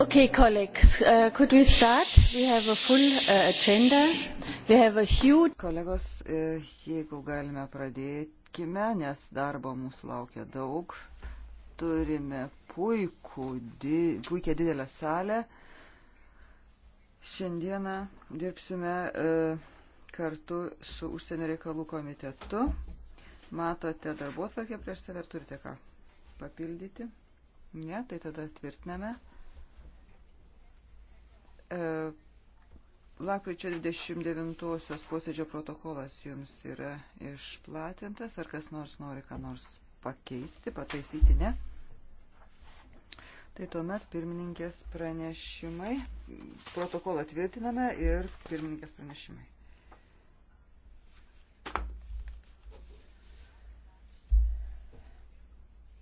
Okay, colleagues, uh, could we start? We have a full uh, agenda. We have a huge... Kolegos, uh, jeigu galime pradėkime, nes darbo mūsų laukia daug. Turime puikų, di, puikia didelę salę. Šiandieną dirbsime uh, kartu su užsienio reikalų komitetu. Matote darbo atvarkę prieš save ir turite ką papildyti. Ne, tai tada tvirtiname. E, Lapkričio 29-osios posėdžio protokolas jums yra išplatintas. Ar kas nors nori ką nors pakeisti, pataisyti, ne? Tai tuomet pirmininkės pranešimai. Protokolą tvirtiname ir pirmininkės pranešimai.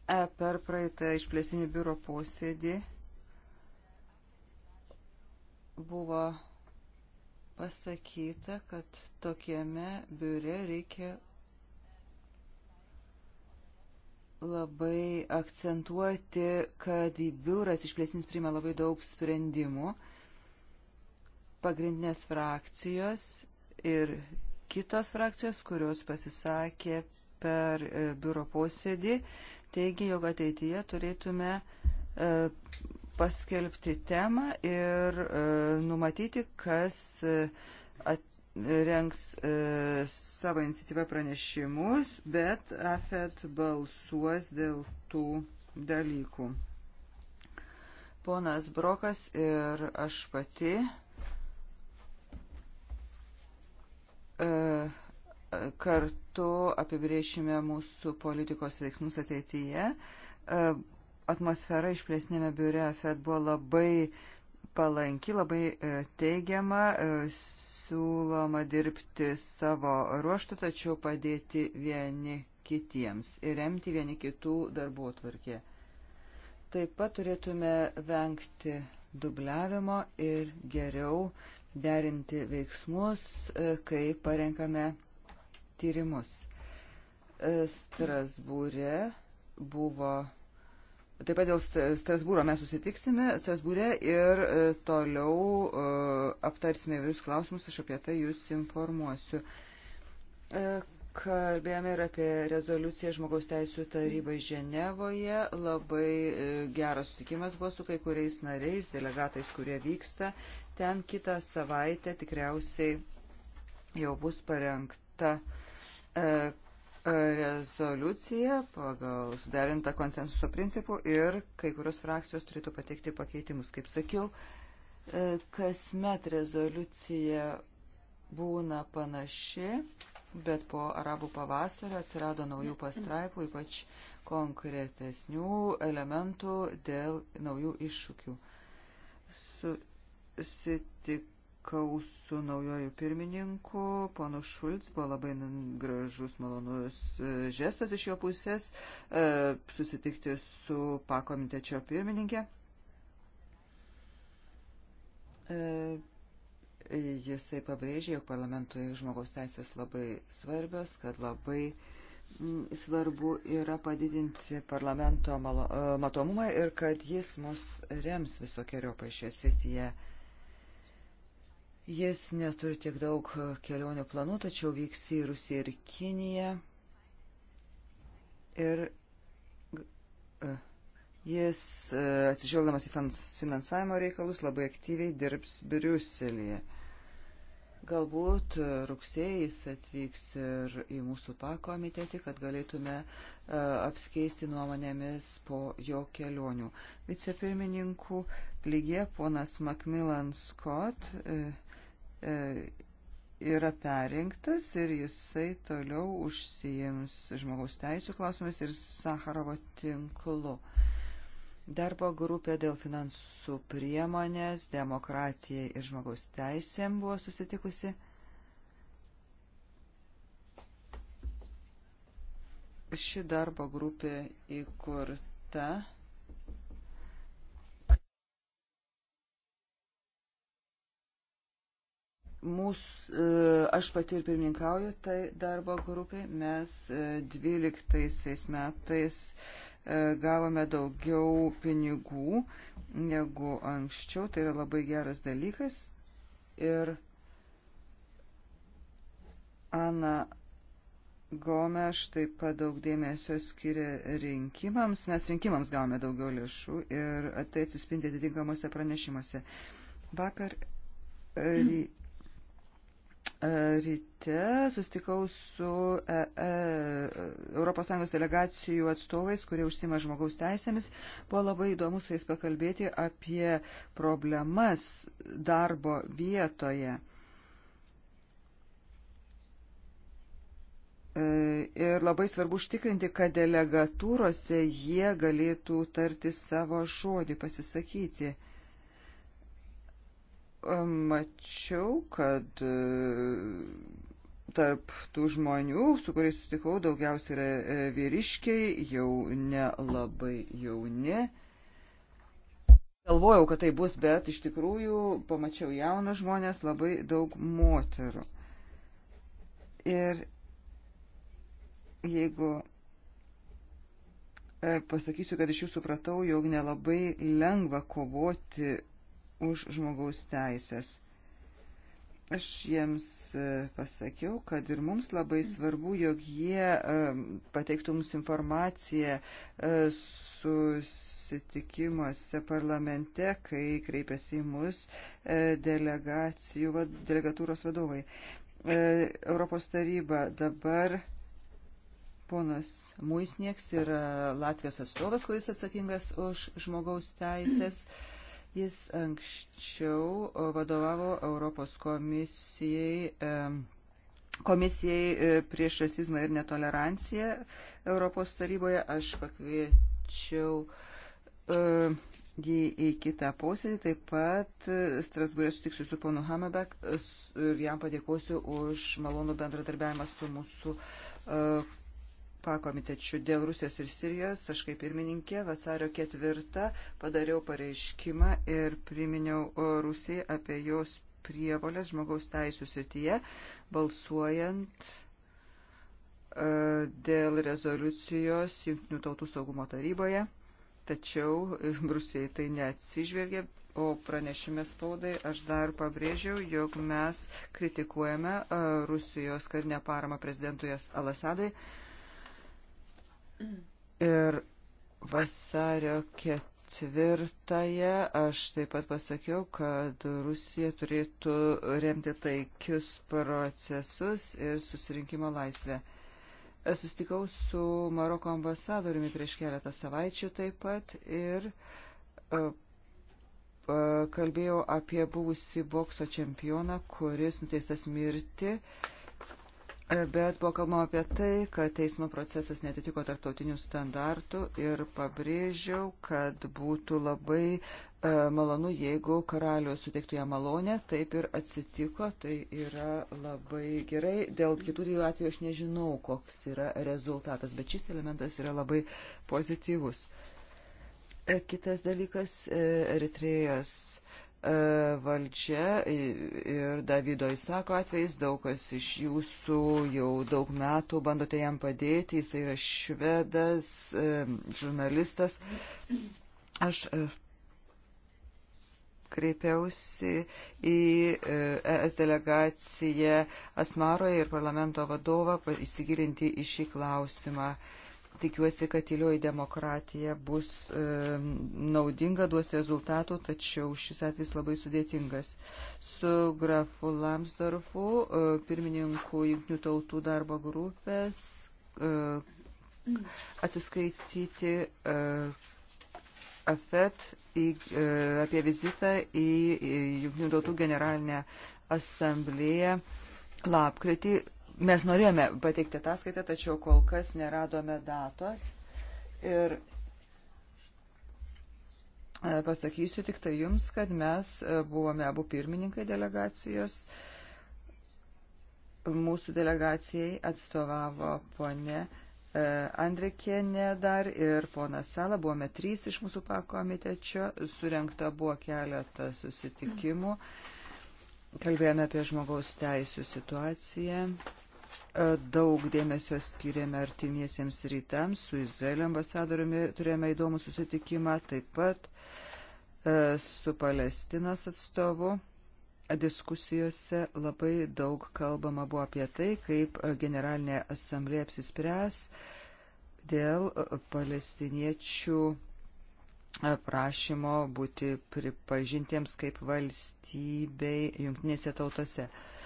E per praeitą išplėstinį biuro posėdį buvo pasakyta, kad tokiame biure reikia labai akcentuoti, kad biuras išplėstinis priima labai daug sprendimų. Pagrindinės frakcijos ir kitos frakcijos, kurios pasisakė per e, biuro posėdį, teigia, jog ateityje turėtume e, paskelbti temą ir e, numatyti, kas e, rengs savo iniciatyvą pranešimus, bet AFET balsuos dėl tų dalykų. Ponas Brokas ir aš pati. Uh, kartu apibriešime mūsų politikos veiksmus ateityje. E, atmosfera išplėsnėme biure FED buvo labai palanki, labai e, teigiama, e, siūloma dirbti savo ruoštų, tačiau padėti vieni kitiems ir remti vieni kitų darbo tvarkė. Taip pat turėtume vengti dubliavimo ir geriau derinti veiksmus, kai parenkame tyrimus. E, Strasbūre buvo. Taip pat dėl Strasbūro mes susitiksime Strasbūre ir e, toliau e, aptarsime visus klausimus, aš apie tai jūs informuosiu. Kalbėjome ir apie rezoliuciją žmogaus teisų tarybai Ženevoje. Labai geras sutikimas buvo su kai kuriais nariais, delegatais, kurie vyksta. Ten kitą savaitę tikriausiai jau bus parengta uh, rezoliuciją pagal suderintą konsensuso principų ir kai kurios frakcijos turėtų pateikti pakeitimus. Kaip sakiau, e, kasmet rezoliucija būna panaši, bet po arabų pavasario atsirado naujų pastraipų, ypač konkretesnių elementų dėl naujų iššūkių. Susitik susitikau su naujoju pirmininku, ponu Šulc, buvo labai gražus, malonus e, žestas iš jo pusės e, susitikti su pakomitečio pirmininkė. E, jisai pabrėžė, jog parlamentui žmogaus teisės labai svarbios, kad labai svarbu yra padidinti parlamento matomumą ir kad jis mus rems visokiojo pašioje srityje. Tai Jis neturi tiek daug kelionių planų, tačiau vyks į Rusiją ir Kiniją. Ir e, jis, e, atsižiūrėdamas į finansavimo reikalus, labai aktyviai dirbs Briuselėje. Galbūt e, rugsėjai jis atvyks ir į mūsų pakomitetį, kad galėtume apskeisti nuomonėmis po jo kelionių. Vicepirmininkų lygie ponas Macmillan Scott E, yra perinktas ir jisai toliau užsijims žmogaus teisų klausimais ir Sakarovo tinklu. Darbo grupė dėl finansų priemonės, demokratijai ir žmogaus teisėm buvo susitikusi. Ši darbo grupė įkurta Mūsų, e, aš pati ir pirmininkauju tai darbo grupiai, mes 12 e, metais e, gavome daugiau pinigų negu anksčiau, tai yra labai geras dalykas. Ir Ana Gomeš taip pat daug dėmesio skiria rinkimams, mes rinkimams gavome daugiau lėšų ir tai atsispindi atitinkamuose pranešimuose. Vakar E, ryte sustikau su ES e, delegacijų atstovais, kurie užsima žmogaus teisėmis. Buvo labai įdomu su jais pakalbėti apie problemas darbo vietoje. E, ir labai svarbu užtikrinti, kad delegatūrose jie galėtų tarti savo žodį, pasisakyti mačiau, kad e, tarp tų žmonių, su kuriais susitikau, daugiausiai yra e, vyriškiai, jau nelabai jauni. Galvojau, kad tai bus, bet iš tikrųjų pamačiau jaunus žmonės, labai daug moterų. Ir jeigu e, pasakysiu, kad iš jų supratau, jog nelabai lengva kovoti už žmogaus teisės. Aš jiems e, pasakiau, kad ir mums labai svarbu, jog jie e, pateiktų mums informaciją e, susitikimuose parlamente, kai kreipiasi į mus delegatūros vadovai. Europos taryba dabar ponas Muisnieks yra Latvijos atstovas, kuris atsakingas už žmogaus teisės. Mm Jis anksčiau vadovavo Europos komisijai. E, komisijai e, prieš rasizmą ir netoleranciją Europos taryboje. Aš pakviečiau e, jį į kitą posėdį. Taip pat e, Strasbūrė sutiksiu su ponu Hamabek ir jam padėkosiu už malonų bendradarbiavimą su mūsų pakomitečių dėl Rusijos ir Sirijos. Aš kaip pirmininkė vasario ketvirtą padariau pareiškimą ir priminiau Rusijai apie jos prievolės žmogaus teisų srityje, balsuojant e, dėl rezoliucijos Junktinių tautų saugumo taryboje. Tačiau e, Rusijai tai neatsižvelgia, o pranešime spaudai aš dar pabrėžiau, jog mes kritikuojame e, Rusijos karinę paramą prezidentui Alasadui. As Ir vasario ketvirtąją aš taip pat pasakiau, kad Rusija turėtų remti taikius procesus ir susirinkimo laisvę. Sustikau su Maroko ambasadoriumi prieš keletą savaičių taip pat ir uh, kalbėjau apie buvusį bokso čempioną, kuris nuteistas mirti uh, Bet buvo kalbama apie tai, kad teismo procesas netitiko tarptautinių standartų ir pabrėžiau, kad būtų labai e, malonu, jeigu karalius suteiktų ją malonę. Taip ir atsitiko, tai yra labai gerai. Dėl kitų dviejų atvejų aš nežinau, koks yra rezultatas, bet šis elementas yra labai pozityvus. E, kitas dalykas e, - Eritrėjos E, valdžia ir Davido įsako atvejais, daug kas iš jūsų jau daug metų bandote jam padėti, jis yra švedas, e, žurnalistas. Aš e, kreipiausi į ES delegaciją Asmaroje ir parlamento vadovą įsigilinti į šį klausimą. Tikiuosi, kad tylioji demokratija bus e, naudinga, duos rezultatų, tačiau šis atvejs labai sudėtingas. Su grafu Lamsdorfu, e, pirmininku Junktinių tautų darbo grupės, e, atsiskaityti e, AFET į, e, apie vizitą į, į Junktinių tautų generalinę asamblėją lapkritį mes norėjome pateikti ataskaitę, tačiau kol kas neradome datos. Ir e, pasakysiu tik tai jums, kad mes e, buvome abu pirmininkai delegacijos. Mūsų delegacijai atstovavo ponė e, Andrikienė dar ir ponas Sala, buvome trys iš mūsų pakomitečio, surenkta buvo keletą susitikimų, kalbėjome apie žmogaus teisų situaciją E, daug dėmesio skiriame artimiesiems rytams, su Izraelio ambasadoriumi turėjome įdomų susitikimą, taip pat e, su Palestinos atstovu. Diskusijose labai daug kalbama buvo apie tai, kaip e, Generalinė asamblė apsispręs dėl palestiniečių prašymo būti pripažintiems kaip valstybei jungtinėse tautose. Uh,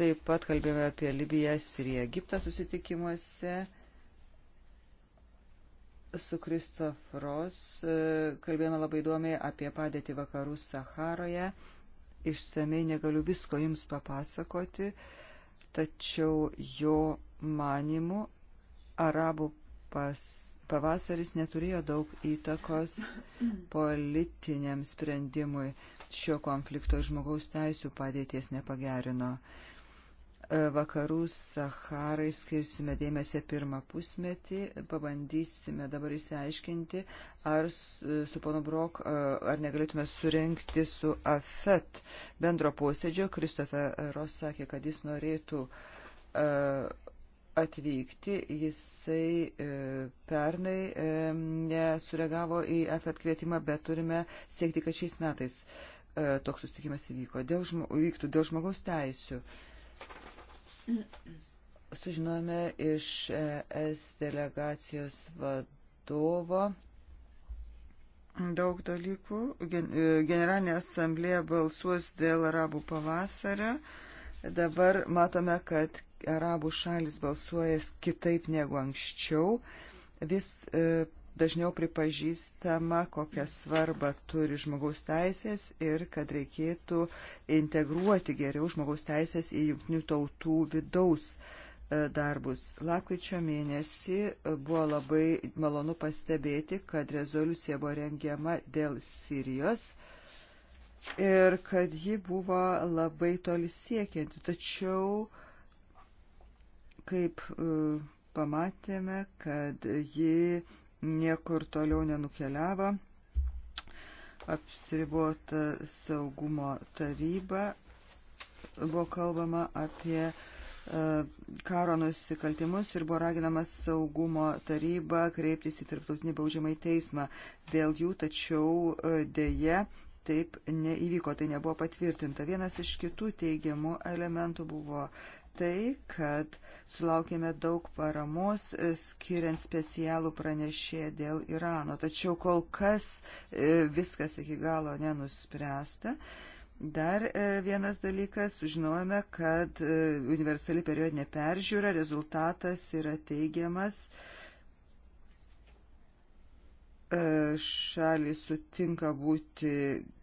Taip pat kalbėjome apie Libiją, Siriją, Egiptą susitikimuose. Su Kristofros kalbėjome labai įdomiai apie padėtį vakarų Saharoje. Išsamei negaliu visko jums papasakoti, tačiau jo manimu arabų pas, pavasaris neturėjo daug įtakos politiniam sprendimui šio konflikto žmogaus teisų padėties nepagerino. Vakarų Saharai skirsime dėmesį pirmą pusmetį, pabandysime dabar įsiaiškinti, ar su ponu Brok, ar negalėtume surenkti su AFET bendro posėdžio. Kristofer Ros sakė, kad jis norėtų atvykti. Jisai e, pernai e, nesureagavo į AFET kvietimą, bet turime siekti, kad šiais metais e, toks sustikimas įvyko. Dėl žmo, įvyktų dėl žmogaus teisių. Uh, Sužinojome iš ES delegacijos vadovo daug dalykų. E, Generalinė asamblėja balsuos dėl arabų pavasario. Dabar matome, kad arabų šalis balsuoja kitaip negu anksčiau. Vis e, dažniau pripažįstama, kokią svarbą turi žmogaus teisės ir kad reikėtų integruoti geriau žmogaus teisės į jungtinių tautų vidaus e, darbus. Lakvičio mėnesį e, buvo labai malonu pastebėti, kad rezoliucija buvo rengiama dėl Sirijos ir kad ji buvo labai toli siekianti. Tačiau, kaip e, pamatėme, kad ji niekur toliau nenukeliavo. Apsiribuota saugumo taryba buvo kalbama apie e, karo nusikaltimus ir buvo raginamas saugumo taryba kreiptis į tarptautinį baudžiamąjį teismą dėl jų, tačiau dėje taip neįvyko, tai nebuvo patvirtinta. Vienas iš kitų teigiamų elementų buvo tai, kad Sulaukėme daug paramos, e, skiriant specialų pranešėją dėl Irano. Tačiau kol kas e, viskas iki galo nenuspręsta. Dar e, vienas dalykas, sužinojome, kad universali periodinė peržiūra rezultatas yra teigiamas. Šalis sutinka būti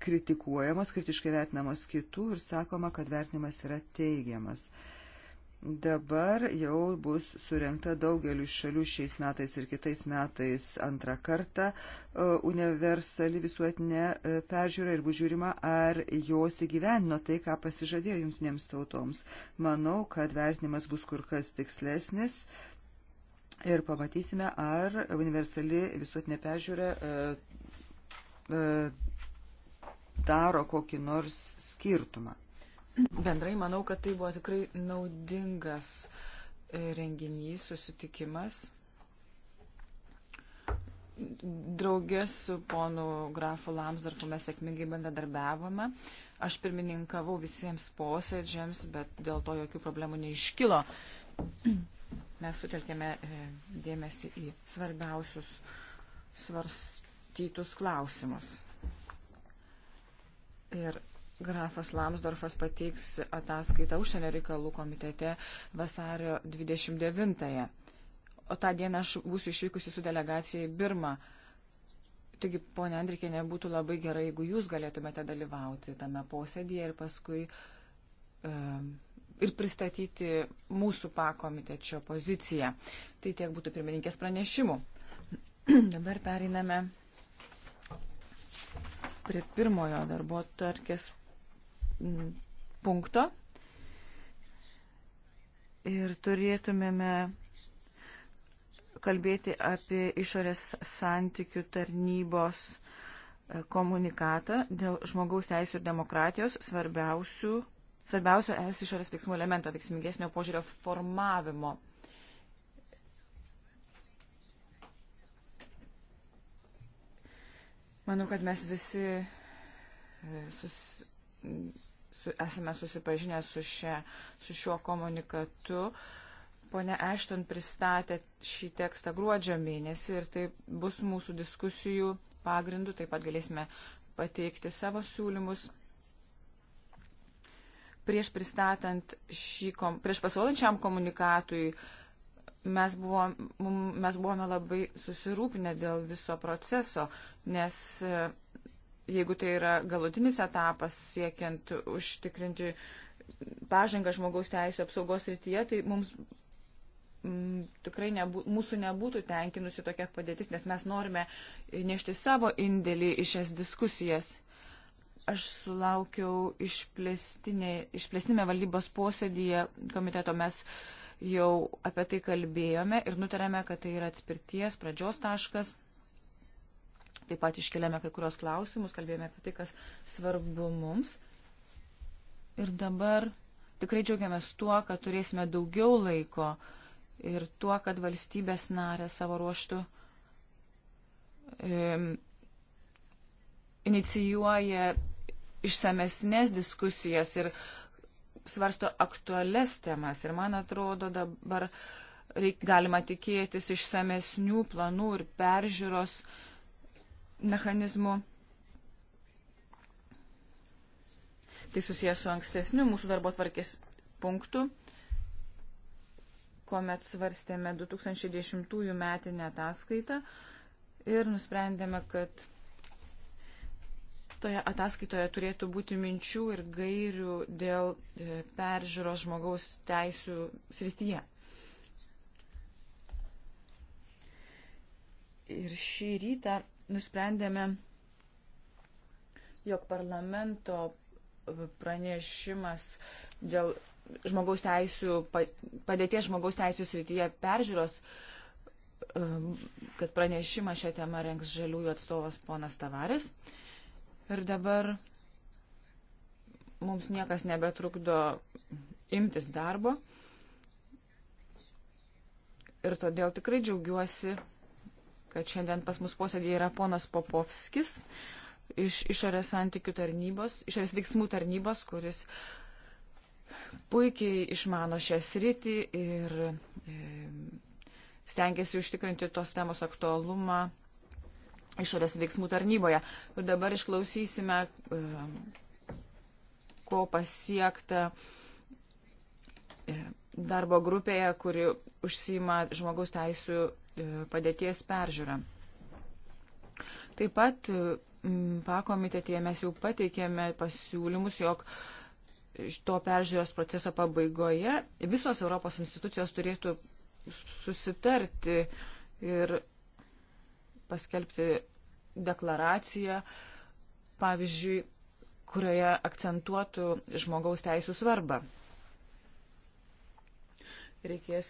kritikuojamos, kritiškai vertinamos kitų ir sakoma, kad vertinimas yra teigiamas. Dabar jau bus surinkta daugeliu šalių šiais metais ir kitais metais antrą kartą e, universali visuotinė e, peržiūra ir bus žiūrima, ar jos įgyvenino tai, ką pasižadėjo jungtinėms tautoms. Manau, kad vertinimas bus kur kas tikslesnis ir pamatysime, ar universali visuotinė peržiūra e, daro kokį nors skirtumą. Bendrai manau, kad tai buvo tikrai naudingas e, renginys, susitikimas. Draugės su ponu grafu Lamsdorfu mes sėkmingai bendradarbiavome. Aš pirmininkavau visiems posėdžiams, bet dėl to jokių problemų neiškilo. Mes sutelkėme e, dėmesį į svarbiausius svarstytus klausimus. Ir Grafas Lamsdorfas pateiks ataskaitą užsienio reikalų komitete vasario 29-ąją. O tą dieną aš būsiu išvykusi su delegacija į Birmą. Taigi, ponė Andrikė, nebūtų labai gerai, jeigu jūs galėtumėte dalyvauti tame posėdėje ir paskui e, ir pristatyti mūsų pakomitečio poziciją. Tai tiek būtų pirmininkės pranešimų. Dabar periname prie pirmojo darbo tarkės punkto ir turėtumėme kalbėti apie išorės santykių tarnybos e, komunikatą dėl žmogaus teisų ir demokratijos svarbiausių, svarbiausio es išorės veiksmų elemento veiksmingesnio požiūrio formavimo. Manau, kad mes visi e, sus, esame susipažinę su, šia, su šiuo komunikatu. Pone Ešton pristatė šį tekstą gruodžio mėnesį ir tai bus mūsų diskusijų pagrindų, taip pat galėsime pateikti savo siūlymus. Prieš pristatant šį, prieš pasaulančiam komunikatui mes, buvom, mes buvome labai susirūpinę dėl viso proceso, nes jeigu tai yra galutinis etapas siekiant užtikrinti pažangą žmogaus teisų apsaugos rytyje, tai mums m, mm, tikrai nebū, mūsų nebūtų tenkinusi tokia padėtis, nes mes norime nešti savo indėlį į šias diskusijas. Aš sulaukiau išplėstinėme valdybos posėdėje komiteto mes jau apie tai kalbėjome ir nutarėme, kad tai yra atspirties pradžios taškas Taip pat iškeliame kai kurios klausimus, kalbėjome apie tai, kas svarbu mums. Ir dabar tikrai džiaugiamės tuo, kad turėsime daugiau laiko ir tuo, kad valstybės narė savo ruoštų um, inicijuoja išsamesnės diskusijas ir svarsto aktualias temas. Ir man atrodo dabar reik, galima tikėtis išsamesnių planų ir peržiūros uh, mechanizmų. Tai susijęs su ankstesniu mūsų darbo tvarkės punktu, kuomet svarstėme 2010 metinę ataskaitą ir nusprendėme, kad toje ataskaitoje turėtų būti minčių ir gairių dėl e, peržiūros žmogaus teisų srityje. Ir šį rytą nusprendėme, jog parlamento pranešimas dėl žmogaus teisų, padėties žmogaus teisų srityje peržiūros, um, kad pranešimą šią temą renks žaliųjų atstovas ponas Tavaris. Ir dabar mums niekas nebetrukdo imtis darbo. Ir todėl tikrai džiaugiuosi kad šiandien pas mus posėdėje yra ponas Popovskis iš išorės santykių tarnybos, išorės veiksmų tarnybos, kuris puikiai išmano šią sritį ir e, stengiasi užtikrinti tos temos aktualumą išorės veiksmų tarnyboje. Ir dabar išklausysime, e, ko pasiekta e, darbo grupėje, kuri užsima žmogaus teisų e, padėties peržiūrą. Taip pat e, pakomitetėje mes jau pateikėme pasiūlymus, jog to peržiūros proceso pabaigoje visos Europos institucijos turėtų susitarti ir paskelbti deklaraciją, pavyzdžiui, kurioje akcentuotų žmogaus teisų svarbą. Reikės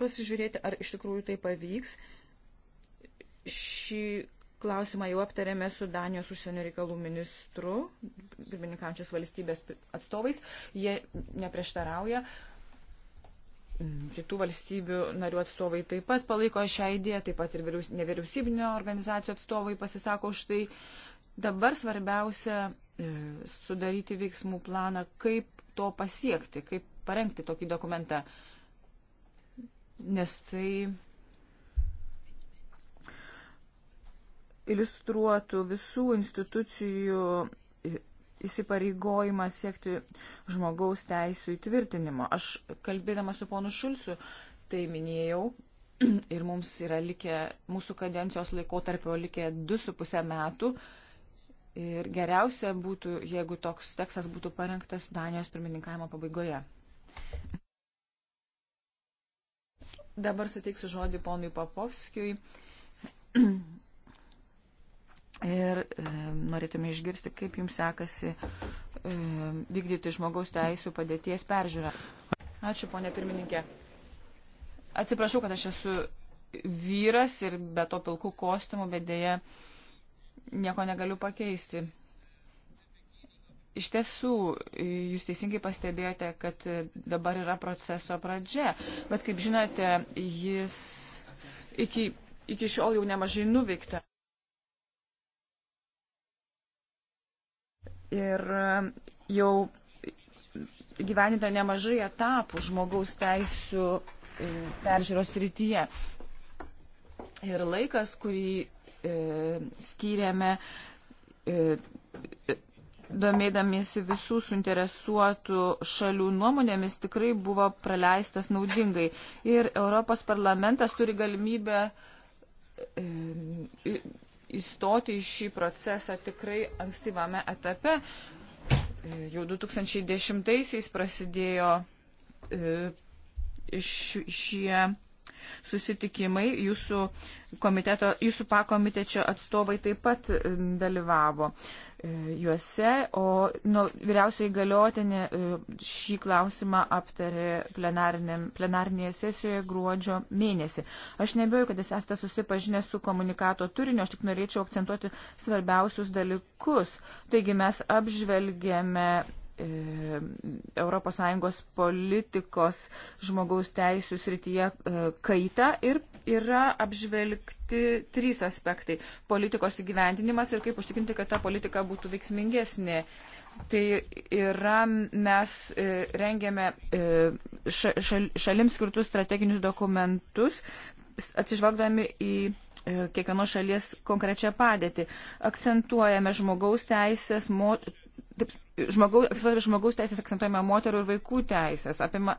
pasižiūrėti, ar iš tikrųjų tai pavyks. Šį klausimą jau aptarėme su Danijos užsienio reikalų ministru, pirmininkančios valstybės atstovais. Jie neprieštarauja. Kitų valstybių narių atstovai taip pat palaiko šią idėją, taip pat ir nevyriausybinio organizacijų atstovai pasisako už tai. Dabar svarbiausia e, sudaryti veiksmų planą, kaip to pasiekti, kaip parengti tokį dokumentą. Uh, nes tai iliustruotų visų institucijų įsipareigojimą siekti žmogaus teisų įtvirtinimo. Aš kalbėdama su ponu Šulcu tai minėjau ir mums yra likę, mūsų kadencijos laikotarpio likę 2,5 metų. Ir geriausia būtų, jeigu toks tekstas būtų parengtas Danijos pirmininkavimo pabaigoje. Dabar suteiksiu žodį ponui Papovskijui. Ir e, norėtume išgirsti, kaip jums sekasi e, vykdyti žmogaus teisų padėties peržiūrą. Ačiū, ponė pirmininkė. Atsiprašau, kad aš esu vyras ir be to pilkų kostiumų, bet dėja nieko negaliu pakeisti. Iš tiesų, jūs teisingai pastebėjote, kad dabar yra proceso pradžia, bet kaip žinote, jis iki, iki šiol jau nemažai nuveikta. Ir jau gyvenita nemažai etapų žmogaus teisų e, peržiūros rytyje. Ir laikas, kurį e, skyrėme e, domėdamiesi visų suinteresuotų šalių nuomonėmis, tikrai buvo praleistas naudingai. Ir Europos parlamentas turi galimybę e, įstoti į šį procesą tikrai ankstyvame etape. E, jau 2010-aisiais prasidėjo e, šie susitikimai, jūsų, komiteto, jūsų pakomitečio atstovai taip pat dalyvavo. E, E, juose, o nu, vyriausiai galiotinė e, šį klausimą aptarė plenarinėje sesijoje gruodžio mėnesį. Aš nebejoju, kad jūs esate susipažinę su komunikato turiniu, aš tik norėčiau akcentuoti svarbiausius dalykus. Taigi mes apžvelgėme ES politikos žmogaus teisų srityje e, kaitą ir yra apžvelgti trys aspektai - politikos įgyvendinimas ir kaip užtikrinti, kad ta politika būtų veiksmingesnė. Tai yra, mes e, rengėme e, šalims skirtus strateginius dokumentus, atsižvelgdami į kiekvienos šalies konkrečią padėtį. Akcentuojame žmogaus teisės, žmogaus, žmogaus teisės akcentuojama moterų ir vaikų teisės. Apima,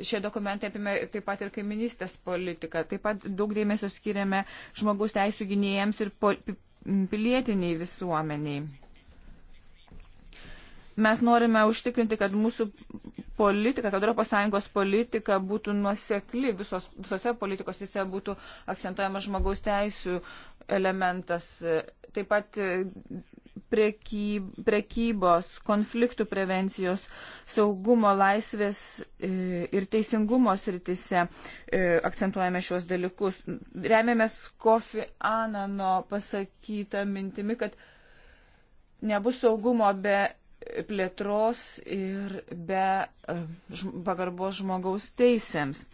šie dokumentai apima taip pat ir kaiminystės politiką. Taip pat daug dėmesio skiriame žmogaus teisų gynėjams ir po, pilietiniai visuomeniai. Mes norime užtikrinti, kad mūsų politika, kad ES politika būtų nuosekli, visos, visose politikos visi būtų akcentuojama žmogaus teisų elementas. Taip pat prekybos, konfliktų prevencijos, saugumo, laisvės e, ir teisingumo sritise e, akcentuojame šios dalykus. Remiamės Kofi Anano pasakytą mintimi, kad nebus saugumo be plėtros ir be e, pagarbos žmogaus teisėms.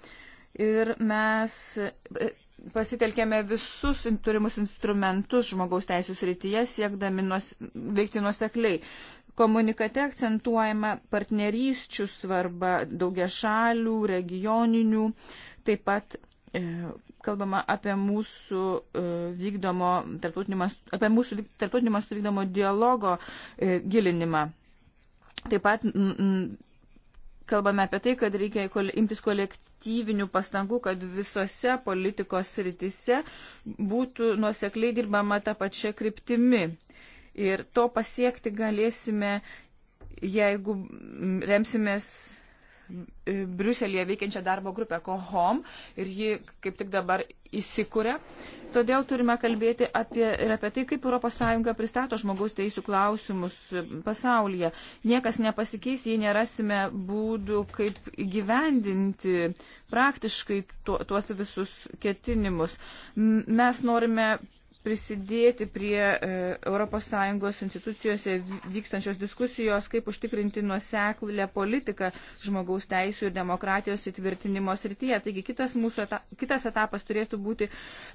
Ir mes pasitelkėme visus turimus instrumentus žmogaus teisų srityje, siekdami nuos, veikti nuosekliai. Komunikate akcentuojama partnerysčių svarba daugia šalių, regioninių, taip pat e, kalbama apie mūsų e, vykdomo, apie mūsų tarptautinio mastu vykdomo dialogo e, gilinimą. Taip pat m, m, kalbame apie tai, kad reikia imtis kolektyvinių pastangų, kad visose politikos sritise būtų nuosekliai dirbama tą pačią kryptimi. Ir to pasiekti galėsime, jeigu remsimės e, Briuselėje veikiančią darbo grupę COHOM ir ji kaip tik dabar įsikūrė. Todėl turime kalbėti apie, ir apie tai, kaip ES pristato žmogaus teisų klausimus pasaulyje. Niekas nepasikeis, jei nerasime būdų, kaip įgyvendinti praktiškai tuos visus ketinimus. Mes norime prisidėti prie ES institucijose vykstančios diskusijos, kaip užtikrinti nuoseklę politiką žmogaus teisų ir demokratijos įtvirtinimo srityje. Taigi kitas, mūsų eta, kitas etapas turėtų būti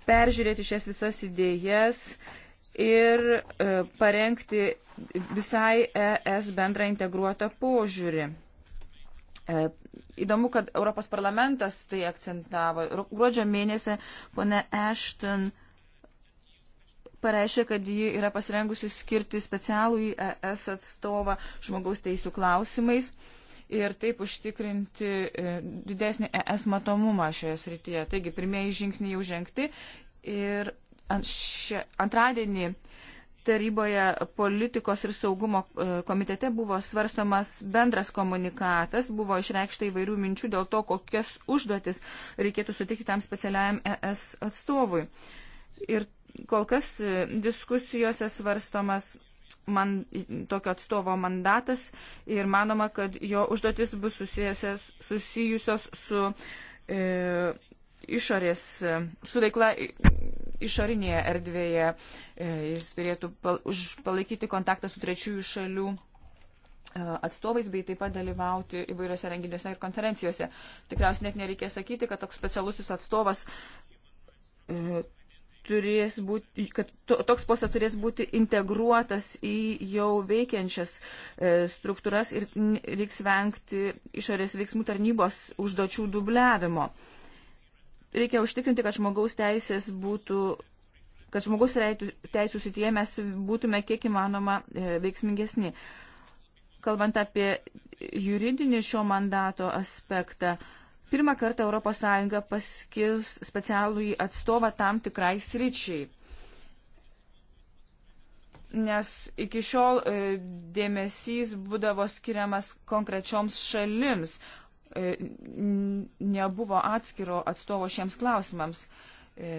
peržiūrėti šias visas idėjas ir e, parengti visai ES bendrą integruotą požiūrį. E, įdomu, kad Europos parlamentas tai akcentavo. Gruodžio mėnesį pone Ashton e, pareiškė, kad ji yra pasirengusi skirti specialų į ES atstovą žmogaus teisų klausimais ir taip užtikrinti e, didesnį ES matomumą šioje srityje. Taigi, pirmieji žingsniai jau žengti ir antradienį taryboje politikos ir saugumo e, komitete buvo svarstomas bendras komunikatas, buvo išreikšta įvairių minčių dėl to, kokias užduotis reikėtų sutikti tam specialiajam ES atstovui. Ir kol kas e, diskusijose svarstomas man, tokio atstovo mandatas ir manoma, kad jo užduotis bus susijusios su e, išorės, e, su veikla išorinėje erdvėje. E, jis turėtų pal, už, palaikyti kontaktą su trečiųjų šalių e, atstovais bei taip pat dalyvauti įvairiose renginiuose ir konferencijose. Tikriausiai net nereikia sakyti, kad toks specialusis atstovas e, turės būti, kad to, toks postas turės būti integruotas į jau veikiančias e, struktūras ir reiks vengti išorės veiksmų tarnybos užduočių dubliavimo. Reikia užtikrinti, kad žmogaus teisės būtų kad žmogus teisų sityje mes būtume kiek įmanoma e, veiksmingesni. Kalbant apie juridinį šio mandato aspektą, e, Pirmą kartą ES paskirs specialų į atstovą tam tikrai sričiai. Nes iki šiol e, dėmesys būdavo skiriamas konkrečioms šalims, e, nebuvo atskiro atstovo šiems klausimams. E,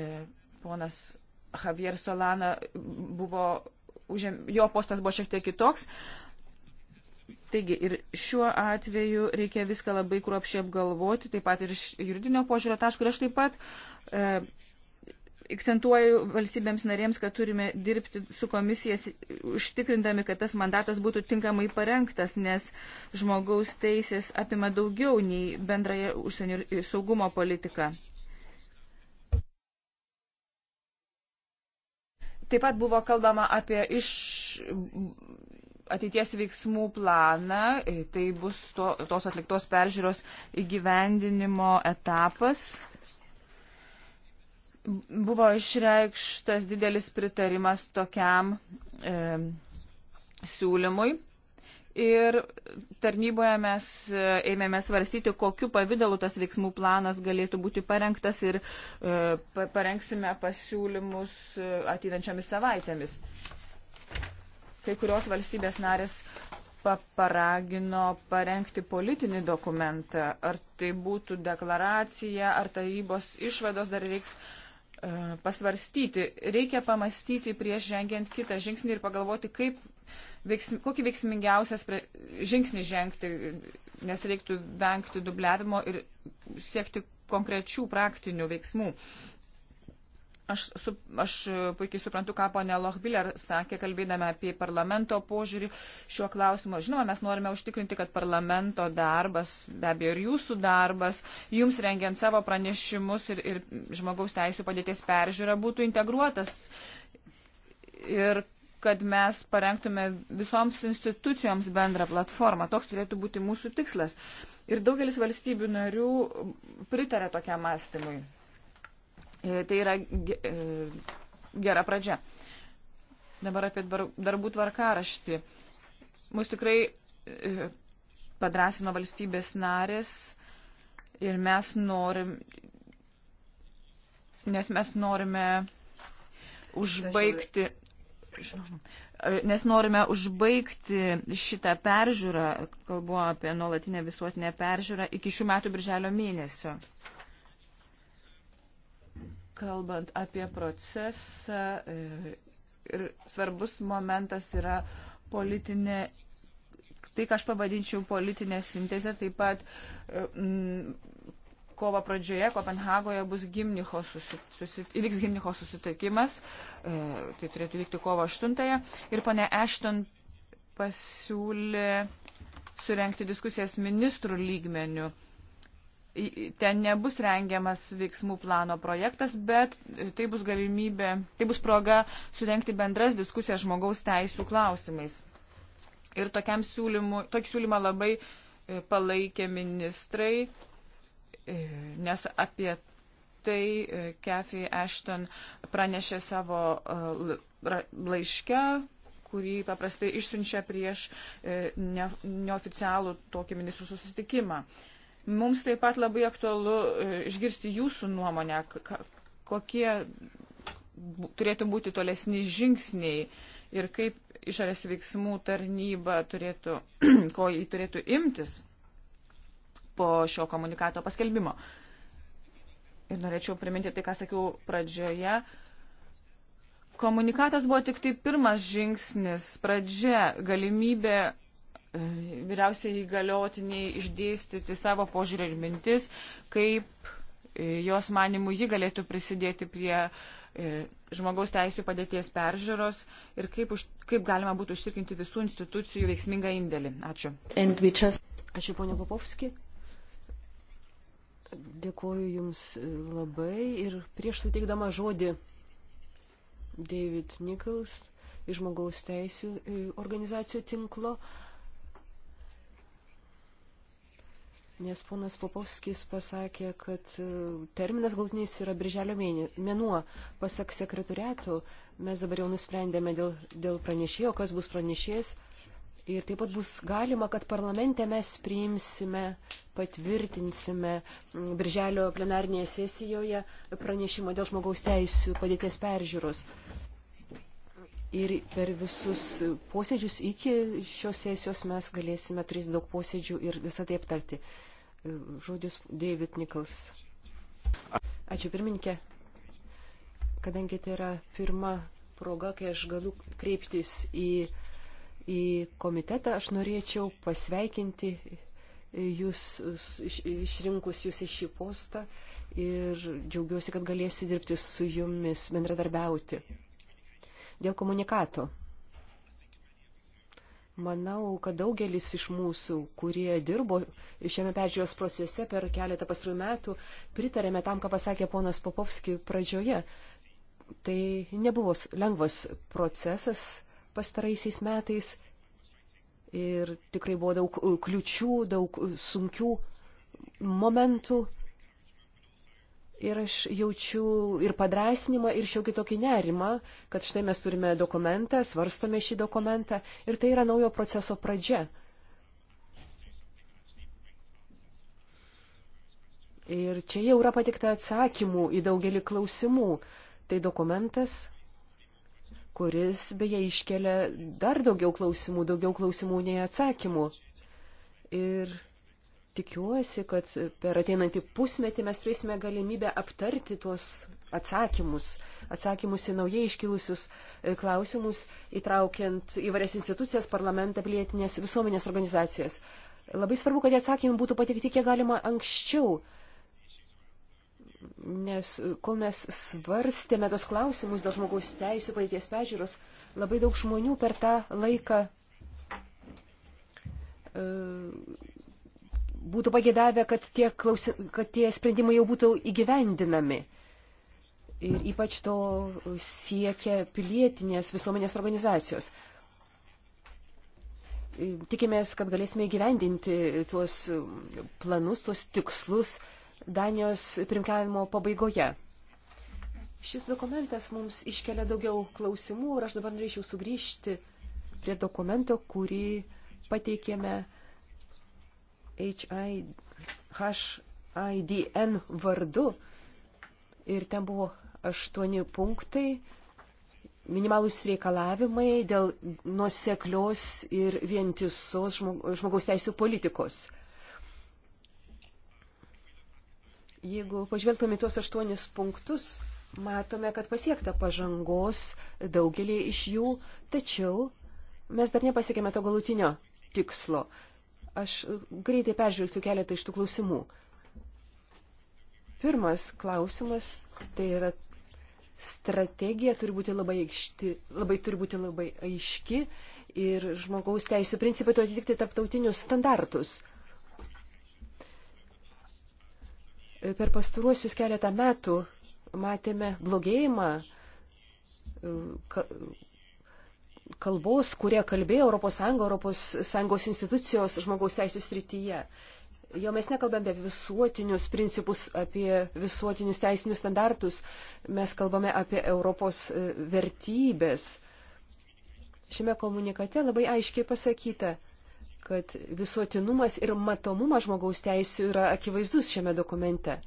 ponas Javier Solana buvo, jo postas buvo šiek tiek kitoks, Taigi ir šiuo atveju reikia viską labai kruopšiai apgalvoti, taip pat ir iš juridinio požiūrio taško. Ir aš taip pat e, akcentuoju valstybėms narėms, kad turime dirbti su komisijas, užtikrindami, kad tas mandatas būtų tinkamai parengtas, nes žmogaus teisės apima daugiau nei bendraja užsienio ir saugumo politika. Taip pat buvo kalbama apie iš ateities veiksmų planą, e, tai bus to, tos atliktos peržiūros įgyvendinimo etapas. Buvo išreikštas didelis pritarimas tokiam e, siūlymui. Ir tarnyboje mes e, ėmėme svarstyti, kokiu pavydalu tas veiksmų planas galėtų būti parengtas ir e, parengsime pasiūlymus e, ateinančiamis savaitėmis. E, Kai kurios valstybės narės paragino parengti politinį dokumentą. Ar tai būtų deklaracija, ar tarybos išvados dar reiks e, pasvarstyti. Reikia pamastyti prieš žengiant kitą žingsnį ir pagalvoti, kaip, veiksm, kokį veiksmingiausią žingsnį žengti, nes reiktų vengti dubliavimo ir siekti konkrečių praktinių veiksmų. Aš, su, aš e, puikiai suprantu, ką ponė Lochbiller sakė, kalbėdama apie parlamento požiūrį šiuo klausimu. Žinoma, mes norime užtikrinti, kad parlamento darbas, be abejo ir jūsų darbas, jums rengiant savo pranešimus ir, ir žmogaus teisų padėties peržiūrą būtų integruotas ir kad mes parengtume visoms institucijoms bendrą platformą. Toks turėtų būti mūsų tikslas. Ir daugelis valstybių narių pritarė tokiam mąstymui. E, tai yra e, gera pradžia. Dabar apie darbų tvarkaraštį. Mūsų tikrai e, padrasino valstybės narės ir mes norim, nes mes norime užbaigti, nes norime užbaigti šitą peržiūrą, kalbu apie nuolatinę visuotinę peržiūrą, iki šių metų birželio mėnesio kalbant apie procesą, e, ir svarbus momentas yra politinė, tai ką aš pavadinčiau politinė sintezė, taip pat e, m, kovo pradžioje Kopenhagoje bus Gimnicho susit, susit, įvyks Gimnicho susitikimas, e, tai turėtų vykti kovo 8-ąją, ir pane Ešton pasiūlė surenkti diskusijas ministrų lygmenių ten nebus rengiamas veiksmų plano projektas, bet tai bus galimybė, tai bus proga surenkti bendras diskusijas žmogaus teisų klausimais. Ir tokiam siūlymu, tokį siūlymą labai e, palaikė ministrai, e, nes apie tai e, Kefi Ashton pranešė savo laiške kurį paprastai išsiunčia prieš neoficialų tokį ministrų susitikimą. Uh, Mums taip pat labai aktualu e, išgirsti jūsų nuomonę, kokie turėtų būti tolesni žingsniai ir kaip išorės veiksmų tarnyba turėtų, ko jį turėtų imtis po šio komunikato paskelbimo. Ir norėčiau priminti tai, ką sakiau pradžioje. Komunikatas buvo tik tai pirmas žingsnis, pradžia, galimybė vyriausiai įgaliotiniai išdėstyti savo požiūrį ir mintis, kaip e, jos manimų ji galėtų prisidėti prie e, žmogaus teisų padėties peržiūros ir kaip, už, kaip galima būtų užtikrinti visų institucijų veiksmingą indėlį. Ačiū. Just... Ačiū, ponia Popovski. Dėkuoju Jums e, labai ir prieš suteikdama žodį David Nichols iš žmogaus teisų organizacijų tinklo. Uh, nes ponas Popovskis pasakė, kad e, terminas galtinis yra birželio mėnuo. Pasak sekretoriatų, mes dabar jau nusprendėme dėl, dėl pranešėjo, kas bus pranešėjas. Ir taip pat bus galima, kad parlamente mes priimsime, patvirtinsime birželio plenarnėje sesijoje pranešimą dėl žmogaus teisų padėties peržiūros. Ir per visus posėdžius iki šios sesijos mes galėsime turėti daug posėdžių ir visą tai aptarti. Žodis David Nichols. Ačiū pirmininkė. Kadangi tai yra pirma proga, kai aš galiu kreiptis į, į komitetą, aš norėčiau pasveikinti jūs išrinkus jūs į šį postą ir džiaugiuosi, kad galėsiu dirbti su jumis, bendradarbiauti. Dėl komunikato. Manau, kad daugelis iš mūsų, kurie dirbo šiame peržiūros procese per keletą pastarųjų metų, pritarėme tam, ką pasakė ponas Popovski pradžioje. Tai nebuvo lengvas procesas pastaraisiais metais ir tikrai buvo daug e, kliučių, daug e, sunkių momentų Ir aš jaučiu ir padrasinimą, ir šiaip kitokį nerimą, kad štai mes turime dokumentą, svarstome šį dokumentą ir tai yra naujo proceso pradžia. Ir čia jau yra patikta atsakymų į daugelį klausimų. Tai dokumentas, kuris beje iškelia dar daugiau klausimų, daugiau klausimų nei atsakymų. Ir tikiuosi, kad per ateinantį pusmetį mes turėsime galimybę aptarti tuos atsakymus, atsakymus į naujai iškilusius e, klausimus, įtraukiant įvairias institucijas, parlamentą, pilietinės visuomenės organizacijas. Labai svarbu, kad atsakymai būtų patikti kiek galima anksčiau, nes kol mes svarstėme tos klausimus dėl žmogaus teisų padėties pežiūros, labai daug žmonių per tą laiką. Uh, būtų pagėdavę, kad tie, klausi, kad tie sprendimai jau būtų įgyvendinami. Ir ypač to siekia pilietinės visuomenės organizacijos. Tikimės, kad galėsime įgyvendinti tuos planus, tuos tikslus Danijos primkavimo pabaigoje. Šis dokumentas mums iškelia daugiau klausimų ir aš dabar norėčiau sugrįžti prie dokumento, kurį pateikėme HIDN vardu ir ten buvo aštuoni punktai, minimalūs reikalavimai dėl nuseklios ir vientisos žmogaus teisų politikos. Jeigu pažvelgtume į tuos aštuonis punktus, matome, kad pasiekta pažangos daugelį iš jų, tačiau mes dar nepasiekėme to galutinio tikslo. Aš greitai peržvelgsiu keletą iš tų klausimų. Pirmas klausimas tai yra strategija turi būti labai, aikšti, labai, turi būti labai aiški ir žmogaus teisų principai turi atitikti tarptautinius standartus. Per pastaruosius keletą metų matėme blogėjimą kalbos, kurie kalbėjo ES, ES institucijos žmogaus teisų srityje. Jau mes nekalbame apie visuotinius principus, apie visuotinius teisinius standartus, mes kalbame apie Europos e, vertybės. Šiame komunikate labai aiškiai pasakyta, kad visuotinumas ir matomumas žmogaus teisų yra akivaizdus šiame dokumente.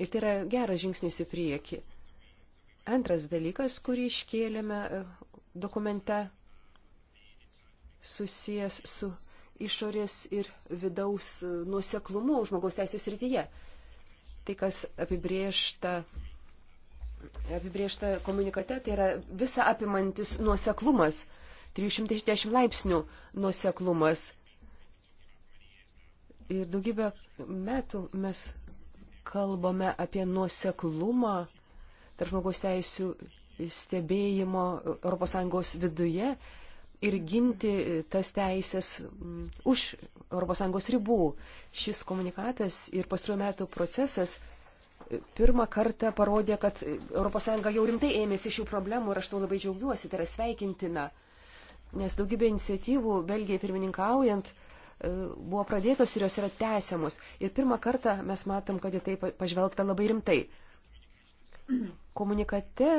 Ir tai yra geras žingsnis į priekį. Antras dalykas, kurį iškėlėme e, dokumente, susijęs su išorės ir vidaus e, nuseklumu žmogaus teisės rytyje. Tai, kas apibriešta, apibriešta komunikate, tai yra visa apimantis nuseklumas, 360 laipsnių nuseklumas. Ir daugybę metų mes kalbame apie nuoseklumą tarp žmogaus teisų stebėjimo ES viduje ir ginti e, tas teisės už ES ribų. Šis komunikatas ir pastaruoju metu procesas e, pirmą kartą parodė, kad e, ES jau rimtai ėmėsi šių problemų ir aš to labai džiaugiuosi, tai yra sveikintina. Nes daugybė iniciatyvų, Belgijai pirmininkaujant, buvo pradėtos ir jos yra tęsiamos. Ir pirmą kartą mes matom, kad į tai pažvelgta labai rimtai. Komunikate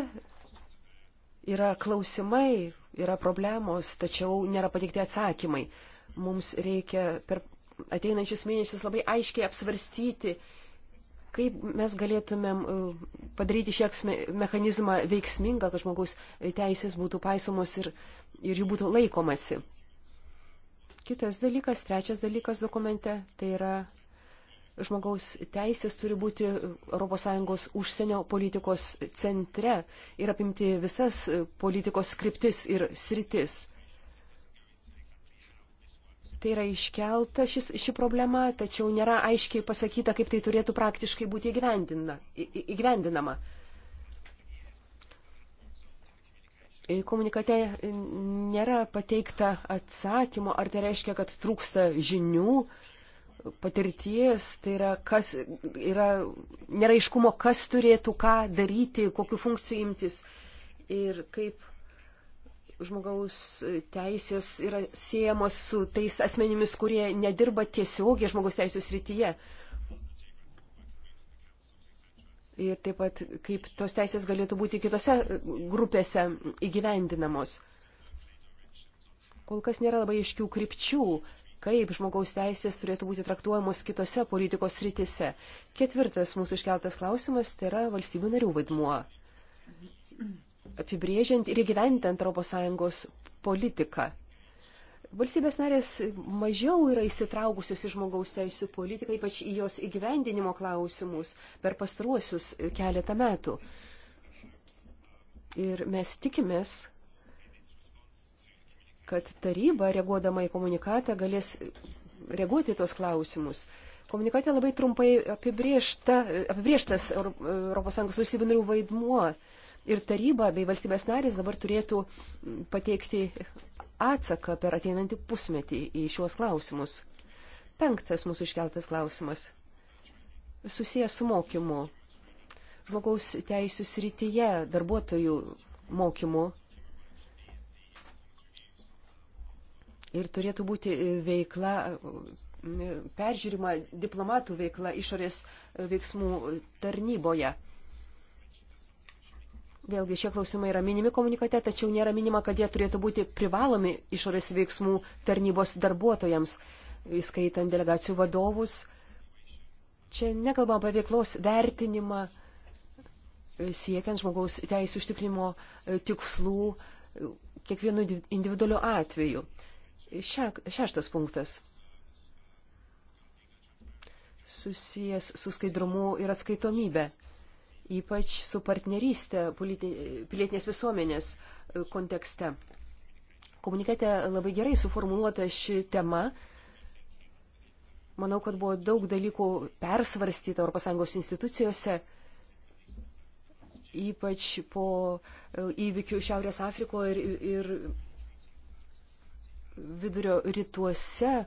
yra klausimai, yra problemos, tačiau nėra pateikti atsakymai. Mums reikia per ateinančius mėnesius labai aiškiai apsvarstyti, kaip mes galėtumėm e, padaryti šį mechanizmą veiksmingą, kad žmogaus teisės būtų paisomos ir, ir jų būtų laikomasi. Kitas dalykas, trečias dalykas dokumente, tai yra žmogaus teisės turi būti ES užsienio politikos centre ir apimti visas politikos skriptis ir sritis. Tai yra iškelta šis, ši problema, tačiau nėra aiškiai pasakyta, kaip tai turėtų praktiškai būti įgyvendina, į, įgyvendinama. Komunikate nėra pateikta atsakymo, ar tai reiškia, kad trūksta žinių, patirties, tai yra, kas yra, nėra aiškumo, kas turėtų ką daryti, kokiu funkciju imtis ir kaip žmogaus teisės yra siejamos su tais asmenimis, kurie nedirba tiesiogiai žmogaus teisės rytyje. Ir taip pat, kaip tos teisės galėtų būti kitose grupėse įgyvendinamos. Kol kas nėra labai aiškių krypčių, kaip žmogaus teisės turėtų būti traktuojamos kitose politikos rytise. Ketvirtas mūsų iškeltas klausimas tai yra valstybių narių vaidmuo. Apibrėžiant ir įgyventant ES politiką. Valstybės narės mažiau yra įsitraukusios į žmogaus teisų politiką, ypač į jos įgyvendinimo klausimus per pastaruosius keletą metų. Ir mes tikimės, kad taryba, reaguodama į komunikatą, galės reaguoti tos klausimus. Komunikate labai trumpai apibriešta, apibrieštas ES valstybių narių vaidmuo ir taryba bei valstybės narės dabar turėtų pateikti atsaką per ateinantį pusmetį į šiuos klausimus. Penktas mūsų iškeltas klausimas susijęs su mokymu. Žmogaus teisų srityje darbuotojų mokymu Ir turėtų būti e, veikla, e, peržiūrima diplomatų veikla išorės e, veiksmų tarnyboje. Vėlgi šie klausimai yra minimi komunikate, tačiau nėra minima, kad jie turėtų būti privalomi išorės veiksmų tarnybos darbuotojams, įskaitant delegacijų vadovus. Čia nekalbam apie veiklos vertinimą siekiant žmogaus teisų užtikrimo tikslų kiekvienu individualiu atveju. Šeštas punktas susijęs su skaidrumu ir atskaitomybė, ypač su partnerystė pilietinės visuomenės e, kontekste. Komunikate labai gerai suformuoluota ši tema. Manau, kad buvo daug dalykų persvarstyta ES institucijose, ypač po e, įvykių Šiaurės Afrikoje ir, ir vidurio rytuose,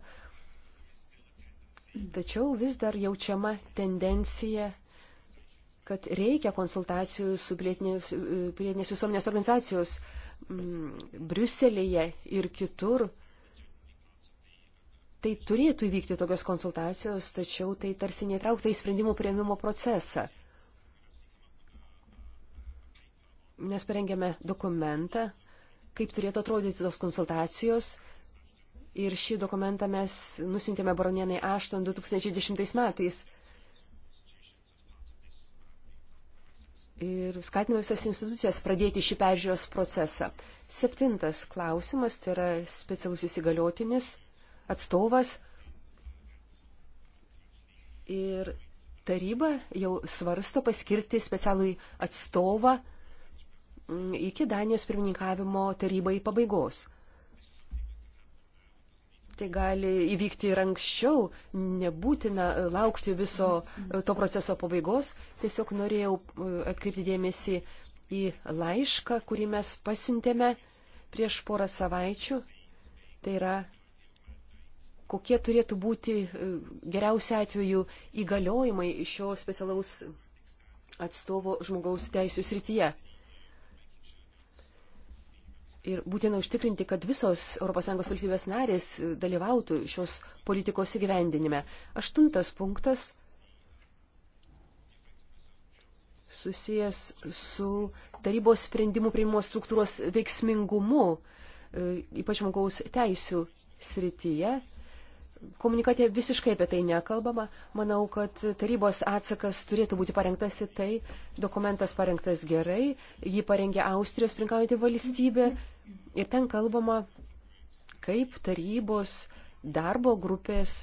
tačiau vis dar jaučiama tendencija kad reikia konsultacijų su pilietinės, pilietinės visuomenės organizacijos m, mm, Briuselėje ir kitur. Tai turėtų įvykti tokios konsultacijos, tačiau tai tarsi netraukta į sprendimų prieimimo procesą. Mes parengėme dokumentą, kaip turėtų atrodyti tos konsultacijos Ir šį dokumentą mes nusintėme baronienai Ašton 2010 metais. Ir skatiname visas institucijas pradėti šį peržiūros procesą. Septintas klausimas, tai yra specialus įsigaliotinis atstovas. Ir taryba jau svarsto paskirti specialui atstovą mm, iki Danijos pirmininkavimo tarybai pabaigos. Tai gali įvykti ir anksčiau, nebūtina e, laukti viso e, to proceso pabaigos. Tiesiog norėjau e, atkreipti dėmesį į laišką, kurį mes pasiuntėme prieš porą savaičių. Tai yra, kokie turėtų būti geriausiu atveju įgaliojimai šio specialaus atstovo žmogaus teisų srityje. Ir būtina užtikrinti, kad visos ES valstybės narės dalyvautų šios politikos įgyvendinime. Aštuntas punktas susijęs su tarybos sprendimų priimimo struktūros veiksmingumu, e, ypač žmogaus teisų srityje. Komunikate visiškai apie tai nekalbama. Manau, kad tarybos atsakas turėtų būti parengtas į tai. Dokumentas parengtas gerai. Jį parengė Austrijos prinkaujantį valstybę. Mhm Ir ten kalbama, kaip tarybos darbo grupės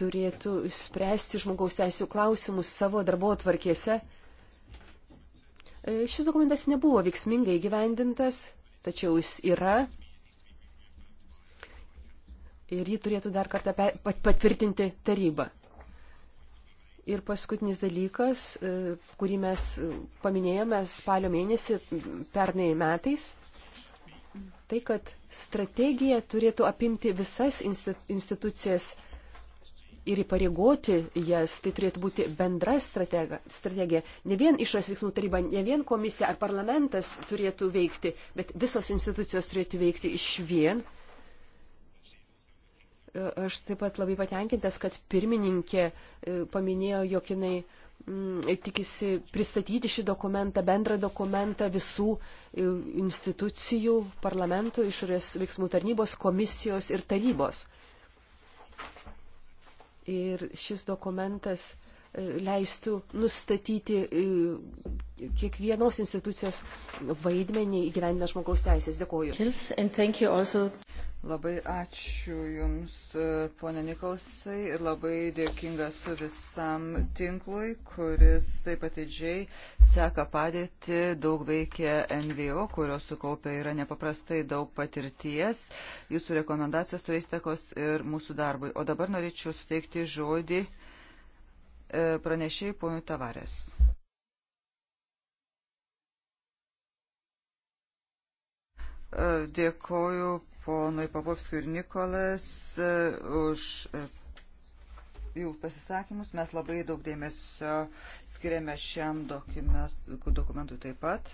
turėtų spręsti žmogaus teisų klausimus savo darbo atvarkėse. E, šis dokumentas nebuvo veiksmingai gyvendintas, tačiau jis yra. Ir jį turėtų dar kartą patvirtinti taryba. Ir paskutinis dalykas, e, kurį mes paminėjome spalio mėnesį pernai metais, tai, kad strategija turėtų apimti visas institucijas ir įpareigoti jas, tai turėtų būti bendra strategija. Ne vien išras veiksmų taryba, ne vien komisija ar parlamentas turėtų veikti, bet visos institucijos turėtų veikti iš vien. Aš taip pat labai patenkintas, kad pirmininkė e, paminėjo, jog jinai uh, Mm, tikisi pristatyti šį dokumentą, bendrą dokumentą visų e, institucijų, parlamentų, išorės veiksmų tarnybos, komisijos ir tarybos. Ir šis dokumentas e, leistų nustatyti e, kiekvienos institucijos vaidmenį įgyvendinant žmogaus teisės. Dėkuoju. Labai ačiū Jums, e, ponė Nikolsai, ir labai dėkinga su visam tinklui, kuris taip atidžiai seka padėti, daug veikia NVO, kurios sukaupia yra nepaprastai daug patirties. Jūsų rekomendacijos turės tekos ir mūsų darbui. O dabar norėčiau suteikti žodį e, pranešėjai ponui Tavarės. E, dėkoju ponui Papovskiu ir Nikolas e, už e, jų pasisakymus. Mes labai daug dėmesio skiriame šiam dokumentui taip pat.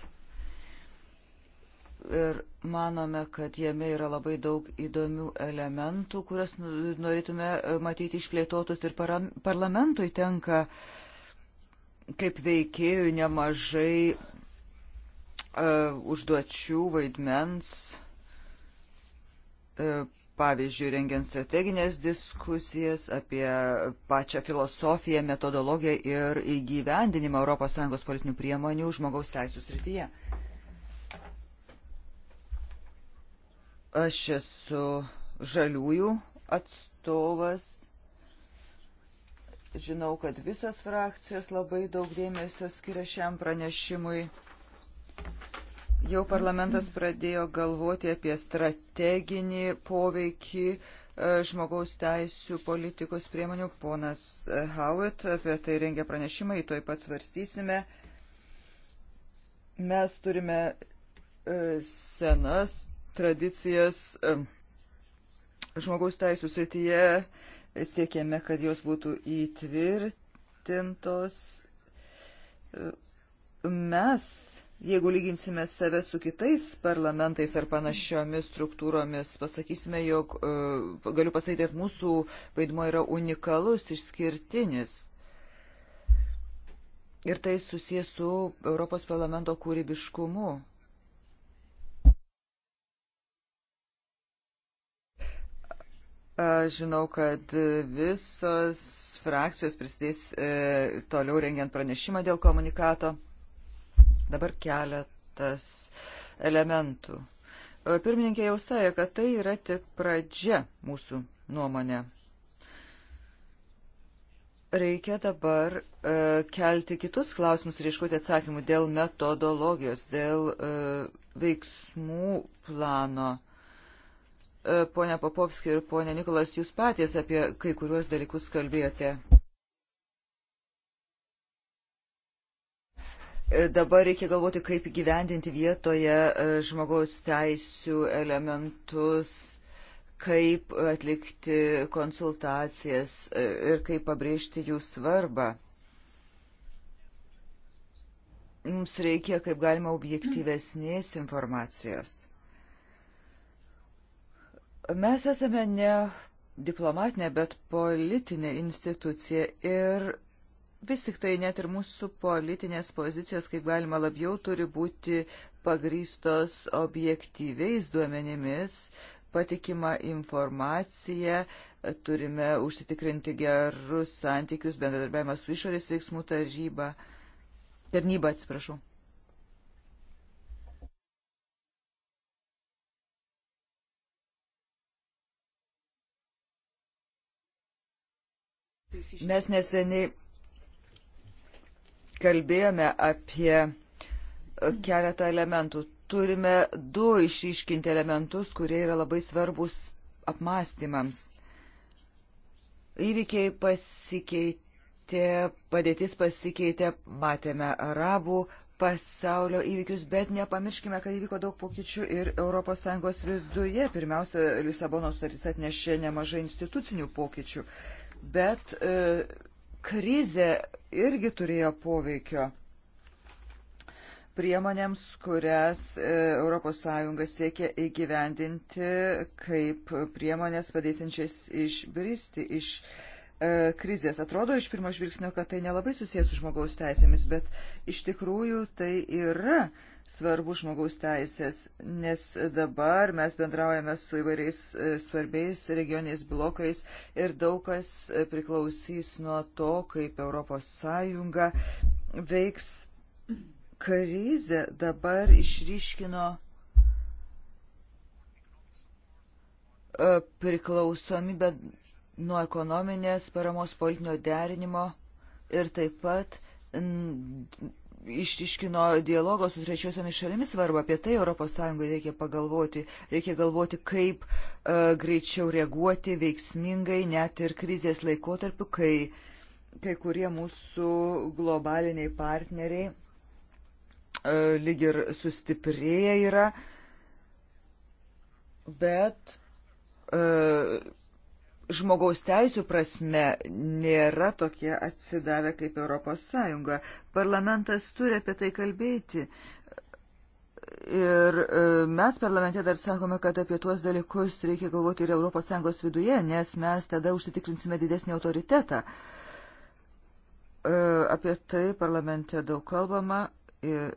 Ir manome, kad jame yra labai daug įdomių elementų, kurias nu, norėtume e, matyti išplėtotus ir para, parlamentui tenka kaip veikėjų nemažai uh, užduočių vaidmens E, pavyzdžiui, rengiant strateginės diskusijas apie pačią filosofiją, metodologiją ir įgyvendinimą ES politinių priemonių žmogaus teisų srityje. Aš esu žaliųjų atstovas. Žinau, kad visos frakcijos labai daug dėmesio skiria šiam pranešimui. Jau parlamentas pradėjo galvoti apie strateginį poveikį e, žmogaus teisų politikos priemonių. Ponas e, Howitt apie tai rengia pranešimą, jį toj pat svarstysime. Mes turime e, senas tradicijas žmogaus teisų srityje, siekėme, kad jos būtų įtvirtintos. Mes jeigu lyginsime save su kitais parlamentais ar panašiomis struktūromis, pasakysime, jog e, galiu pasakyti, kad mūsų vaidmo yra unikalus, išskirtinis. Ir tai susijęs su Europos parlamento kūrybiškumu. Aš žinau, kad visos frakcijos prisidės e, toliau rengiant pranešimą dėl komunikato. Dabar keletas elementų. E, pirmininkė jau sąja, kad tai yra tik pradžia mūsų nuomonė. Reikia dabar e, kelti kitus klausimus ir iškoti atsakymų dėl metodologijos, dėl e, veiksmų plano. E, pone Popovski ir pone Nikolas, jūs patys apie kai kuriuos dalykus kalbėjote. E, dabar reikia galvoti, kaip gyvendinti vietoje e, žmogaus teisų elementus, kaip atlikti konsultacijas e, ir kaip pabrėžti jų svarbą. Mums reikia kaip galima objektyvesnės informacijos. Mes esame ne diplomatinė, bet politinė institucija ir Vis tik tai net ir mūsų politinės pozicijos, kaip galima labiau, turi būti pagrystos objektyviais duomenimis, patikima informacija, turime užsitikrinti gerus santykius, bendradarbiavimą su išorės veiksmų taryba, tarnyba, atsiprašau. Mes neseniai kalbėjome apie keletą elementų. Turime du išryškinti elementus, kurie yra labai svarbus apmąstymams. Įvykiai pasikeitė, padėtis pasikeitė, matėme arabų pasaulio įvykius, bet nepamirškime, kad įvyko daug pokyčių ir ES viduje. Pirmiausia, Lisabonos sutartis atnešė nemažai institucinių pokyčių, bet e, krizė irgi turėjo poveikio priemonėms, kurias ES siekia įgyvendinti kaip priemonės padėsinčias išbristi iš e, krizės. Atrodo iš pirmo žvilgsnio, kad tai nelabai susijęs su žmogaus teisėmis, bet iš tikrųjų tai yra svarbu žmogaus teisės, nes dabar mes bendraujame su įvairiais e, svarbiais regioniais blokais ir daug kas e, priklausys nuo to, kaip ES veiks. Krizė dabar išryškino e, priklausomybę nuo ekonominės paramos politinio derinimo ir taip pat ištiškino dialogo su trečiosiomis šalimis svarbą. Apie tai ES reikia pagalvoti. Reikia galvoti, kaip uh, greičiau reaguoti veiksmingai net ir krizės laikotarpiu, kai kai kurie mūsų globaliniai partneriai uh, lyg ir sustiprėję yra, bet uh, žmogaus teisų prasme nėra tokie atsidavę kaip Europos Sąjunga. Parlamentas turi apie tai kalbėti. Ir e, mes parlamente dar sakome, kad apie tuos dalykus reikia galvoti ir Europos Sąjungos viduje, nes mes tada užsitikrinsime didesnį autoritetą. E, apie tai parlamente daug kalbama. Ir e,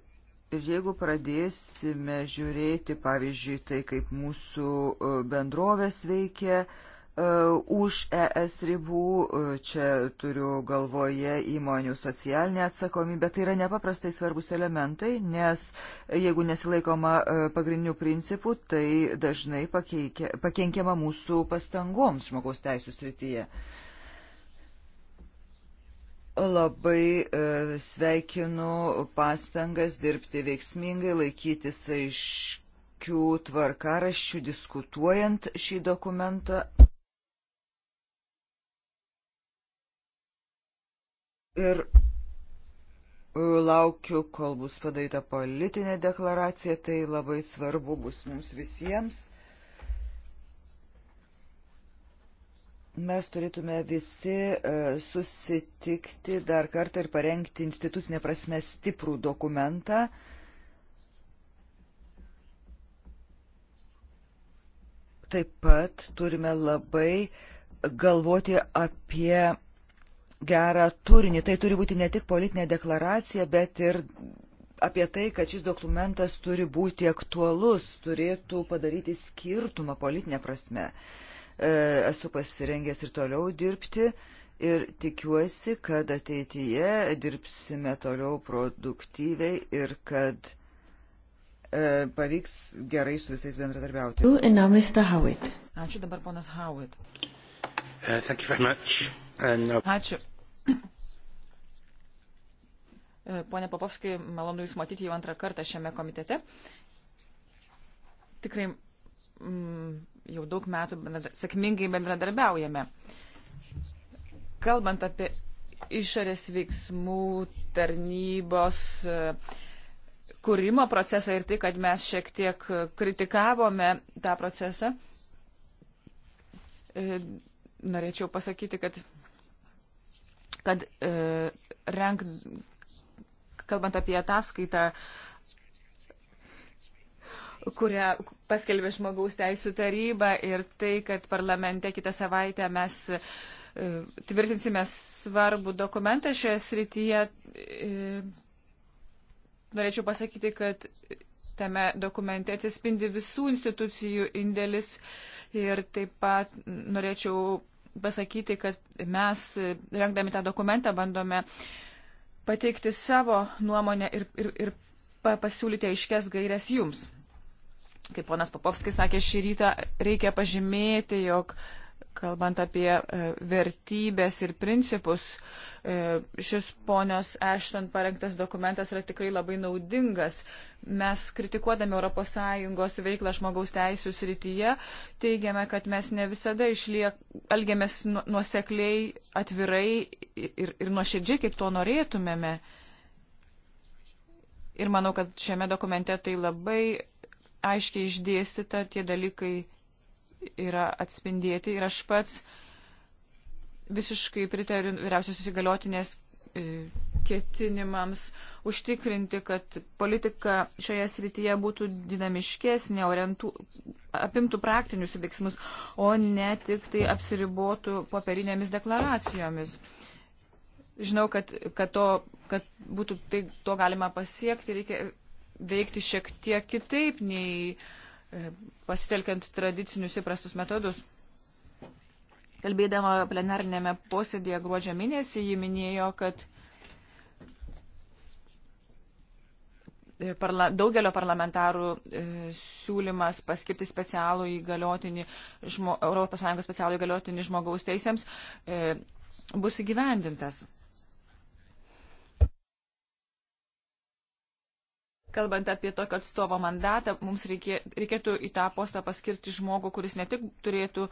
Ir jeigu pradėsime žiūrėti, pavyzdžiui, tai kaip mūsų bendrovės veikia, Uh, už ES ribų, uh, čia turiu galvoje įmonių socialinę atsakomybę, tai yra nepaprastai svarbus elementai, nes jeigu nesilaikoma uh, pagrindinių principų, tai dažnai pakeikia, pakenkiama mūsų pastangoms žmogaus teisų srityje. Labai sveikinu pastangas dirbti veiksmingai, laikytis aiškių tvarkaraščių diskutuojant šį dokumentą ir e, laukiu, kol bus padaryta politinė deklaracija, tai labai svarbu bus mums visiems. Mes turėtume visi e, susitikti dar kartą ir parengti institucinė prasme stiprų dokumentą, taip pat turime labai galvoti apie gerą turinį. Tai turi būti ne tik politinė deklaracija, bet ir apie tai, kad šis dokumentas turi būti aktualus, turėtų padaryti skirtumą politinę prasme. E, esu pasirengęs ir toliau dirbti ir tikiuosi, kad ateityje dirbsime toliau produktyviai ir kad e, pavyks gerai su visais bendradarbiauti. Ačiū dabar ponas Howitt. Uh, Uh, Ačiū. E, pone Papovskai, malonu Jūs matyti jau antrą kartą šiame komitete. Tikrai mm, jau daug metų bendradar sėkmingai bendradarbiaujame. Kalbant apie išorės veiksmų tarnybos e, kūrimo procesą ir tai, kad mes šiek tiek kritikavome tą procesą, e, norėčiau pasakyti, kad kad e, renk, kalbant apie ataskaitą, kurią paskelbė žmogaus teisų taryba ir tai, kad parlamente kitą savaitę mes e, tvirtinsime svarbų dokumentą šioje srityje. E, norėčiau pasakyti, kad tame dokumente atsispindi visų institucijų indėlis ir taip pat norėčiau pasakyti, kad mes, rengdami tą dokumentą, bandome pateikti savo nuomonę ir, ir, ir pasiūlyti aiškes gairias jums. Kaip ponas Papovskis sakė šį rytą, reikia pažymėti, jog uh, kalbant apie e, vertybės ir principus, e, šis ponios Ashton parengtas dokumentas yra tikrai labai naudingas. Mes kritikuodami ES veiklą žmogaus teisų srityje teigiame, kad mes ne visada išliek, elgiamės nu-, nuosekliai, atvirai ir, ir nuoširdžiai, kaip to norėtumėme. Ir manau, kad šiame dokumente tai labai aiškiai išdėstyta tie dalykai yra atspindėti ir aš pats visiškai pritariu vyriausios susigaliotinės e, ketinimams užtikrinti, kad politika šioje srityje būtų dinamiškesnė, orientų, apimtų praktinius veiksmus, o ne tik tai apsiribotų popierinėmis deklaracijomis. Žinau, kad, kad, to, kad būtų tai, to galima pasiekti, reikia veikti šiek tiek kitaip nei uh, E, pasitelkiant tradicinius įprastus metodus. Kalbėdama plenarnėme posėdėje gruodžio mėnesį, ji minėjo, kad e, parla, daugelio parlamentarų e, siūlymas paskirti specialų įgaliotinį, žmo, ES specialų įgaliotinį žmogaus teisėms e, bus įgyvendintas. kalbant apie tokio atstovo mandatą, mums reikė, reikėtų į tą postą paskirti žmogų, kuris ne tik turėtų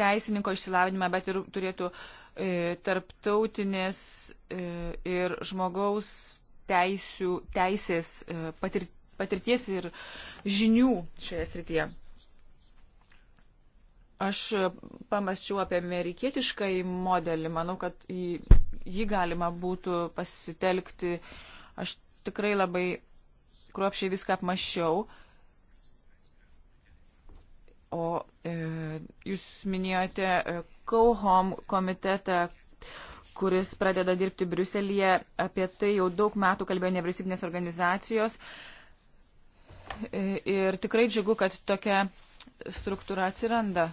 teisininko išsilavinimą, bet ir turėtų e, tarptautinės e, ir žmogaus teisių, teisės e, patir, patirties ir žinių šioje srityje. Aš pamačiau apie amerikietišką modelį, manau, kad jį, jį galima būtų pasitelkti. Aš tikrai labai kruopšiai viską apmašiau. O e, jūs minėjote e, Kauhom komitetą, kuris pradeda dirbti Briuselėje. Apie tai jau daug metų kalbėjo nevyriausybinės organizacijos. E, ir tikrai džiugu, kad tokia struktūra atsiranda.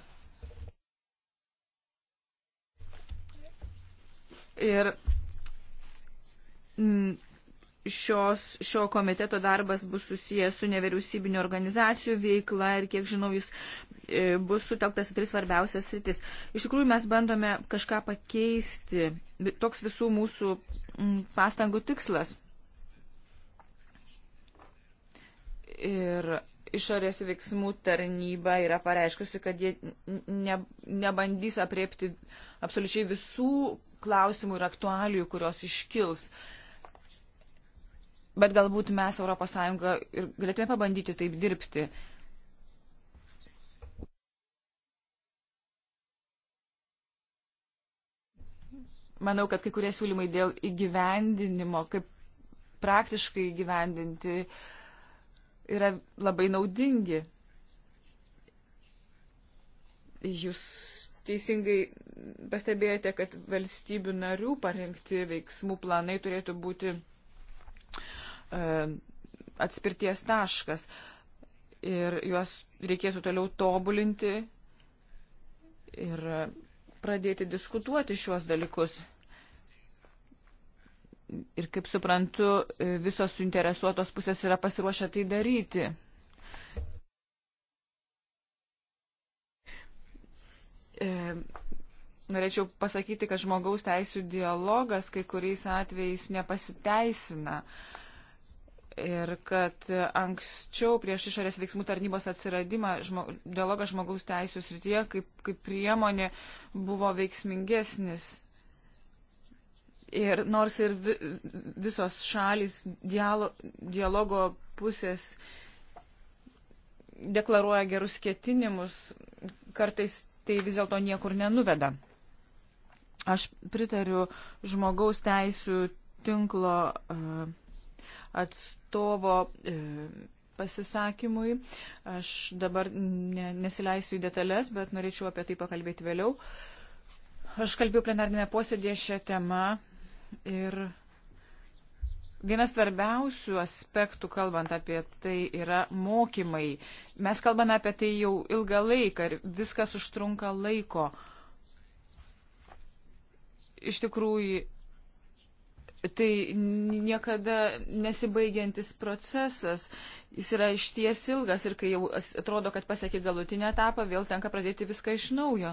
Ir mm, šios, šio komiteto darbas bus susijęs su nevyriausybinio organizacijų veikla ir, kiek žinau, jis e, bus sutelktas į tris svarbiausias sritis. Iš tikrųjų, mes bandome kažką pakeisti. Toks visų mūsų pastangų tikslas. Ir išorės veiksmų tarnyba yra pareiškusi, kad jie ne, nebandys apriepti absoliučiai visų klausimų ir aktualijų, kurios iškils. Uh, bet galbūt mes ES ir galėtume pabandyti taip dirbti. Manau, kad kai kurie siūlymai dėl įgyvendinimo, kaip praktiškai įgyvendinti, yra labai naudingi. Jūs teisingai pastebėjote, kad valstybių narių parengti veiksmų planai turėtų būti E, atspirties taškas ir juos reikėtų toliau tobulinti ir pradėti diskutuoti šiuos dalykus. Ir kaip suprantu, visos suinteresuotos pusės yra pasiruošę tai daryti. E, norėčiau pasakyti, kad žmogaus teisų dialogas kai kuriais atvejais nepasiteisina. E, ir kad anksčiau prieš išorės veiksmų tarnybos atsiradimą žmo, dialogas žmogaus teisų srityje kaip, kaip priemonė buvo veiksmingesnis. Ir nors ir vi, visos šalis dialo, dialogo pusės deklaruoja gerus ketinimus, kartais tai vis dėlto niekur nenuveda. Aš pritariu žmogaus teisų tinklo uh, e, atstovui atstovo e, pasisakymui. Aš dabar ne, nesileisiu į detalės, bet norėčiau apie tai pakalbėti vėliau. Aš kalbėjau plenarinėme posėdėje šią temą ir vienas svarbiausių aspektų, kalbant apie tai, yra mokymai. Mes kalbame apie tai jau ilgą laiką ir viskas užtrunka laiko. Iš tikrųjų, tai niekada nesibaigiantis procesas, jis yra išties ilgas ir kai jau atrodo, kad pasiekė galutinę etapą, vėl tenka pradėti viską iš naujo.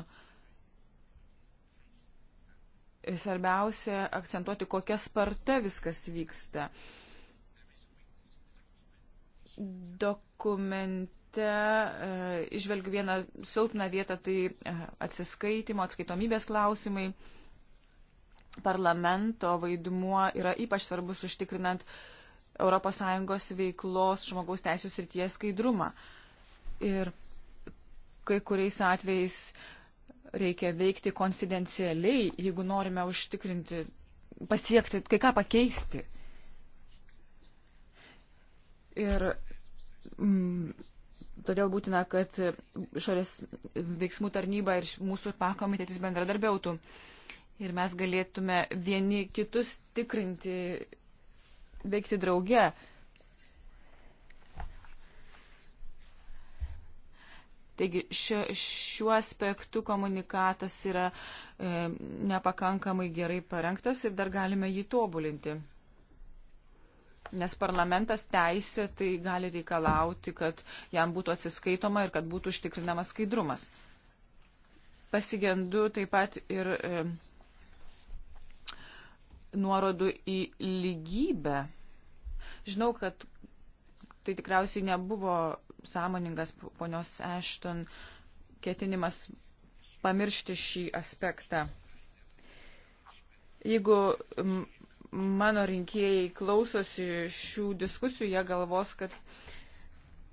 Ir svarbiausia akcentuoti, kokia sparta viskas vyksta. Dokumente e, išvelgiu vieną silpną vietą, tai e, atsiskaitimo, atskaitomybės klausimai. E, parlamento vaidmuo yra ypač svarbus užtikrinant ES veiklos žmogaus teisų srityje skaidrumą. Ir kai kuriais atvejais reikia veikti konfidencialiai, jeigu norime užtikrinti, pasiekti, kai ką pakeisti. Ir mm, todėl būtina, kad šalies veiksmų tarnyba ir mūsų pakomitėtis bendradarbiautų. Uh, ir mes galėtume vieni kitus tikrinti, veikti drauge. Taigi šio, šiuo aspektu komunikatas yra e, nepakankamai gerai parengtas ir dar galime jį tobulinti. Nes parlamentas teisė tai gali reikalauti, kad jam būtų atsiskaitoma ir kad būtų užtikrinamas skaidrumas. Pasigendu taip pat ir e, nuorodų į lygybę. Žinau, kad tai tikriausiai nebuvo sąmoningas ponios Ashton ketinimas pamiršti šį aspektą. Jeigu mano rinkėjai klausosi šių diskusijų, jie galvos, kad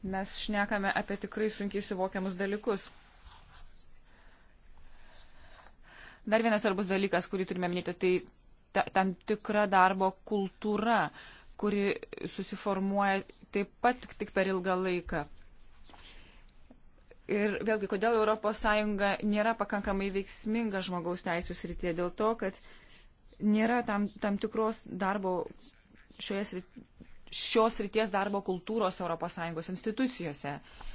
mes šnekame apie tikrai sunkiai suvokiamus dalykus. Dar vienas svarbus dalykas, kurį turime minėti, tai ta, tam tikra darbo kultūra, kuri susiformuoja taip pat tik, tik per ilgą laiką. Ir vėlgi, kodėl ES nėra pakankamai veiksminga žmogaus teisų srityje? Dėl to, kad nėra tam, tam tikros darbo šioje srityje šios ryties darbo kultūros ES institucijose. Uh,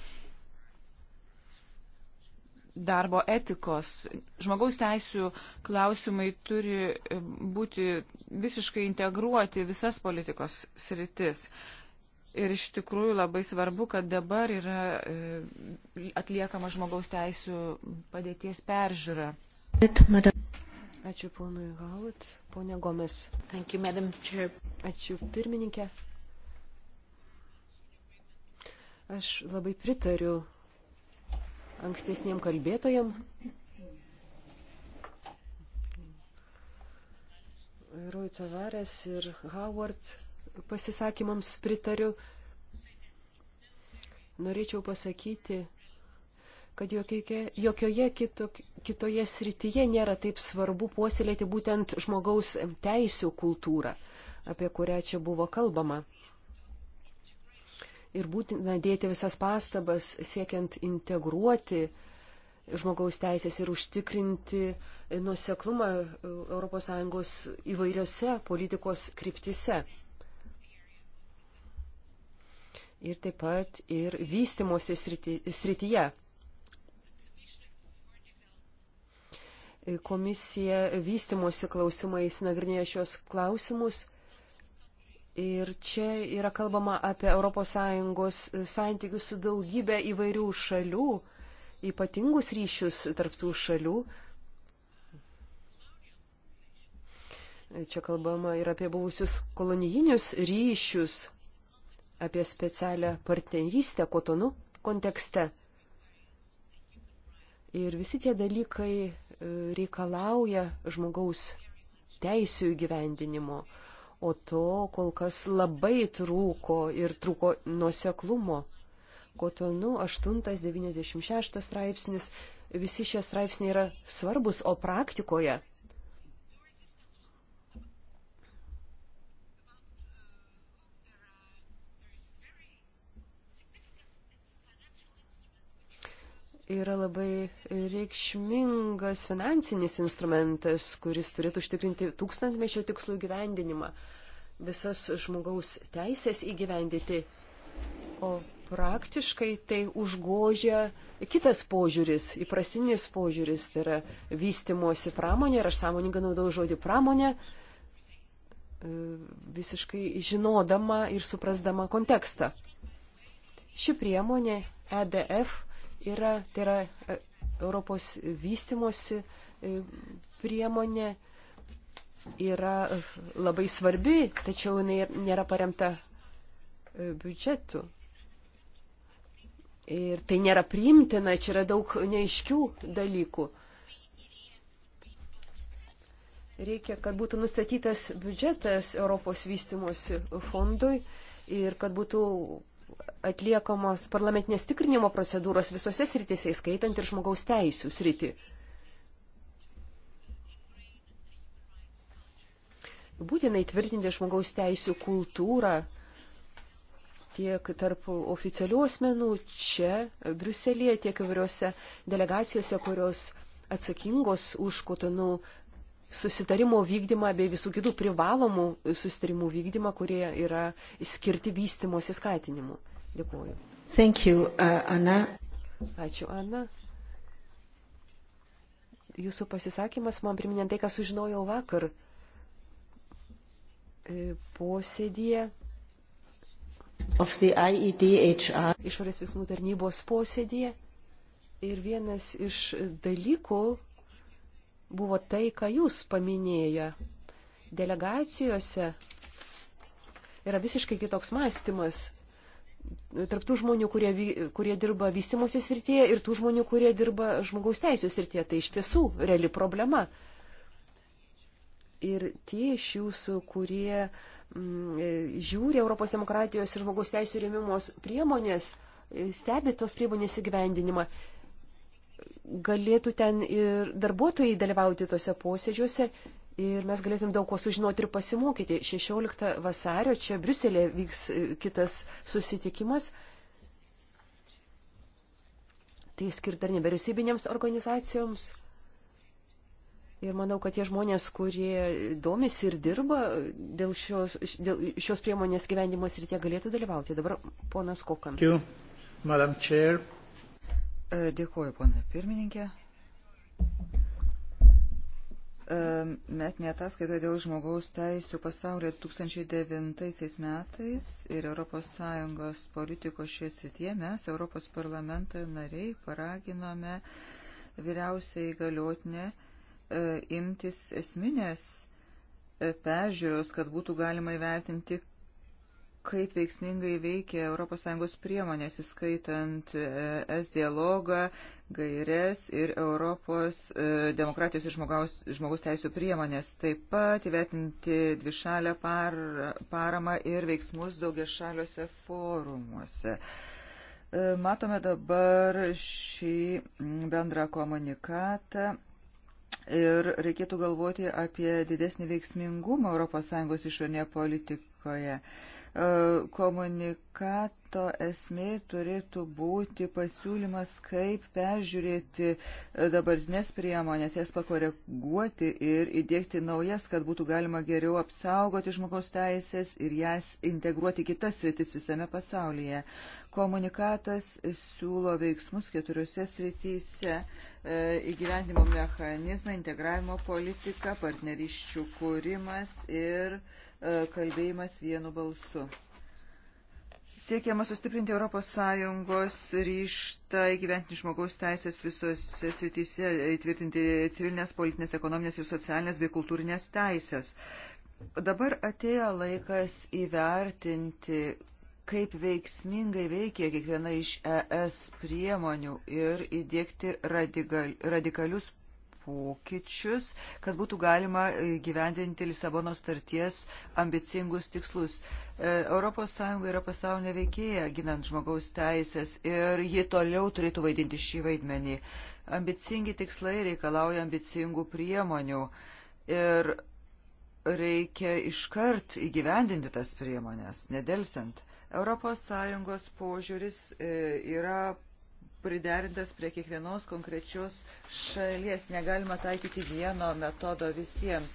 darbo etikos. Žmogaus teisų klausimai turi e, būti visiškai integruoti visas politikos sritis. Ir iš tikrųjų labai svarbu, kad dabar yra e, atliekama žmogaus teisų padėties peržiūra. Ačiū ponui Galit, ponė Gomes. Thank you, Madam Chair. Ačiū pirmininkė. Aš labai pritariu ankstesniem kalbėtojam. Roy Tavares ir Howard pasisakymams pritariu. Norėčiau pasakyti, kad jokioje, jokioje kitok, kitoje srityje nėra taip svarbu puoselėti būtent žmogaus teisų kultūrą, apie kurią čia buvo kalbama ir būtina dėti visas pastabas siekiant integruoti žmogaus teisės ir užtikrinti nuseklumą ES įvairiose politikos kryptise. Ir taip pat ir vystimosi srityje. Komisija vystimosi klausimais nagrinėja šios klausimus Ir čia yra kalbama apie ES santykius su daugybė įvairių šalių, ypatingus ryšius tarptų šalių. Čia kalbama ir apie buvusius kolonijinius ryšius, apie specialią partnerystę kotonų kontekste. Ir visi tie dalykai e, reikalauja žmogaus teisų įgyvendinimo o to kol kas labai trūko ir trūko nuoseklumo. Kotonu 896 straipsnis, visi šie straipsniai yra svarbus, o praktikoje yra labai reikšmingas finansinis instrumentas, kuris turėtų užtikrinti tūkstantmečio tikslų gyvendinimą, visas žmogaus teisės įgyvendyti. O praktiškai tai užgožia kitas požiūris, įprasinis požiūris, tai yra vystimosi pramonė, ir aš sąmoningai naudoju žodį pramonė, e, visiškai žinodama ir suprasdama kontekstą. Ši priemonė EDF yra, tai yra e, Europos vystimosi e, priemonė, yra e, labai svarbi, tačiau jinai nėra paremta biudžetu. Ir tai nėra priimtina, čia yra daug neaiškių dalykų. Reikia, kad būtų nustatytas biudžetas Europos vystimosi fondui ir kad būtų atliekamos parlamentinės tikrinimo procedūros visose sritise, įskaitant ir žmogaus teisų sritį. Būtina įtvirtinti žmogaus teisų kultūrą tiek tarp oficialių asmenų čia, Bruselėje, tiek įvairiose delegacijose, kurios atsakingos už kotonų susitarimo vykdymą bei visų kitų privalomų susitarimų vykdymą, kurie yra skirti vystimosi skatinimu. Dėkuoju. Thank you, uh, Anna. Ačiū, Anna. Jūsų pasisakymas man priminė tai, ką sužinojau vakar e, posėdėje. E Išorės veiksmų tarnybos posėdėje. Ir vienas iš dalykų, buvo tai, ką jūs paminėjote. Delegacijose yra visiškai kitoks mąstymas tarptų žmonių, kurie, kurie dirba vystimosi srityje ir tų žmonių, kurie dirba žmogaus teisų srityje. Tai iš tiesų reali problema. Ir tie iš jūsų, kurie m, mm, e, žiūri Europos demokratijos ir žmogaus teisų rėmimos priemonės, e, stebi tos priemonės įgyvendinimą, galėtų ten ir darbuotojai dalyvauti tose posėdžiuose ir mes galėtum daug ko sužinoti ir pasimokyti. 16 vasario čia Briuselė vyks e, kitas susitikimas. Tai skirta nevyriausybinėms organizacijoms. Ir manau, kad tie žmonės, kurie domisi ir dirba dėl šios, dėl šios priemonės gyvenimo srityje, galėtų dalyvauti. Dabar ponas Kokam. Ačiū, Madam Chair. E, dėkuoju, pana pirmininkė. E, metinė ataskaita dėl žmogaus teisų pasaulyje 2009 metais ir ES politikos šioje srityje mes, Europos parlamento nariai, paraginome vyriausiai galiotinę e, imtis esminės peržiūros, kad būtų galima įvertinti, kaip veiksmingai veikia ES priemonės, įskaitant e, es dialogą, gairias ir Europos e, demokratijos ir žmogaus, žmogus teisų priemonės. Taip pat įvertinti dvišalę par, paramą ir veiksmus daugiašaliuose forumuose. E, matome dabar šį bendrą komunikatą. Ir reikėtų galvoti apie didesnį veiksmingumą ES išorinėje politikoje. Uh, E, komunikato esmė turėtų būti pasiūlymas, kaip peržiūrėti e, dabartinės priemonės, jas pakoreguoti ir įdėkti naujas, kad būtų galima geriau apsaugoti žmogaus teisės ir jas integruoti kitas sritis visame pasaulyje. Komunikatas siūlo veiksmus keturiose srityse e, - įgyvendimo mechanizmą, integravimo politiką, partneriščių kūrimas ir uh, E, kalbėjimas vienu balsu. Siekiama sustiprinti ES ryštą įgyventinti žmogaus teisės visose srityse, įtvirtinti civilinės, politinės, ekonominės ir socialinės bei kultūrinės teisės. Dabar atėjo laikas įvertinti, kaip veiksmingai veikia kiekviena iš ES priemonių ir įdėkti radikal, radikalius pokyčius, kad būtų galima gyvendinti Lisabono starties ambicingus tikslus. ES yra pasaulinė veikėja ginant žmogaus teisės ir ji toliau turėtų vaidinti šį vaidmenį. Ambicingi tikslai reikalauja ambicingų priemonių ir reikia iškart įgyvendinti tas priemonės, nedelsiant. ES požiūris e, yra priderintas prie kiekvienos konkrečios šalies. Negalima taikyti vieno metodo visiems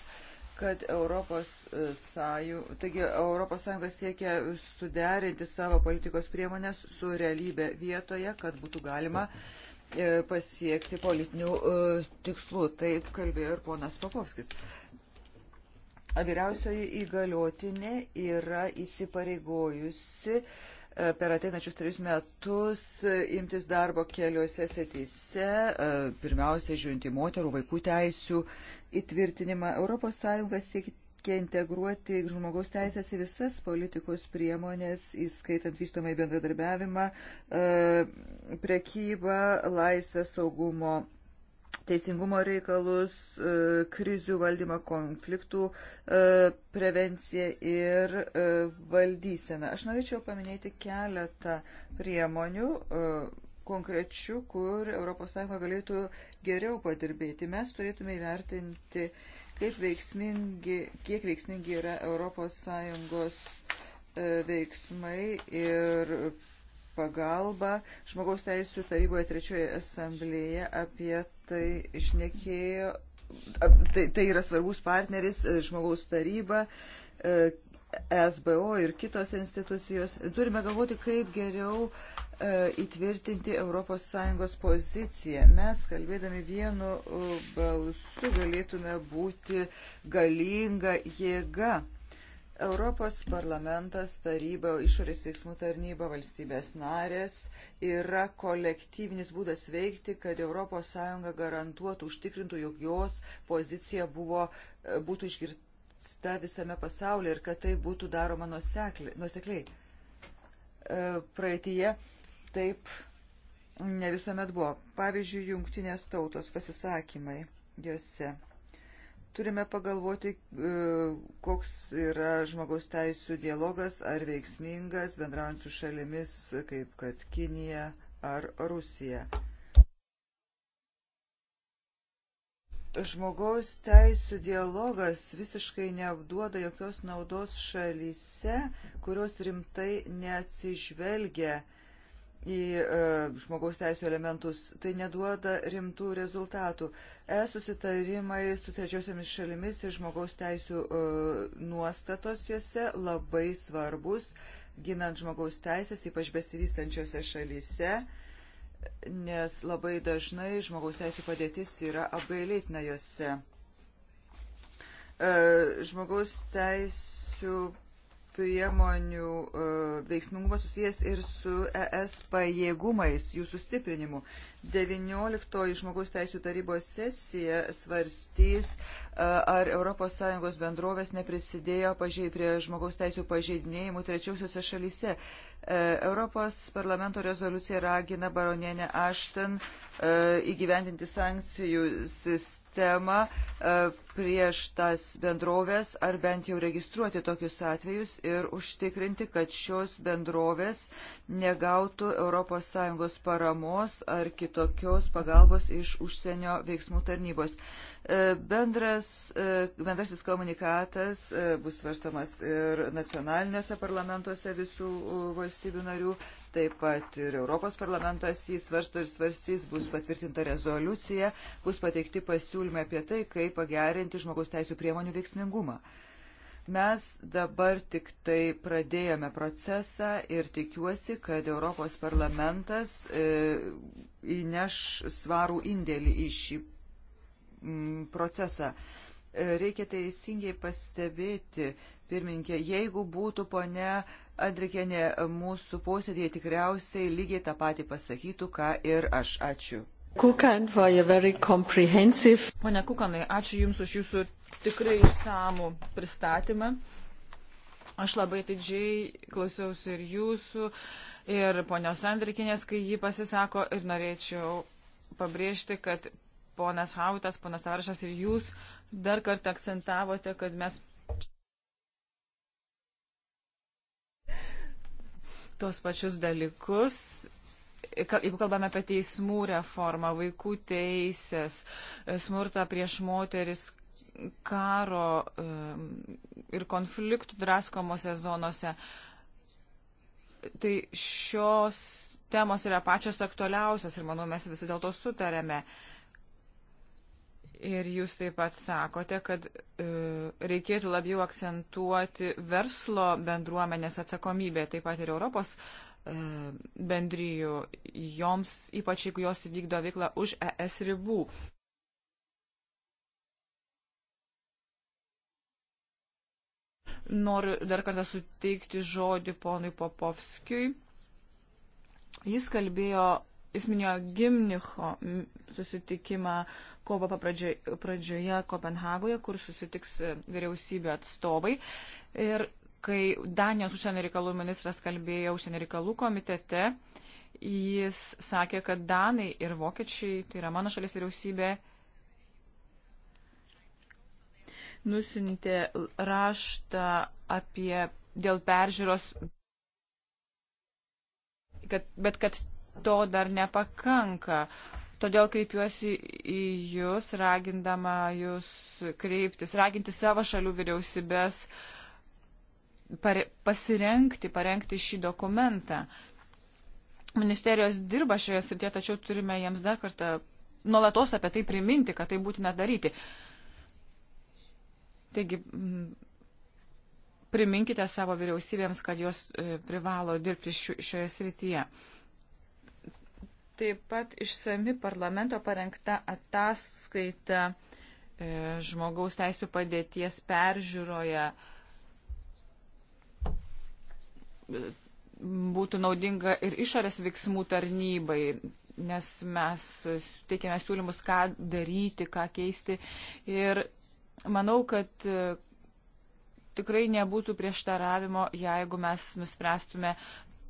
kad Europos, e, sąjų, taigi Europos Sąjunga siekia suderinti savo politikos priemonės su realybė vietoje, kad būtų galima e, pasiekti politinių e, tikslų. Taip kalbėjo ir ponas Papovskis. Vyriausioji įgaliotinė yra įsipareigojusi uh, per ateinačius tris metus imtis darbo keliuose setyse, e, pirmiausia, žiūrint į moterų vaikų teisių įtvirtinimą. ES siekia integruoti žmogaus teisės į visas politikos priemonės, įskaitant vystomą į bendradarbiavimą, e, prekybą, laisvę, saugumo teisingumo reikalus, e, krizių valdymą, konfliktų e, prevenciją ir e, valdyseną. Aš norėčiau paminėti keletą priemonių konkrečių, kur ES galėtų geriau padirbėti. Mes turėtume įvertinti, kaip veiksmingi, kiek veiksmingi yra ES veiksmai ir pagalbą. Žmogaus teisų taryboje trečioje asamblėje apie tai išnekėjo. Tai, tai yra svarbus partneris e, žmogaus taryba, e, SBO ir kitos institucijos. Turime galvoti, kaip geriau e, įtvirtinti ES poziciją. Mes, kalbėdami vienu balsu, galėtume būti galinga jėga. Europos parlamentas, taryba, išorės veiksmų tarnyba, valstybės narės yra kolektyvinis būdas veikti, kad ES garantuotų, užtikrintų, jog jos pozicija buvo, būtų išgirsta visame pasaulyje ir kad tai būtų daroma nusekliai. E, praeitie taip ne visuomet buvo. Pavyzdžiui, jungtinės tautos pasisakymai jose. Turime pagalvoti, e, koks yra žmogaus teisų dialogas, ar veiksmingas, bendraujant su šalimis, kaip kad Kinija ar Rusija. Žmogaus teisų dialogas visiškai neapduoda jokios naudos šalyse, kurios rimtai neatsižvelgia uh, į e, žmogaus teisų elementus, tai neduoda rimtų rezultatų. Es susitarimai su trečiosiomis šalimis ir žmogaus teisų e, nuostatos juose labai svarbus, ginant žmogaus teisės, ypač besivystančiose šalyse nes labai dažnai žmogaus teisų padėtis yra apgailėtina juose. E, žmogaus teisų priemonių e, veiksmingumas susijęs ir su ES pajėgumais, jų sustiprinimu. 19 žmogaus teisų tarybos sesija svarstys, e, ar ES bendrovės neprisidėjo pažiai, prie žmogaus teisų pažeidinėjimų trečiausiose šalyse. E, Europos parlamento rezoliucija ragina baronienę Ašten įgyvendinti sankcijų sistemą sistemą e, prieš tas bendrovės ar bent jau registruoti tokius atvejus ir užtikrinti, kad šios bendrovės negautų ES paramos ar kitokios pagalbos iš užsienio veiksmų tarnybos. E, bendras, e, bendrasis komunikatas e, bus svarstamas ir nacionaliniuose parlamentuose visų valstybių narių, taip pat ir Europos parlamentas jį svarsto ir svarstys, bus patvirtinta rezoliucija, bus pateikti pasiūlymai apie tai, kaip pagerinti žmogaus teisų priemonių veiksmingumą. Mes dabar tik tai pradėjome procesą ir tikiuosi, kad Europos parlamentas e, įneš svarų indėlį į šį Mm, procesą. E, reikia teisingai pastebėti, pirmininkė, jeigu būtų ponia Andrikienė mūsų posėdėje, tikriausiai lygiai tą patį pasakytų, ką ir aš. Ačiū. Kukan, comprehensive... Pone Kukanai, ačiū Jums už Jūsų tikrai išsamų pristatymą. Aš labai didžiai klausiausi ir Jūsų, ir ponios Andrikinės, kai jį pasisako, ir norėčiau pabrėžti, kad ponas Hautas, ponas Tavaršas ir jūs dar kartą akcentavote, kad mes tos pačius dalykus, jeigu kalbame apie teismų reformą, vaikų teisės, smurtą prieš moteris, karo ir konfliktų draskomose zonose, tai šios temos yra pačios aktualiausios ir manau mes visi dėl to sutarėme. Ir jūs taip pat sakote, kad e, reikėtų labiau akcentuoti verslo bendruomenės atsakomybę, taip pat ir Europos e, bendryjų, joms, ypač jeigu jos vykdo veiklą už ES ribų. Noriu dar kartą suteikti žodį ponui Popovskijui. Jis kalbėjo jis minėjo Gimnicho susitikimą kovo pradžioje, pradžioje Kopenhagoje, kur susitiks e, vyriausybių atstovai. Ir kai Danijos užsienio reikalų ministras kalbėjo užsienio reikalų komitete, jis sakė, kad Danai ir Vokiečiai, tai yra mano šalis vyriausybė, nusintė raštą apie dėl peržiūros, kad, bet kad to dar nepakanka. Todėl kreipiuosi į Jūs, ragindama Jūs kreiptis, raginti savo šalių vyriausybės pare, pasirenkti, parengti šį dokumentą. Ministerijos dirba šioje srityje, tačiau turime jiems dar kartą nuolatos apie tai priminti, kad tai būtina daryti. Taigi, priminkite savo vyriausybėms, kad jos e, privalo dirbti šioje srityje. Taip pat išsami parlamento parengta ataskaita e, žmogaus teisų padėties peržiūroje e, būtų naudinga ir išorės veiksmų tarnybai, nes mes teikėme siūlymus, ką daryti, ką keisti. Ir manau, kad e, tikrai nebūtų prieštaravimo, jeigu mes nuspręstume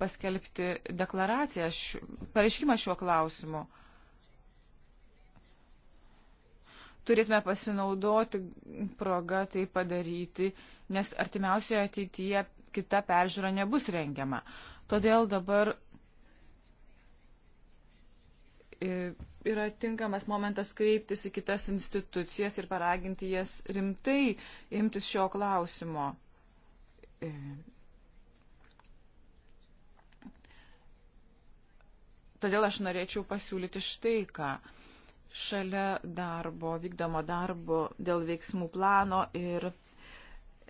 paskelbti deklaraciją, pareiškimą šiuo klausimu. Turėtume pasinaudoti progą tai padaryti, nes artimiausioje ateityje kita peržiūra nebus rengiama. Todėl dabar e, yra tinkamas momentas kreiptis į kitas institucijas ir paraginti jas rimtai imtis šio klausimo e, Todėl aš norėčiau pasiūlyti štai ką. Šalia darbo, vykdomo darbo dėl veiksmų plano ir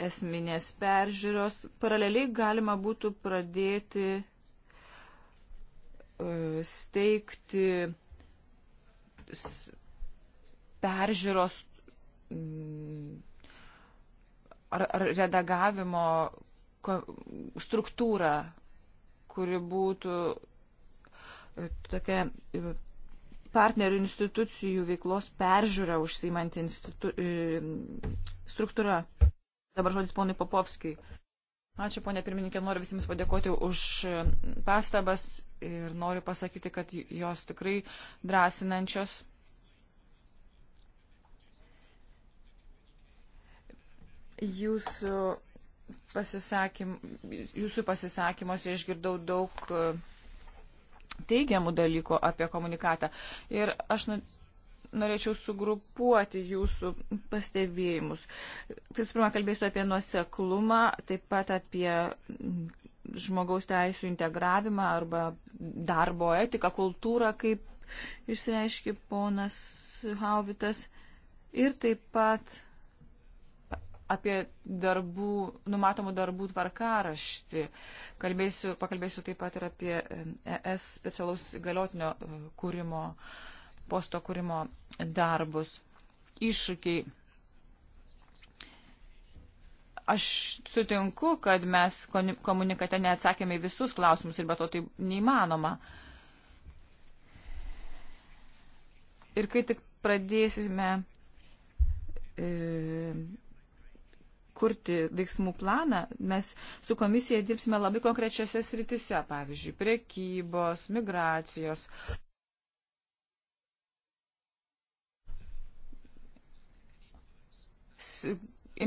esminės peržiūros, paraleliai galima būtų pradėti e, steigti peržiūros mm, ar, ar redagavimo struktūrą, kuri būtų tokia e, partnerių institucijų veiklos peržiūra užsiimanti institu... E, struktūra. Dabar žodis ponui Popovskijui. Ačiū, ponė pirmininkė, noriu visiems padėkoti už e, pastabas ir noriu pasakyti, kad jos tikrai drąsinančios. Jūsų, pasisakym, jūsų pasisakymuose išgirdau daug teigiamų dalykų apie komunikatą. Ir aš nu, norėčiau sugrupuoti jūsų pastebėjimus. Visų pirma, kalbėsiu apie nuoseklumą, taip pat apie žmogaus teisų integravimą arba darbo etiką, kultūrą, kaip išreiškia ponas Hauvitas. Ir taip pat apie darbų, numatomų darbų tvarkaraštį. Kalbėsiu, pakalbėsiu taip pat ir apie ES e specialaus galiotinio e, kūrimo, posto kūrimo darbus. Iššūkiai. Aš sutinku, kad mes komunikate neatsakėme į visus klausimus ir be to tai neįmanoma. Ir kai tik pradėsime e, kurti veiksmų planą, mes su komisija dirbsime labai konkrečiose sritise, pavyzdžiui, prekybos, migracijos.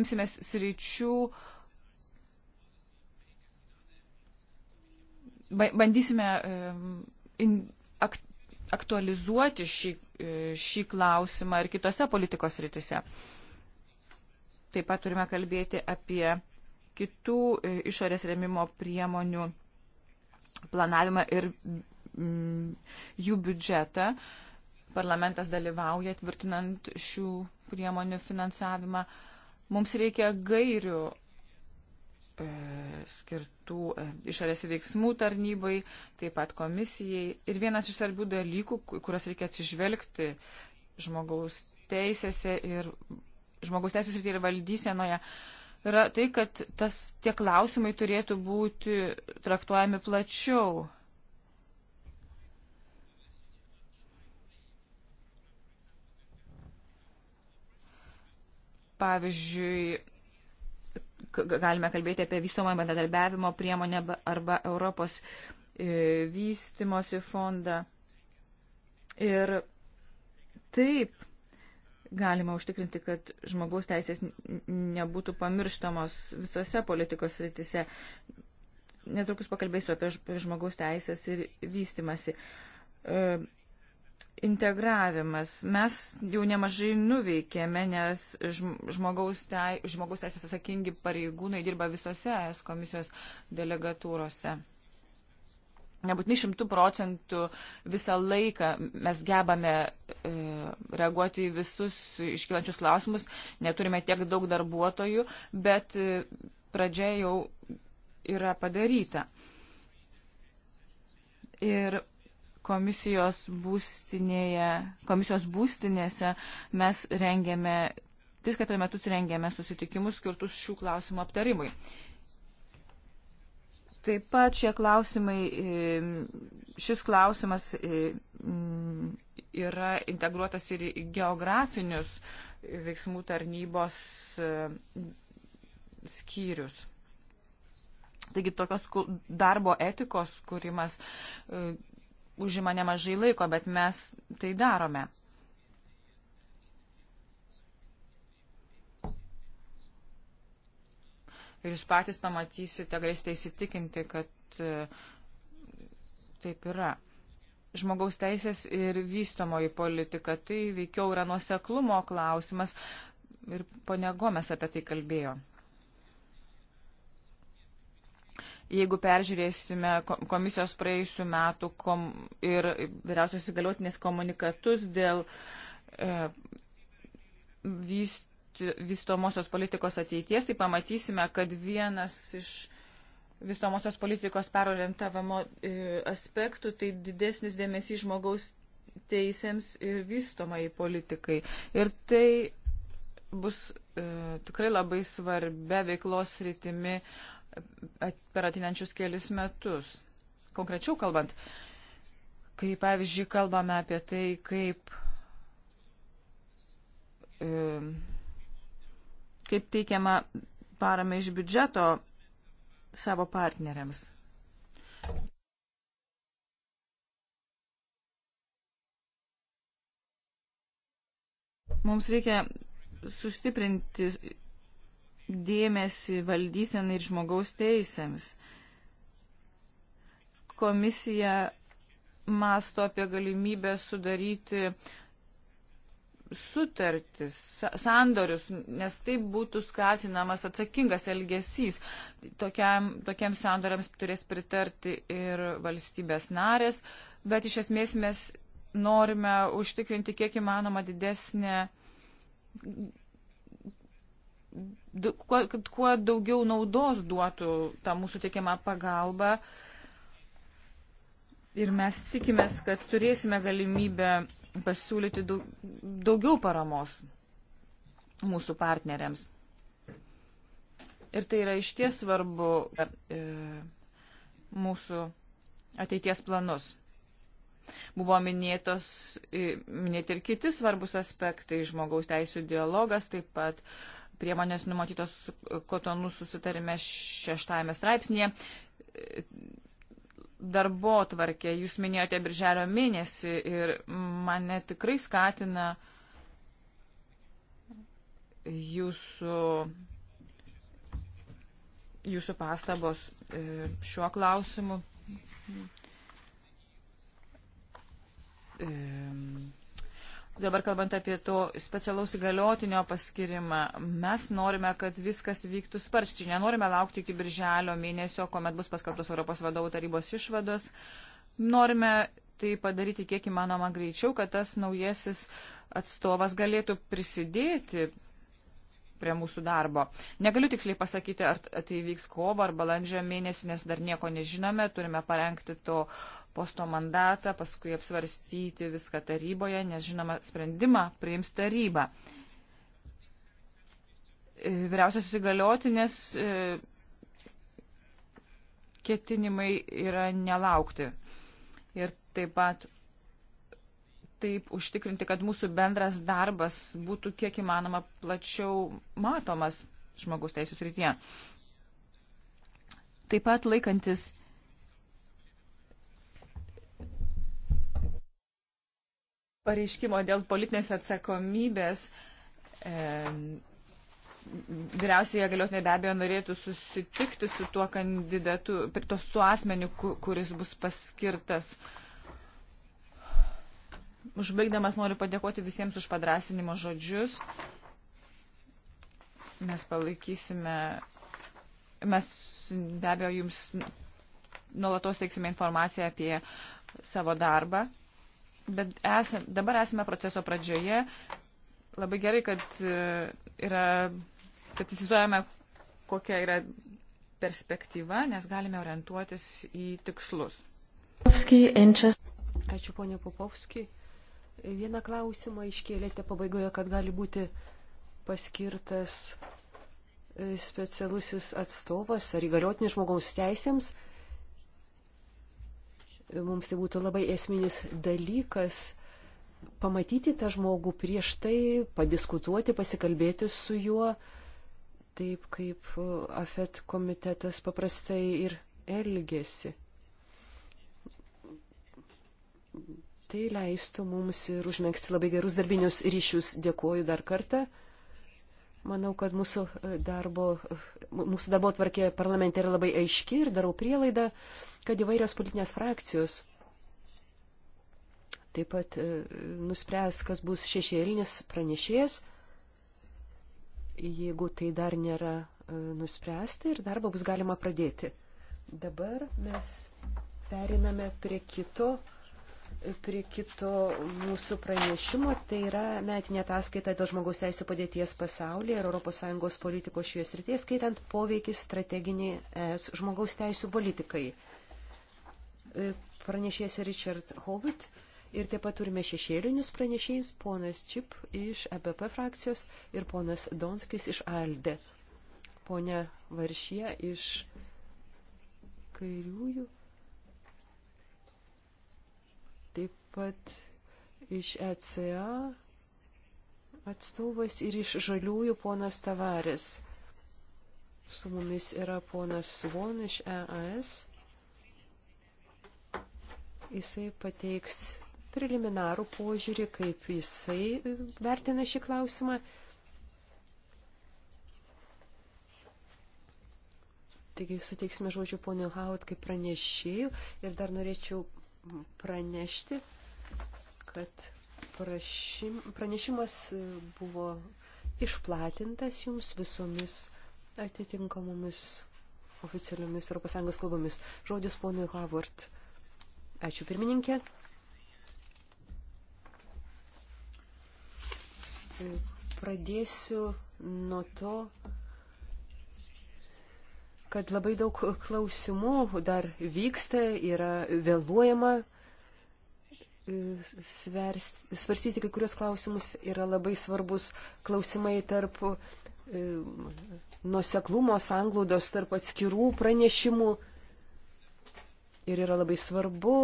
Imsimės sričių, bandysime aktualizuoti šį, e, šį klausimą ir kitose politikos rytise. Taip pat turime kalbėti apie kitų e, išorės remimo priemonių planavimą ir mm, jų biudžetą. Parlamentas dalyvauja tvirtinant šių priemonių finansavimą. Mums reikia gairių e, skirtų e, išorės veiksmų tarnybai, taip pat komisijai. Ir vienas iš svarbių dalykų, kuriuos reikia atsižvelgti žmogaus teisėse ir žmogus teisų srityje ir valdysenoje yra tai, kad tas, tie klausimai turėtų būti traktuojami plačiau. Pavyzdžiui, galime kalbėti apie vystomą bendradarbiavimo priemonę arba Europos e, vystimosi fondą. Ir taip, galima užtikrinti, kad žmogaus teisės nebūtų pamirštamos visose politikos rytise. Netrukus pakalbėsiu apie žmogaus teisės ir vystimasi. E, integravimas. Mes jau nemažai nuveikėme, nes žmogaus, tei, žmogaus teisės atsakingi pareigūnai dirba visose es komisijos delegatūrose. Nebūtinai šimtų procentų visą laiką mes gebame e, reaguoti į visus iškilančius klausimus, neturime tiek daug darbuotojų, bet e, pradžia jau yra padaryta. Ir komisijos, būstinėje, komisijos būstinėse mes rengėme, tris kartą metus rengėme susitikimus skirtus šių klausimų aptarimui. Taip pat šie klausimai, šis klausimas yra integruotas ir į geografinius veiksmų tarnybos skyrius. Taigi tokios darbo etikos kūrimas užima nemažai laiko, bet mes tai darome. ir jūs patys pamatysite, galėsite įsitikinti, kad e, taip yra. Žmogaus teisės ir vystomoji politika tai veikiau yra nuoseklumo klausimas ir ponia Gomes apie tai kalbėjo. Jeigu peržiūrėsime komisijos praėjusių metų kom ir vyriausios įgaliotinės komunikatus dėl e, vyst vystomosios politikos ateities, tai pamatysime, kad vienas iš vystomosios politikos perorientavimo e, aspektų tai didesnis dėmesys žmogaus teisėms ir vystomai politikai. Ir tai bus e, tikrai labai svarbia veiklos rytimi e, per atinančius kelis metus. Konkrečiau kalbant, kai pavyzdžiui kalbame apie tai, kaip e, kaip teikiama parama iš biudžeto savo partneriams. Mums reikia sustiprinti dėmesį valdysenai ir žmogaus teisėms. Komisija masto apie galimybę sudaryti uh, sutartis, sandorius, nes taip būtų skatinamas atsakingas elgesys. Tokiam, tokiems sandoriams turės pritarti ir valstybės narės, bet iš esmės mes norime užtikrinti kiek įmanoma didesnę kad kuo daugiau naudos duotų tą mūsų teikiamą pagalbą Ir mes tikimės, kad turėsime galimybę pasiūlyti daugiau paramos mūsų partneriams. Ir tai yra iš ties svarbu e, mūsų ateities planus. Buvo minėtos, e, minėti ir kiti svarbus aspektai - žmogaus teisų dialogas, taip pat priemonės numatytos kotonų susitarime šeštame straipsnėje darbo tvarkę. Jūs minėjote birželio mėnesį ir mane tikrai skatina jūsų, jūsų pastabos e, šiuo klausimu. Um Dabar kalbant apie to specialaus įgaliotinio paskirimą, mes norime, kad viskas vyktų sparčiai. Nenorime laukti iki birželio mėnesio, kuomet bus paskaltos Europos vadovų tarybos išvados. Norime tai padaryti kiek įmanoma greičiau, kad tas naujasis atstovas galėtų prisidėti prie mūsų darbo. Negaliu tiksliai pasakyti, ar tai vyks kovo ar balandžio mėnesį, nes dar nieko nežinome, turime parengti to posto mandatą, paskui apsvarstyti viską taryboje, nes žinoma, sprendimą priims taryba. E, vyriausias įgaliotinės e, ketinimai yra nelaukti. Ir taip pat taip užtikrinti, kad mūsų bendras darbas būtų kiek įmanoma plačiau matomas žmogus teisų srityje. Taip pat laikantis pareiškimo dėl politinės atsakomybės. E, Vyriausiai galiotinė be abejo norėtų susitikti su tuo kandidatu, tos tuo asmeniu, kuris bus paskirtas. Užbaigdamas noriu padėkoti visiems už padrasinimo žodžius. Mes palaikysime, mes be abejo jums nuolatos teiksime informaciją apie savo darbą bet esam, dabar esame proceso pradžioje. Labai gerai, kad, e, yra, kad įsivaizduojame, kokia yra perspektyva, nes galime orientuotis į tikslus. Ačiū, ponė Popovski. Vieną klausimą iškėlėte pabaigoje, kad gali būti paskirtas e, specialusis atstovas ar įgaliotinis žmogaus teisėms mums tai būtų labai esminis dalykas pamatyti tą žmogų prieš tai, padiskutuoti, pasikalbėti su juo, taip kaip e, AFET komitetas paprastai ir elgesi. Tai leistų mums ir užmėgsti labai gerus darbinius ryšius. Dėkuoju dar kartą. Manau, kad mūsų e, darbo, e, mūsų darbo tvarkė parlamente yra labai aiški ir darau prielaidą, kad įvairios politinės frakcijos taip pat e, nuspręs, kas bus šešėlinis pranešėjas, jeigu tai dar nėra nuspręsta ir darbą bus galima pradėti. Dabar mes periname prie kito prie kito mūsų pranešimo. Tai yra metinė ataskaita dėl žmogaus teisų padėties pasaulyje ir ES politikos šioje srityje, skaitant poveikį strateginį ES žmogaus teisų politikai. E, pranešėjas Richard Hobbit ir taip pat turime šešėlinius pranešėjus, ponas Čip iš EPP frakcijos ir ponas Donskis iš ALDE. Pone Varšė iš kairiųjų pat iš ECA atstovas ir iš žaliųjų ponas Tavaris. Su mumis yra ponas Svon iš EAS. Jisai pateiks preliminarų požiūrį, kaip jisai vertina šį klausimą. Taigi suteiksime žodžių ponio Haut kaip pranešėjų ir dar norėčiau pranešti, kad prašym, pranešimas buvo išplatintas jums visomis atitinkamomis oficialiomis ES kalbomis. Žodis ponui Havard. Ačiū pirmininkė. Pradėsiu nuo to, kad labai daug klausimų dar vyksta, yra vėluojama svers, svarstyti kai kurios klausimus yra labai svarbus klausimai tarp e, nuseklumo sanglaudos tarp atskirų pranešimų. Ir yra labai svarbu,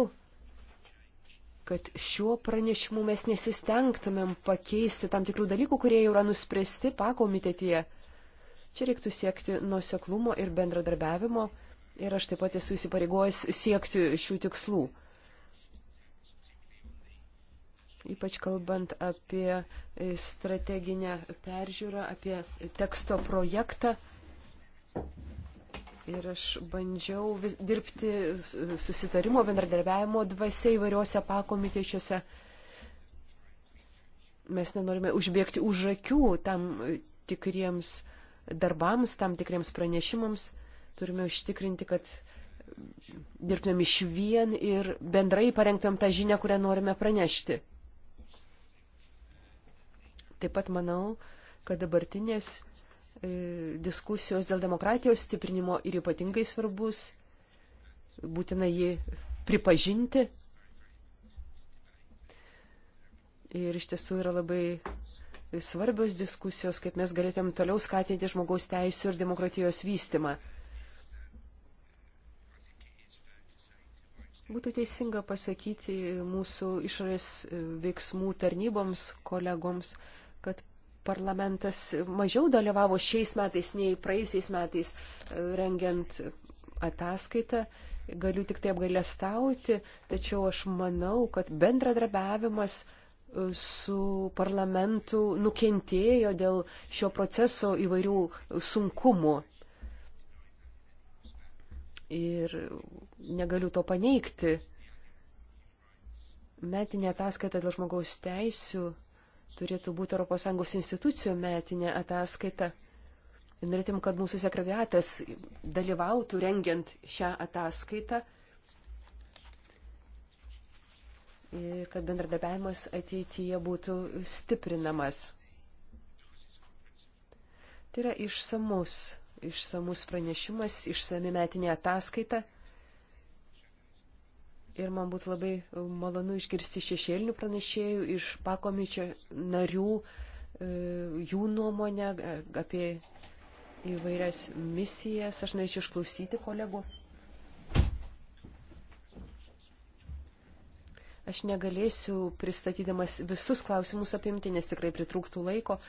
kad šiuo pranešimu mes nesistengtumėm pakeisti tam tikrų dalykų, kurie jau yra nuspręsti pakomitetyje. Čia reiktų siekti nuseklumo ir bendradarbiavimo. Ir aš taip pat esu įsipareigojęs siekti šių tikslų ypač kalbant apie e, strateginę peržiūrą, apie teksto projektą. Ir aš bandžiau vis, dirbti susitarimo, bendradarbiavimo dvasiai įvairiuose pakomitečiuose. Mes nenorime užbėgti už akių tam tikriems darbams, tam tikriems pranešimams. Turime užtikrinti, kad dirbtumėm iš vien ir bendrai parengtumėm tą žinią, kurią norime pranešti. Taip pat manau, kad dabartinės e, diskusijos dėl demokratijos stiprinimo ir ypatingai svarbus, būtina jį pripažinti. Ir iš tiesų yra labai svarbios diskusijos, kaip mes galėtum toliau skatinti žmogaus teisų ir demokratijos vystimą. Būtų teisinga pasakyti mūsų išorės e, veiksmų tarnyboms, kolegoms, kad parlamentas mažiau dalyvavo šiais metais nei praėjusiais metais e, rengiant ataskaitą. Galiu tik tai apgailestauti, tačiau aš manau, kad bendradarbiavimas e, su parlamentu nukentėjo dėl šio proceso įvairių sunkumų. Ir negaliu to paneigti. Metinė ataskaita dėl žmogaus teisų turėtų būti ES institucijų metinė ataskaita. Ir norėtum, kad mūsų sekretariatas dalyvautų rengiant šią ataskaitą. Ir kad bendradarbiavimas ateityje būtų stiprinamas. Tai yra išsamus, išsamus pranešimas, išsami metinė ataskaita. Ir man būtų labai malonu išgirsti šešėlinių pranešėjų iš pakomičio narių, e, jų nuomonę apie įvairias misijas. Aš norėčiau išklausyti kolegų. Aš negalėsiu pristatydamas visus klausimus apimti, nes tikrai pritrūktų laiko.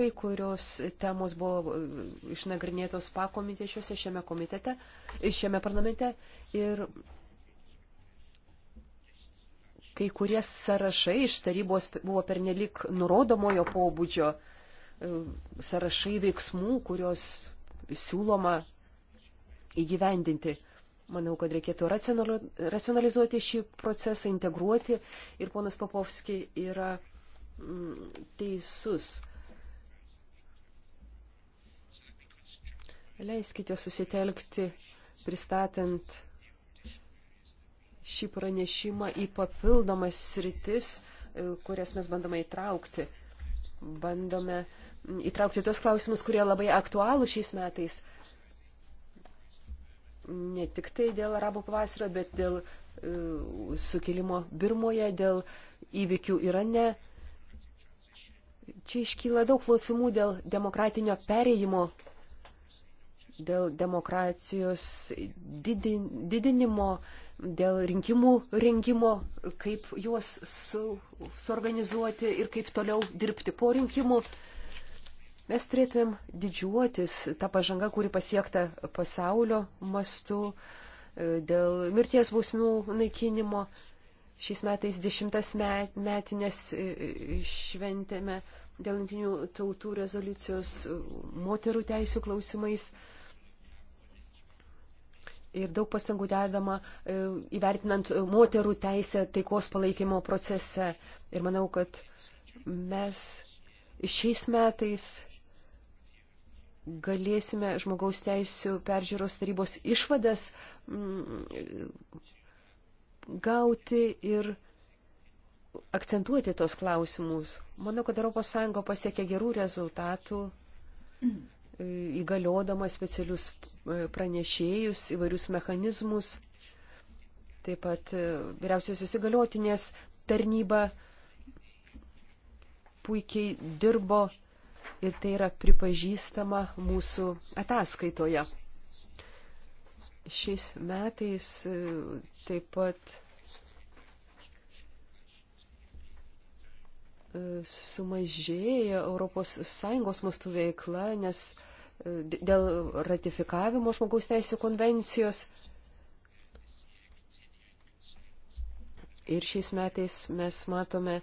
Kai kurios temos buvo e, išnagrinėtos pakomitečiuose šiame komitete, šiame parlamente ir kai kurie sąrašai iš tarybos buvo pernelik nurodomojo pobūdžio, e, sąrašai veiksmų, kurios siūloma įgyvendinti. Manau, kad reikėtų racionalizuoti šį procesą, integruoti ir ponas Papovski yra mm, teisus. Leiskite susitelkti pristatant šį pranešimą į papildomas sritis, e, kurias mes bandome įtraukti. Bandome įtraukti tos klausimus, kurie labai aktualų šiais metais. Ne tik tai dėl arabo pavasario, bet dėl uh, sukilimo Birmoje, dėl įvykių Irane. Čia iškyla daug klausimų dėl demokratinio perėjimo, dėl demokracijos didin, didinimo, uh, dėl rinkimų rengimo, kaip juos su, suorganizuoti ir kaip toliau dirbti po rinkimų. Mes turėtumėm didžiuotis tą pažangą, kuri pasiekta pasaulio mastu e, dėl mirties bausmių naikinimo. Šiais metais dešimtas met, metinės e, e, šventėme dėl jungtinių tautų rezoliucijos moterų teisų klausimais ir daug pastangų dedama e, įvertinant moterų teisę taikos palaikymo procese. Ir manau, kad mes šiais metais galėsime žmogaus teisų peržiūros tarybos išvadas mm, gauti ir akcentuoti tos klausimus. Manau, kad ES pasiekė gerų rezultatų mm. įgaliodama specialius E, pranešėjus, įvairius mechanizmus. Taip pat e, vyriausiosios įgaliotinės tarnyba puikiai dirbo ir tai yra pripažįstama mūsų ataskaitoje. Šiais metais e, taip pat sumažėja ES mastų veikla, nes dėl ratifikavimo žmogaus teisų konvencijos. Ir šiais metais mes matome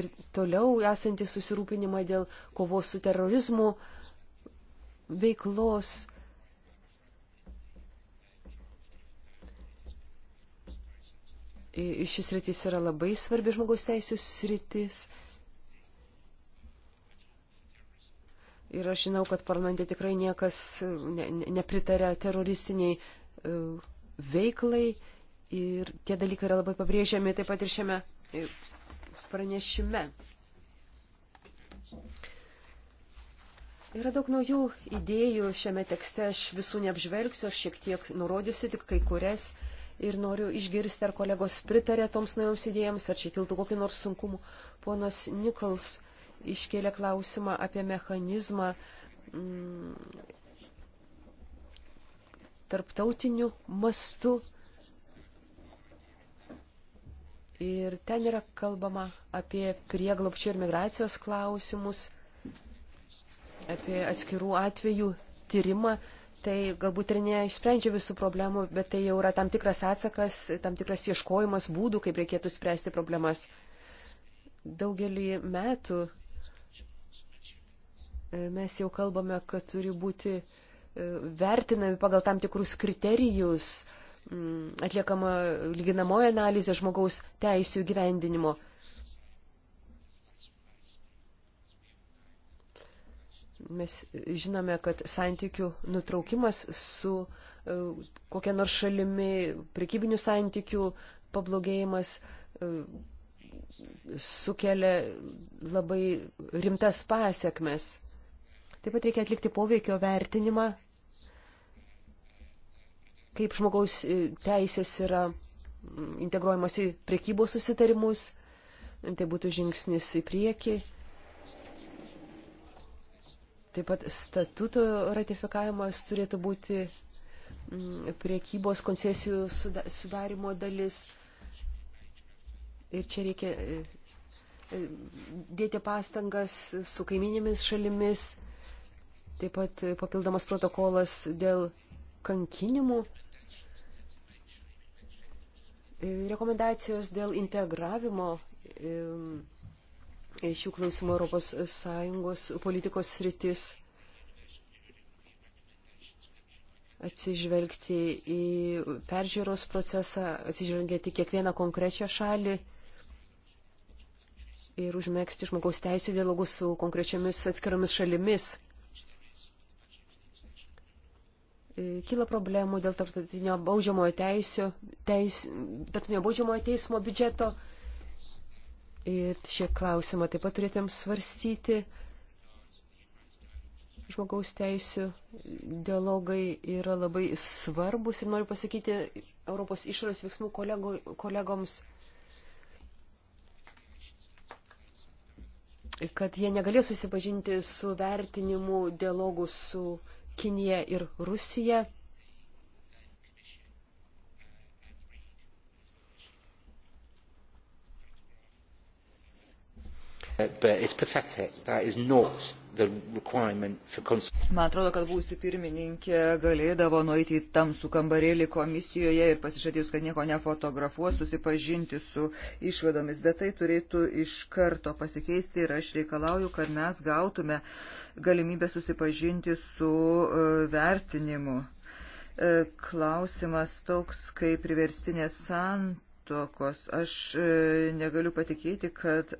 ir toliau esantį susirūpinimą dėl kovos su terorizmu veiklos. Šis rytis yra labai svarbi žmogaus teisės rytis Ir aš žinau, kad parlamente tikrai niekas ne, ne, nepritarė teroristiniai uh, veiklai. Ir tie dalykai yra labai pabrėžiami taip pat ir šiame e, pranešime. Yra daug naujų idėjų šiame tekste, aš visų neapžvelgsiu, aš šiek tiek nurodysiu tik kai kurias ir noriu išgirsti, ar kolegos pritarė toms naujoms idėjams, ar čia kiltų kokį nors sunkumų. Ponas Nikols iškėlė klausimą apie mechanizmą mm, tarptautiniu mastu. Ir ten yra kalbama apie prieglopčių ir migracijos klausimus, apie atskirų atvejų tyrimą. Tai galbūt ir neišsprendžia visų problemų, bet tai jau yra tam tikras atsakas, tam tikras ieškojimas būdų, kaip reikėtų spręsti problemas. Daugelį metų E, mes jau kalbame, kad turi būti e, vertinami pagal tam tikrus kriterijus, mm, atliekama lyginamoji analizė žmogaus teisų gyvendinimo. Mes žinome, kad santykių nutraukimas su e, kokia nors šalimi, prekybinių santykių pablogėjimas sukelia labai rimtas pasiekmes. Taip pat reikia atlikti poveikio vertinimą, kaip žmogaus e, teisės yra integruojamos į priekybos susitarimus. Tai būtų žingsnis į priekį. Taip pat statuto ratifikavimas turėtų būti priekybos koncesijų sudarimo dalis. Ir čia reikia e, e, dėti pastangas su kaiminėmis šalimis, Taip pat papildomas protokolas dėl kankinimų. Rekomendacijos dėl integravimo šių klausimų Europos Sąjungos politikos sritis atsižvelgti į peržiūros procesą, atsižvelgti į kiekvieną konkrečią šalį ir užmėgsti žmogaus teisų dialogus su konkrečiamis atskiromis šalimis. E, kyla problemų dėl tarptautinio baudžiamojo, teisio, teis, tarptautinio baudžiamojo teismo biudžeto. Ir šie klausimą taip pat turėtum svarstyti. Žmogaus teisų dialogai yra labai svarbus ir noriu pasakyti Europos išorės veiksmų kolego, kolegoms, kad jie negalės susipažinti su vertinimu dialogu su uh, Kinija ir Rusija. Man atrodo, kad būsi pirmininkė galėdavo nueiti į tamsų kambarėlį komisijoje ir pasižadėjus, kad nieko nefotografuos, susipažinti su išvadomis, bet tai turėtų iš karto pasikeisti ir aš reikalauju, kad mes gautume uh, galimybę susipažinti su e, vertinimu. E, klausimas toks, kaip priverstinės santokos. Aš e, negaliu patikėti, kad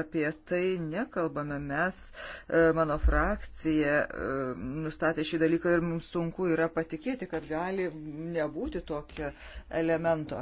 apie tai nekalbame mes, mano frakcija nustatė šį dalyką ir mums sunku yra patikėti, kad gali nebūti tokio elemento.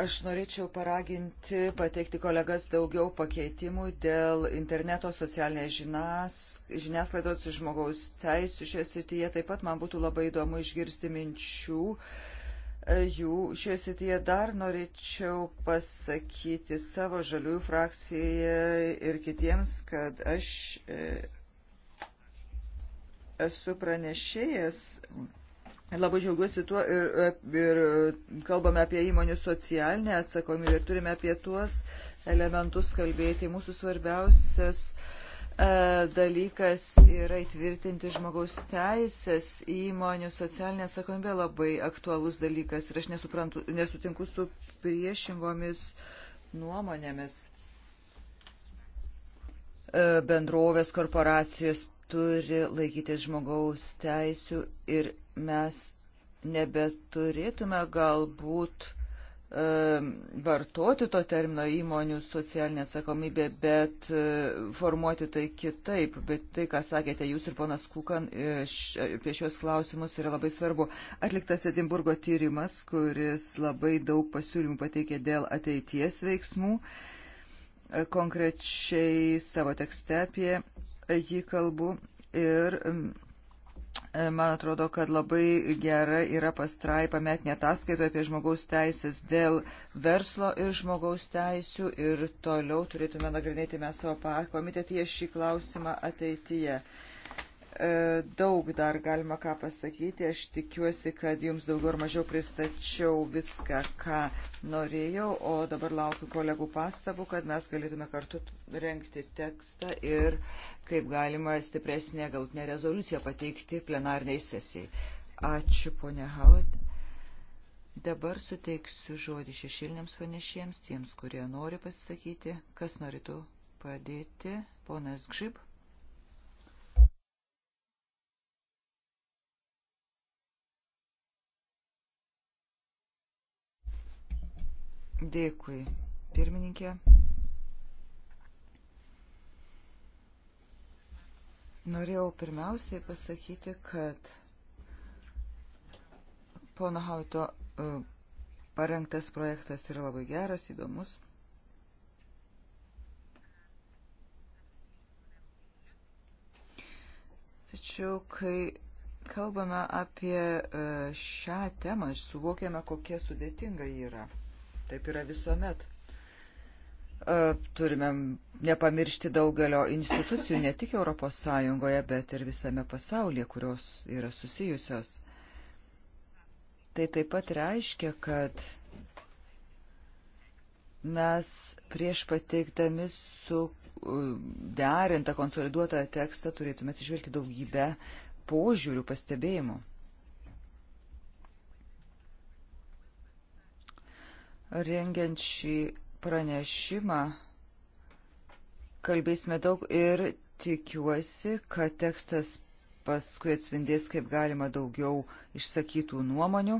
Aš norėčiau paraginti pateikti kolegas daugiau pakeitimų dėl interneto socialinės žinas, žiniasklaidos žmogaus teisų šioje srityje. Taip pat man būtų labai įdomu išgirsti minčių e, jų šioje srityje. Dar norėčiau pasakyti savo žaliųjų frakcijoje ir kitiems, kad aš e, esu pranešėjęs Labai džiaugiuosi tuo ir, ir kalbame apie įmonių socialinę atsakomybę ir turime apie tuos elementus kalbėti. Mūsų svarbiausias e, dalykas yra įtvirtinti žmogaus teisės įmonių socialinę atsakomybę labai aktualus dalykas ir aš nesuprantu, nesutinku su priešingomis nuomonėmis. E, bendrovės korporacijos turi laikytis žmogaus teisių ir mes nebeturėtume galbūt e, vartoti to termino įmonių socialinė atsakomybė, bet e, formuoti tai kitaip. Bet tai, ką sakėte jūs ir ponas Kukan, e, apie šios klausimus yra labai svarbu. Atliktas Edimburgo tyrimas, kuris labai daug pasiūlymų pateikė dėl ateities veiksmų. Konkrečiai savo tekste apie jį kalbu. Ir E, man atrodo, kad labai gera yra pastraipa metinė ataskaita apie žmogaus teisės dėl verslo ir žmogaus teisių ir toliau turėtume nagrinėti mes savo komitetėje šį klausimą ateityje. E, daug dar galima ką pasakyti. Aš tikiuosi, kad jums daugiau ar mažiau pristačiau viską, ką norėjau, o dabar laukiu kolegų pastabų, kad mes galėtume kartu renkti tekstą ir kaip galima stipresnė galtinė rezoliucija pateikti plenarniai sesijai. Ačiū, ponia Howard. Dabar suteiksiu žodį šešiliniams panešiems, tiems, kurie nori pasisakyti. Kas norėtų pradėti? Ponas Gžib. Dėkui, pirmininkė. Norėjau pirmiausiai pasakyti, kad pono Hauto e, parengtas projektas yra labai geras, įdomus. Tačiau, kai kalbame apie e, šią temą, suvokiame, kokia sudėtinga ji yra. Taip yra visuomet. E, turime nepamiršti daugelio institucijų, ne tik Europos Sąjungoje, bet ir visame pasaulyje, kurios yra susijusios. Tai taip pat reiškia, kad mes prieš pateikdami su e, derintą konsoliduotą tekstą turėtume atsižvelgti daugybę požiūrių, pastebėjimų. Rengiant šį pranešimą kalbėsime daug ir tikiuosi, kad tekstas paskui atspindės kaip galima daugiau išsakytų nuomonių.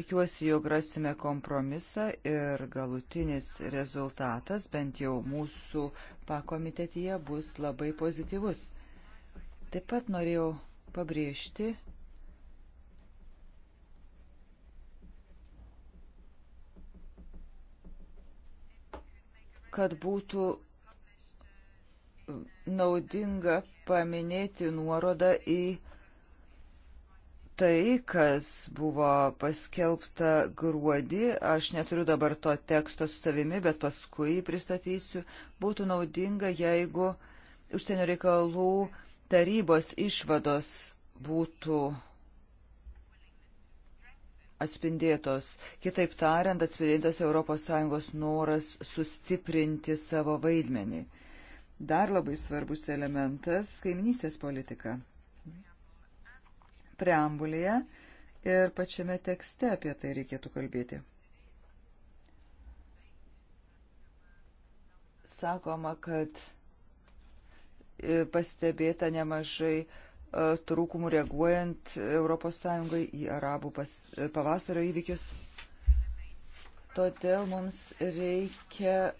Tikiuosi, jog rasime kompromisą ir galutinis rezultatas, bent jau mūsų pakomitetyje, bus labai pozityvus. Taip pat norėjau pabrėžti, kad būtų naudinga paminėti nuorodą į tai, kas buvo paskelbta gruodį. Aš neturiu dabar to teksto su savimi, bet paskui pristatysiu. Būtų naudinga, jeigu užsienio reikalų tarybos išvados būtų atspindėtos. Kitaip tariant, atspindėtas ES noras sustiprinti savo vaidmenį. Dar labai svarbus elementas - kaiminystės politika. Preambulėje ir pačiame tekste apie tai reikėtų kalbėti. Sakoma, kad e, pastebėta nemažai uh, E, trūkumų reaguojant ES į arabų pas, e, pavasario įvykius. Todėl mums reikia e,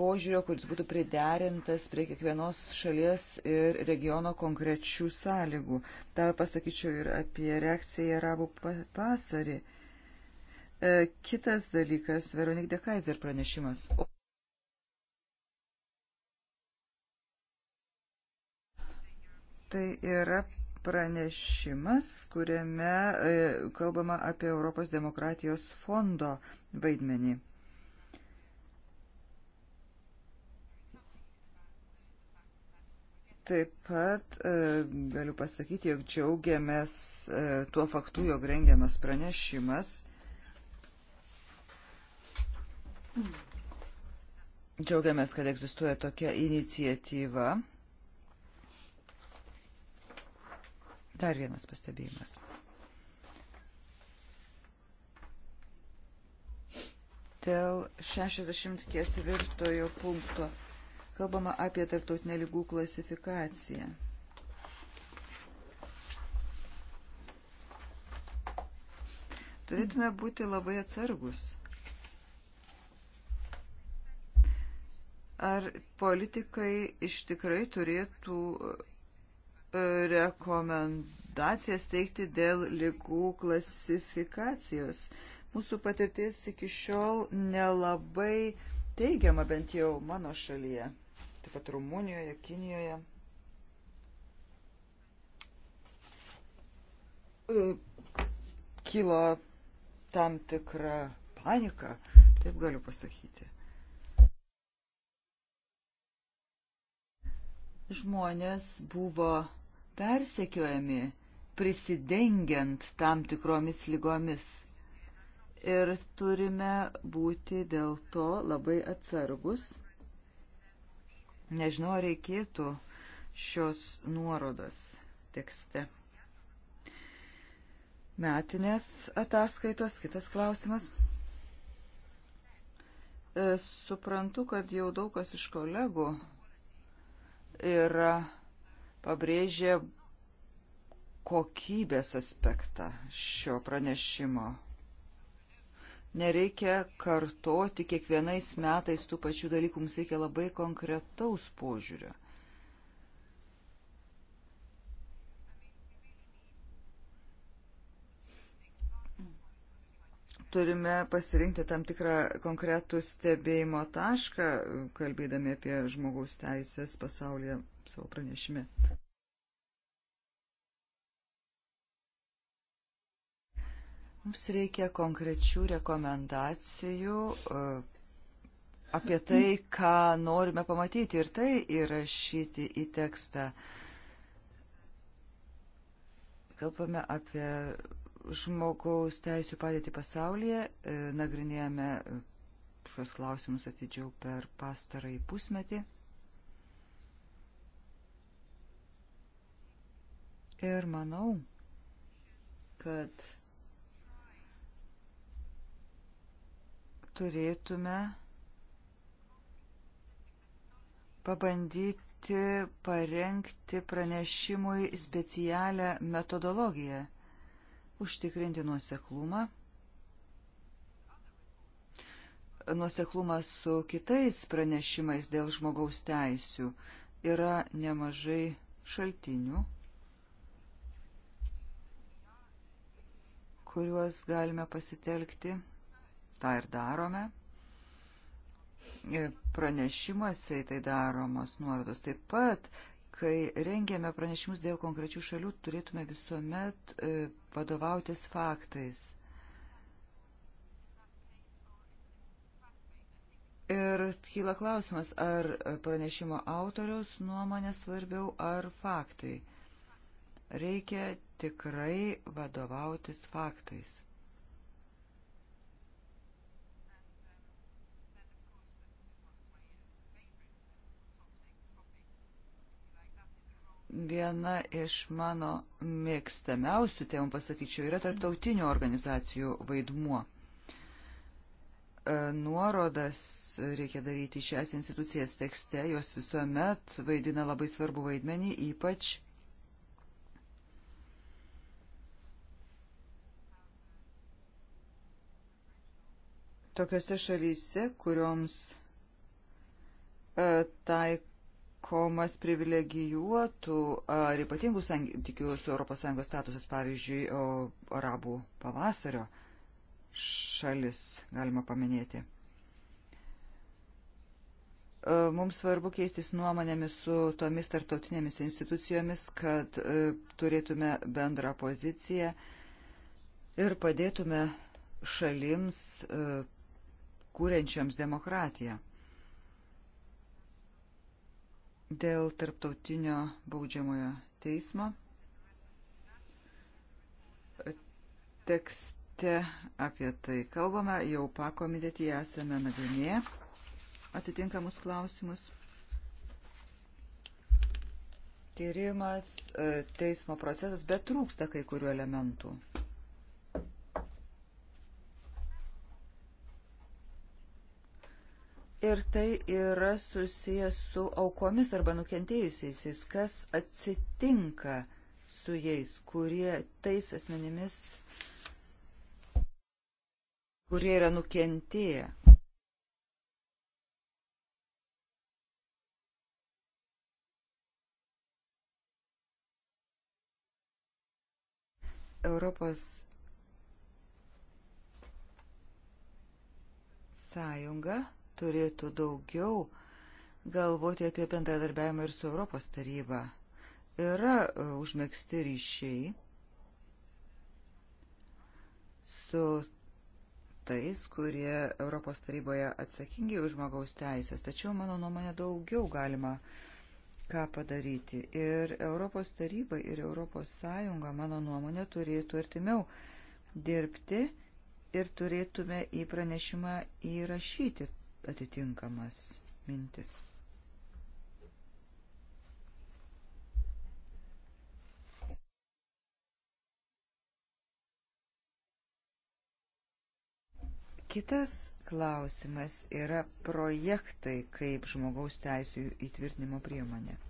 požiūrio, kuris būtų priderintas prie kiekvienos šalies ir regiono konkrečių sąlygų. Ta pasakyčiau ir apie reakciją į arabų pasarį. Kitas dalykas - Veronik de Kaiser pranešimas. Tai yra pranešimas, kuriame e, kalbama apie Europos demokratijos fondo vaidmenį. Taip pat e, galiu pasakyti, jog džiaugiamės e, tuo faktu, jog rengiamas pranešimas. Džiaugiamės, kad egzistuoja tokia iniciatyva Dar vienas pastebėjimas. Dėl 64 punkto kalbama apie tarptautinę lygų klasifikaciją. Turėtume būti labai atsargus. Ar politikai iš tikrai turėtų rekomendacijas teikti dėl lygų klasifikacijos. Mūsų patirtis iki šiol nelabai teigiama, bent jau mano šalyje, taip pat Rumunijoje, Kinijoje. E, kilo tam tikra panika, taip galiu pasakyti. Žmonės buvo persekiojami prisidengiant tam tikromis lygomis. Ir turime būti dėl to labai atsargus. Nežinau, reikėtų šios nuorodos tekste. Metinės ataskaitos, kitas klausimas. E, suprantu, kad jau daug kas iš kolegų yra pabrėžė kokybės aspektą šio pranešimo. Nereikia kartoti kiekvienais metais tų pačių dalykų, mums reikia labai konkretaus požiūrio. Turime pasirinkti tam tikrą konkretų stebėjimo tašką, kalbėdami apie žmogaus teisės pasaulyje savo pranešime. Mums reikia konkrečių rekomendacijų e, apie tai, ką norime pamatyti ir tai įrašyti į tekstą. Kalbame apie žmogaus teisų padėtį pasaulyje, e, nagrinėjame šios klausimus atidžiau per pastarąjį pusmetį. Ir manau, kad turėtume pabandyti parengti pranešimui specialią metodologiją, užtikrinti nuoseklumą, nuoseklumą su kitais pranešimais dėl žmogaus teisių. Yra nemažai šaltinių kuriuos galime pasitelkti. Ta ir darome. Pranešimuose tai daromos nuorodos. Taip pat, kai rengėme pranešimus dėl konkrečių šalių, turėtume visuomet e, vadovautis faktais. Ir kyla klausimas, ar pranešimo autoriaus nuomonė svarbiau, ar faktai. Reikia tikrai vadovautis faktais. Viena iš mano mėgstamiausių temų, pasakyčiau, yra tarptautinių organizacijų vaidmuo e, nuorodas reikia daryti šias institucijas tekste, jos visuomet vaidina labai svarbu vaidmenį, ypač tokiuose šalyse, kurioms e, taikomas privilegijuotų ar ypatingų santykių su ES statusas, pavyzdžiui, arabų pavasario šalis galima paminėti. E, mums svarbu keistis nuomonėmis su tomis tarptautinėmis institucijomis, kad e, turėtume bendrą poziciją ir padėtume šalims kūrenčioms demokratiją. Dėl tarptautinio baudžiamojo teismo tekste apie tai kalbame, jau pakomitetėje esame nagrinėję atitinkamus klausimus. Tyrimas, e, teismo procesas, bet trūksta kai kurių elementų. ir tai yra susijęs su aukomis arba nukentėjusiais, kas atsitinka su jais, kurie tais asmenimis, kurie yra nukentėję. Europos sąjunga turėtų daugiau galvoti apie bendradarbiavimą ir su Europos taryba. Yra e, užmėgsti ryšiai su tais, kurie Europos taryboje atsakingi už žmogaus teisės. Tačiau, mano nuomonė, daugiau galima ką padaryti. Ir Europos taryba ir Europos sąjunga, mano nuomonė, turėtų artimiau dirbti ir turėtume į pranešimą įrašyti atitinkamas mintis. Kitas klausimas yra projektai kaip žmogaus teisų įtvirtinimo priemonė.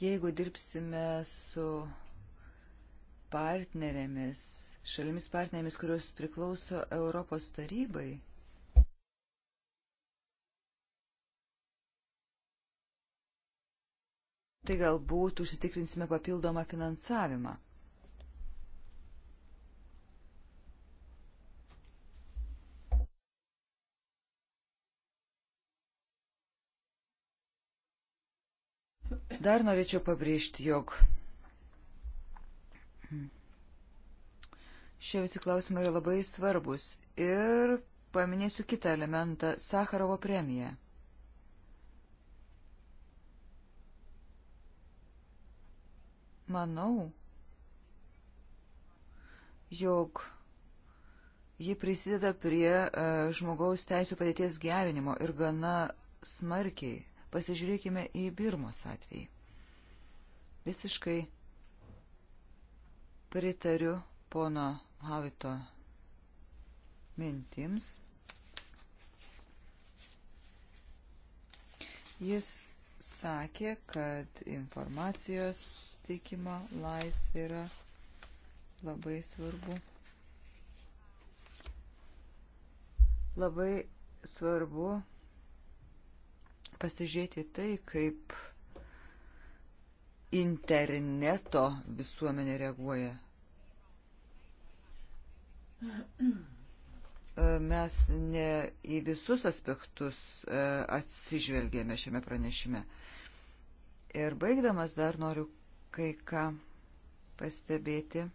Jeigu dirbsime su partnerėmis, šalimis partnerėmis, kurios priklauso Europos tarybai, tai galbūt užsitikrinsime papildomą finansavimą. Dar norėčiau pabrėžti, jog šie visi klausimai yra labai svarbus ir paminėsiu kitą elementą - Sakarovo premiją. Manau, jog ji prisideda prie e, žmogaus teisų padėties gerinimo ir gana smarkiai. Pasižiūrėkime į Birmos atvejį. Visiškai pritariu pono Havito mintims. Jis sakė, kad informacijos teikimo laisvė yra labai svarbu. Labai svarbu pasižiūrėti tai, kaip interneto visuomenė reaguoja. E, mes ne į visus aspektus e, atsižvelgėme šiame pranešime. Ir baigdamas dar noriu kai ką pastebėti.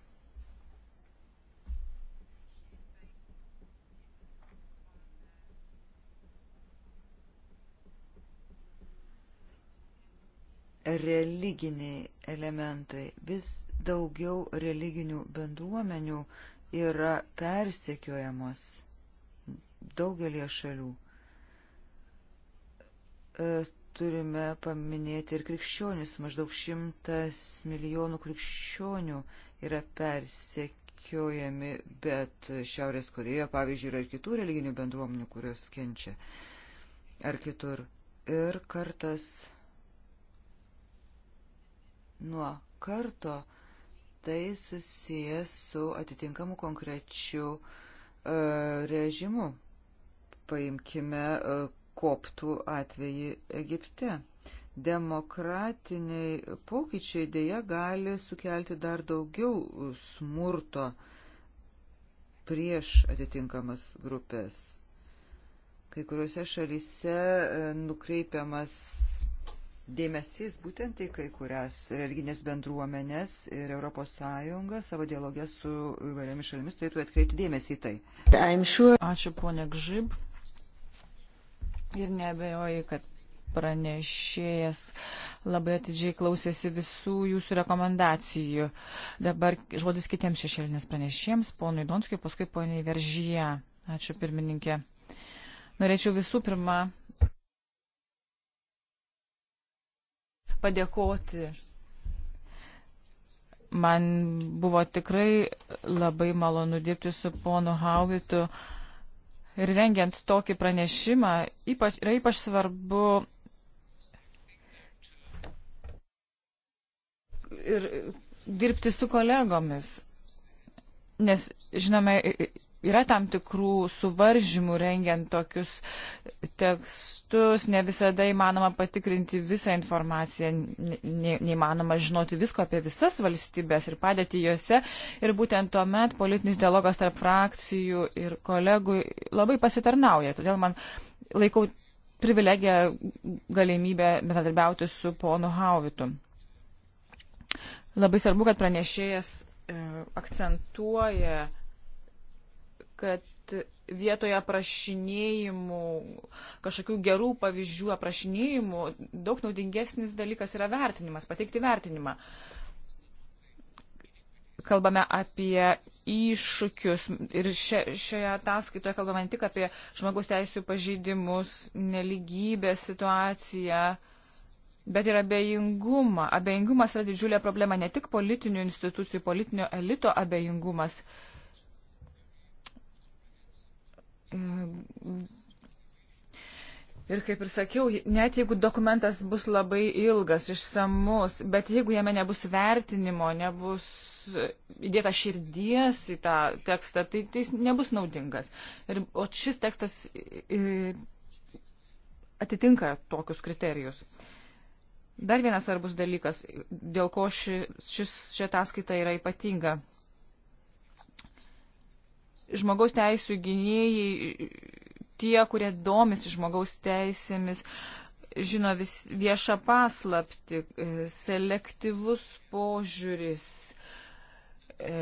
religiniai elementai. Vis daugiau religinių bendruomenių yra persekiojamos daugelie šalių. E, turime paminėti ir krikščionis, maždaug šimtas milijonų krikščionių yra persekiojami, bet Šiaurės Korejoje, pavyzdžiui, yra ir kitų religinių bendruomenių, kurios kenčia, ar kitur. Ir kartas nuo karto, tai susijęs su atitinkamu konkrečiu e, režimu. Paimkime e, koptų atvejį Egipte. Demokratiniai pokyčiai dėja gali sukelti dar daugiau smurto prieš atitinkamas grupės. Kai kuriuose šalyse e, nukreipiamas dėmesys būtent į kai kurias religinės bendruomenės ir ES savo dialogę su įvairiomis šalimis turėtų atkreipti dėmesį į tai. Sure... Ačiū ponė Gžib. Ir nebejoju, kad pranešėjas labai atidžiai klausėsi visų jūsų rekomendacijų. Dabar žodis kitiems šešėlinės pranešėjams, ponui Donskiui, paskui poniai Veržyje. Ačiū pirmininkė. Norėčiau visų pirma padėkoti. Man buvo tikrai labai malonu dirbti su ponu Hauvitu ir rengiant tokį pranešimą ypač, yra ypač svarbu ir dirbti su kolegomis. Nes, žinome, yra tam tikrų suvaržymų rengiant tokius tekstus, ne visada įmanoma patikrinti visą informaciją, neįmanoma žinoti visko apie visas valstybės ir padėti juose. Ir būtent tuomet politinis dialogas tarp frakcijų ir kolegų labai pasitarnauja. Todėl man laikau privilegiją galimybę bendradarbiauti su ponu Hauvitu. Labai svarbu, kad pranešėjas E, akcentuoja, kad vietoje aprašinėjimų, kažkokių gerų pavyzdžių aprašinėjimų, daug naudingesnis dalykas yra vertinimas, pateikti vertinimą. Kalbame apie iššūkius ir šioje ataskaitoje kalbame ne tik apie žmogaus teisų pažeidimus, neligybės situaciją, uh, bet ir abejingumą. Abejingumas yra didžiulė problema, ne tik politinių institucijų, politinio elito abejingumas. Ir kaip ir sakiau, net jeigu dokumentas bus labai ilgas, išsamus, bet jeigu jame nebus vertinimo, nebus įdėta širdies į tą tekstą, tai, tai jis nebus naudingas. Ir, o šis tekstas atitinka tokius kriterijus. Uh, Dar vienas svarbus dalykas, dėl ko ši, šis, ši ataskaita yra ypatinga. Žmogaus teisų gynėjai, tie, kurie domisi žmogaus teisėmis, žino vis viešą paslapti, e, selektyvus požiūris. E,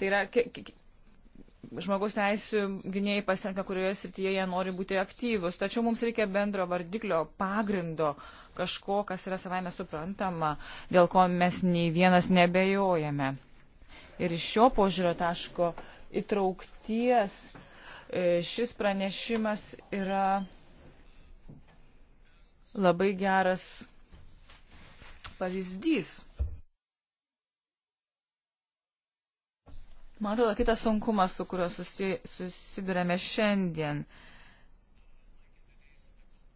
tai yra, ke, ke, žmogaus teisų gynėjai pasirenka, kurioje srityje jie nori būti aktyvus. Tačiau mums reikia bendro vardiklio pagrindo, e, kažko, kas yra savaime suprantama, dėl ko mes nei vienas nebejojame. Ir iš šio požiūrio taško įtraukties e, šis pranešimas yra labai geras pavyzdys. Man atrodo, kitas sunkumas, su kuriuo susi, susidurėme šiandien, uh,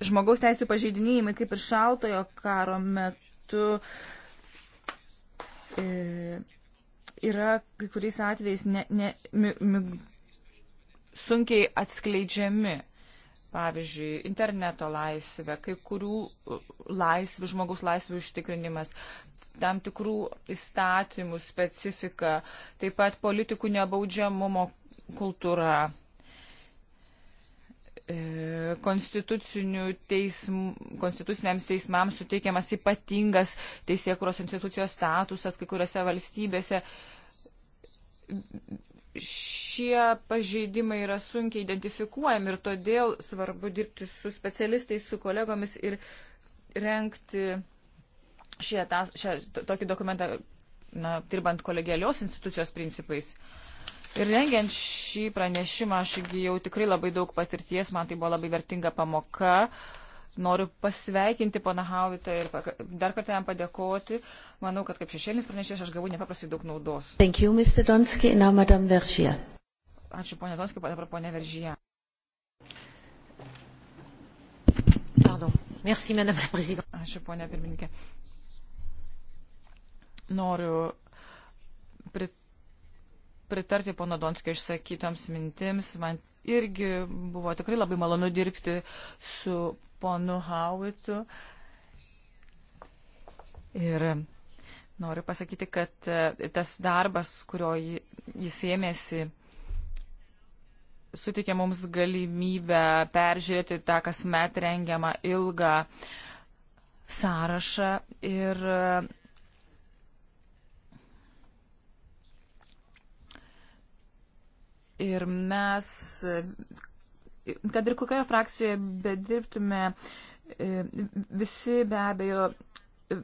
žmogaus teisų pažeidinėjimai kaip ir šaltojo karo metu e, yra kai kuriais atvejais ne, ne, mi, mi, sunkiai atskleidžiami. Pavyzdžiui, interneto laisvė, kai kurių laisvių, žmogaus laisvių užtikrinimas, tam tikrų įstatymų specifika, taip pat politikų nebaudžiamumo kultūra, E, teism, konstituciniams teismams suteikiamas ypatingas teisėkuros institucijos statusas kai kuriuose valstybėse. Šie pažeidimai yra sunkiai identifikuojami ir todėl svarbu dirbti su specialistais, su kolegomis ir renkti šią, tą, šią, tokį dokumentą, na, dirbant kolegialios institucijos principais. Uh, Ir rengiant šį pranešimą aš įgyjau tikrai labai daug patirties, man tai buvo labai vertinga pamoka. Noriu pasveikinti pana Havitą ir dar kartą jam padėkoti. Manau, kad kaip šešėlis pranešės aš gavau nepaprastai daug naudos. Thank you, Mr. Donsky, now Madam Veržyje. Ačiū, ponė Donsky, dabar ponė Veržyje. Pardon. Merci, Madame la Présidente. Ačiū, ponė pirmininkė. Noriu prit pritarti pono Donskio išsakytoms mintims. Man irgi buvo tikrai labai malonu dirbti su ponu Howitu. Ir noriu pasakyti, kad e, tas darbas, kurio jis ėmėsi, sutikė mums galimybę peržiūrėti tą kasmet rengiamą ilgą sąrašą ir Ir mes, kad ir kokioje frakcijoje bedirbtume, e, visi be abejo e,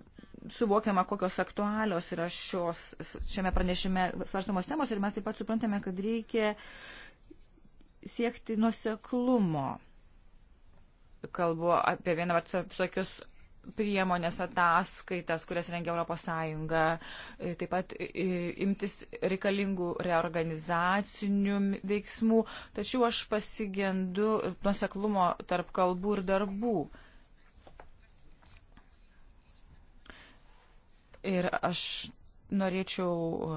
suvokiama, kokios aktualios yra šios šiame pranešime svarstamos temos ir mes taip pat suprantame, kad reikia siekti nuseklumo. Kalbu apie vieną ar tokius priemonės ataskaitas, kurias rengia Europos Sąjunga, e, taip pat e, e, imtis reikalingų reorganizacinių veiksmų, tačiau aš pasigendu nuseklumo tarp kalbų ir darbų. Ir aš norėčiau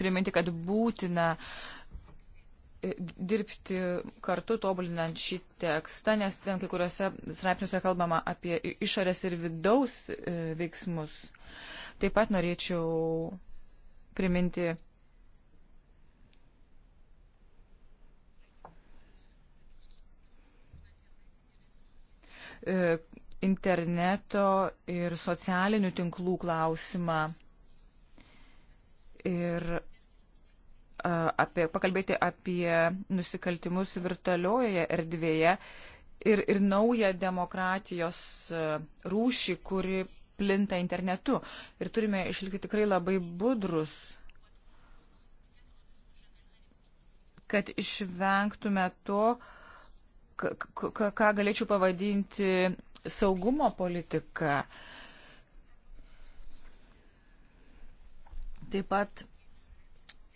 priminti, kad būtina uh, dirbti kartu tobulinant šį tekstą, nes ten kai kuriuose straipsniuose kalbama apie išorės ir vidaus e, veiksmus. Taip pat norėčiau priminti e, interneto ir socialinių tinklų klausimą ir apie, pakalbėti apie nusikaltimus virtualioje erdvėje ir, ir naują demokratijos rūšį, kuri plinta internetu. Ir turime išlikti tikrai labai budrus, kad išvengtume to, ką galėčiau pavadinti saugumo politika. Taip pat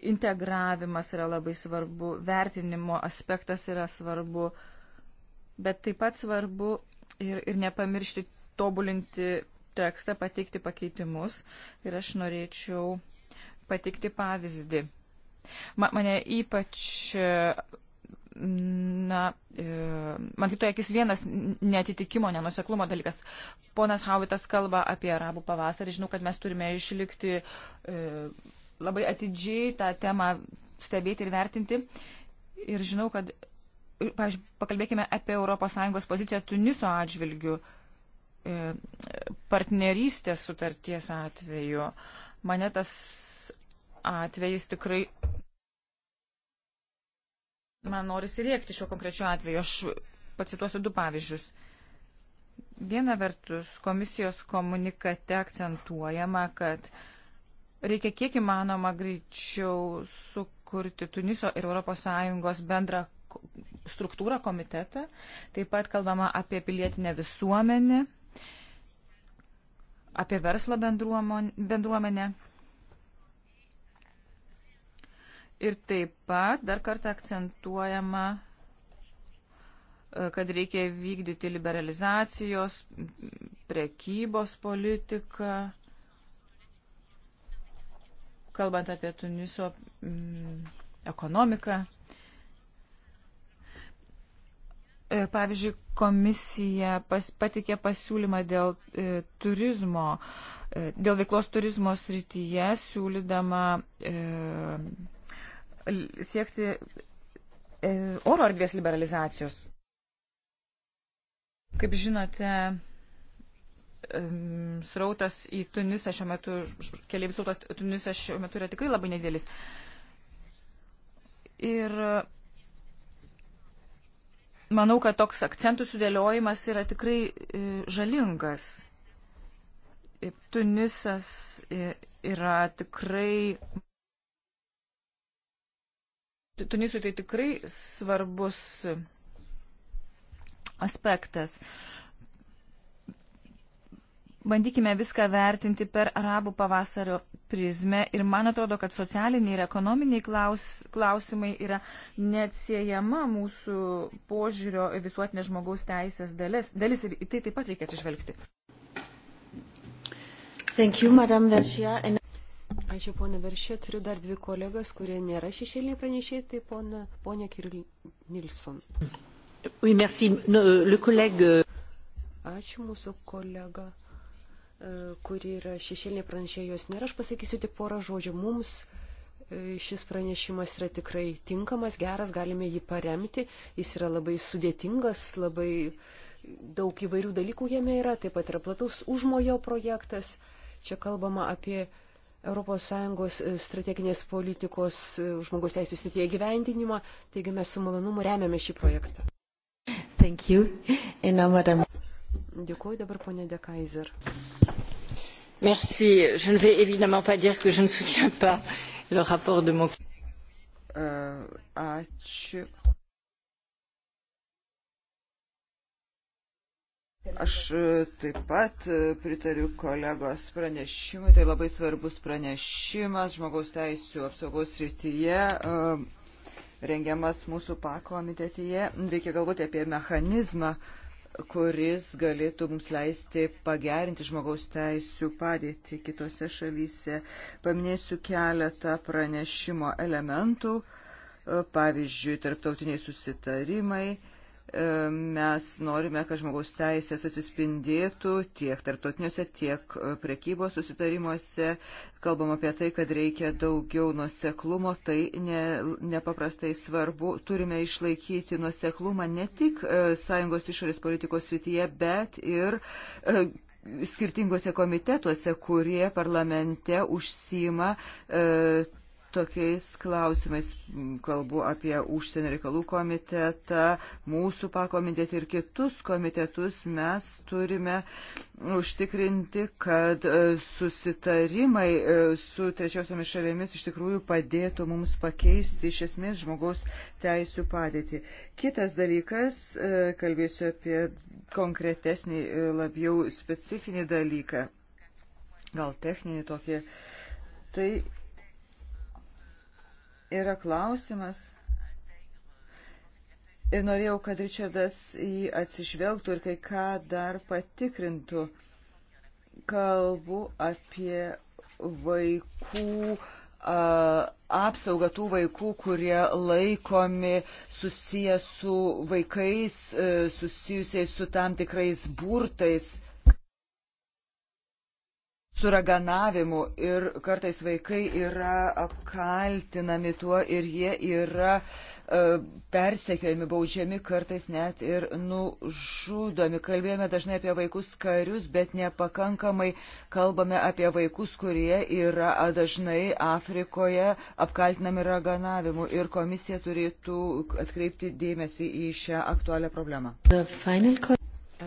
integravimas yra labai svarbu, vertinimo aspektas yra svarbu, bet taip pat svarbu ir, ir nepamiršti tobulinti tekstą, pateikti pakeitimus. Ir aš norėčiau pateikti pavyzdį. Ma, mane ypač. Na, e, man kitoje akis vienas netitikimo, nenuseklumo dalykas. Ponas Havitas kalba apie arabų pavasarį. Žinau, kad mes turime išlikti e, labai atidžiai tą temą stebėti ir vertinti. Ir žinau, kad, pavyzdžiui, pakalbėkime apie ES poziciją Tuniso atžvilgių e, partnerystės sutarties atveju. Mane tas atvejis tikrai. Man norisi rėkti šiuo konkrečiu atveju. Aš pacituosiu du pavyzdžius. Viena vertus, komisijos komunikate akcentuojama, kad uh, Reikia kiek įmanoma greičiau sukurti Tuniso ir ES bendrą struktūrą komitetą. Taip pat kalbama apie pilietinę visuomenę, apie verslo bendruomenę. Ir taip pat dar kartą akcentuojama, e, kad reikia vykdyti liberalizacijos, prekybos politiką kalbant apie Tuniso mm, ekonomiką. E, pavyzdžiui, komisija pas, patikė pasiūlymą dėl e, turizmo, e, dėl veiklos turizmo srityje, siūlydama e, siekti e, oro erdvės liberalizacijos. Kaip žinote, srautas į Tunisą šiuo metu, keliaivių srautas į Tunisą šiuo metu yra tikrai labai nedėlis. Ir manau, kad toks akcentų sudėliojimas yra tikrai e, žalingas. E, Tunisas e, yra tikrai. Tunisui tai tikrai svarbus aspektas. Uh, bandykime viską vertinti per arabų pavasario prizmę ir man atrodo, kad socialiniai ir ekonominiai klaus, klausimai yra neatsiejama mūsų požiūrio visuotinė žmogaus teisės dalis, dalis ir į tai taip pat reikia atsižvelgti. And... Ačiū, ponė Veršė. Turiu dar dvi kolegas, kurie nėra šešėliniai pranešėjai, tai ponė, ponė Kiril Nilsson. Oui, merci. Le collègue... Ačiū mūsų kolega E, kuri yra šešėlinė pranešėjos nėra. Aš pasakysiu tik porą žodžių. Mums e, šis pranešimas yra tikrai tinkamas, geras, galime jį paremti. Jis yra labai sudėtingas, labai daug įvairių dalykų jame yra. Taip pat yra plataus užmojo projektas. Čia kalbama apie ES e, strateginės politikos žmogaus teisų srityje gyvendinimą, taigi mes su malonumu remiame šį projektą. Thank you. And now, madam. Dėkuoju dabar ponė De Kaiser. Merci. Je ne vais évidemment pas dire que je ne soutiens pas le rapport de mon. Euh, ačiū. Aš e, taip pat e, pritariu kolegos pranešimui, tai labai svarbus pranešimas žmogaus teisų apsaugos rytyje, e, rengiamas mūsų pakomitetyje. Reikia galvoti apie mechanizmą, kuris galėtų mums leisti pagerinti žmogaus teisų padėtį kitose šalyse. Paminėsiu keletą pranešimo elementų, pavyzdžiui, tarptautiniai susitarimai Mes norime, kad žmogaus teisės atsispindėtų tiek tarptautiniuose, tiek e, prekybos susitarimuose. Kalbam apie tai, kad reikia daugiau nuseklumo, tai ne, nepaprastai svarbu. Turime išlaikyti nuseklumą ne tik e, sąjungos išorės politikos srityje, bet ir e, skirtingose komitetuose, kurie parlamente užsima e, tokiais klausimais. Kalbu apie užsienio reikalų komitetą, mūsų pakomitetį ir kitus komitetus. Mes turime užtikrinti, kad e, susitarimai e, su trečiosiomis šalėmis iš tikrųjų padėtų mums pakeisti iš esmės žmogaus teisų padėtį. Kitas dalykas, e, kalbėsiu apie konkretesnį, labiau specifinį dalyką, gal techninį tokį. Tai yra klausimas. Ir norėjau, kad Richardas jį atsižvelgtų ir kai ką dar patikrintų. Kalbu apie vaikų apsaugą tų vaikų, kurie laikomi susiję su vaikais, e, susijusiais su tam tikrais burtais suraganavimu ir kartais vaikai yra apkaltinami tuo ir jie yra e, persekiojami, baudžiami, kartais net ir nužudomi. Kalbėjome dažnai apie vaikus karius, bet nepakankamai kalbame apie vaikus, kurie yra dažnai Afrikoje apkaltinami raganavimu ir komisija turėtų atkreipti dėmesį į šią aktualią problemą.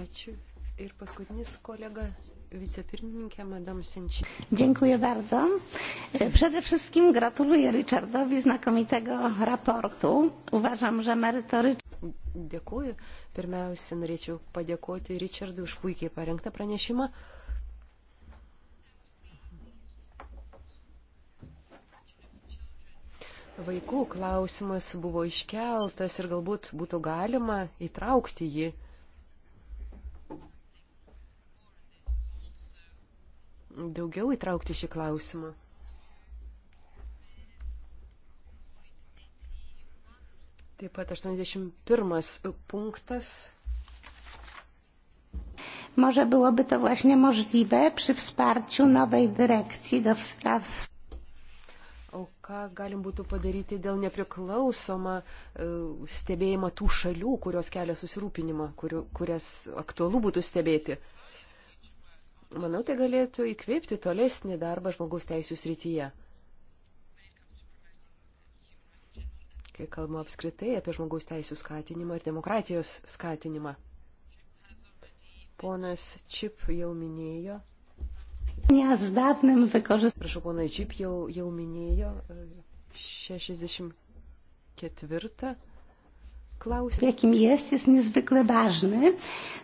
Ačiū. Ir paskutinis kolega wicepirmininkė Madame Sinci. Dziękuję bardzo. Przede wszystkim gratuluję Richardowi znakomitego raportu. Uważam, że merytoryczny. Dėkuoju. Pirmiausia, norėčiau padėkoti Richardui už puikiai parengtą pranešimą. Vaikų klausimas buvo iškeltas ir galbūt būtų galima įtraukti jį daugiau įtraukti šį klausimą. Taip pat 81 punktas. Może byłoby to właśnie możliwe przy wsparciu nowej dyrekcji do spraw. O ką galim būtų padaryti dėl nepriklausoma e, stebėjimo tų šalių, kurios kelia susirūpinimą, kuriu, kurias aktualu būtų stebėti? Manau, tai galėtų įkvėpti tolesnį darbą žmogaus teisų srityje. kai kalbama apskritai apie žmogaus teisų skatinimą ir demokratijos skatinimą. Ponas Čip jau minėjo. Nezdatnim vykožist. Prašau, ponai Čip jau, jau minėjo 64 e, klausimą. Jakim jest, jest niezwykle ważny,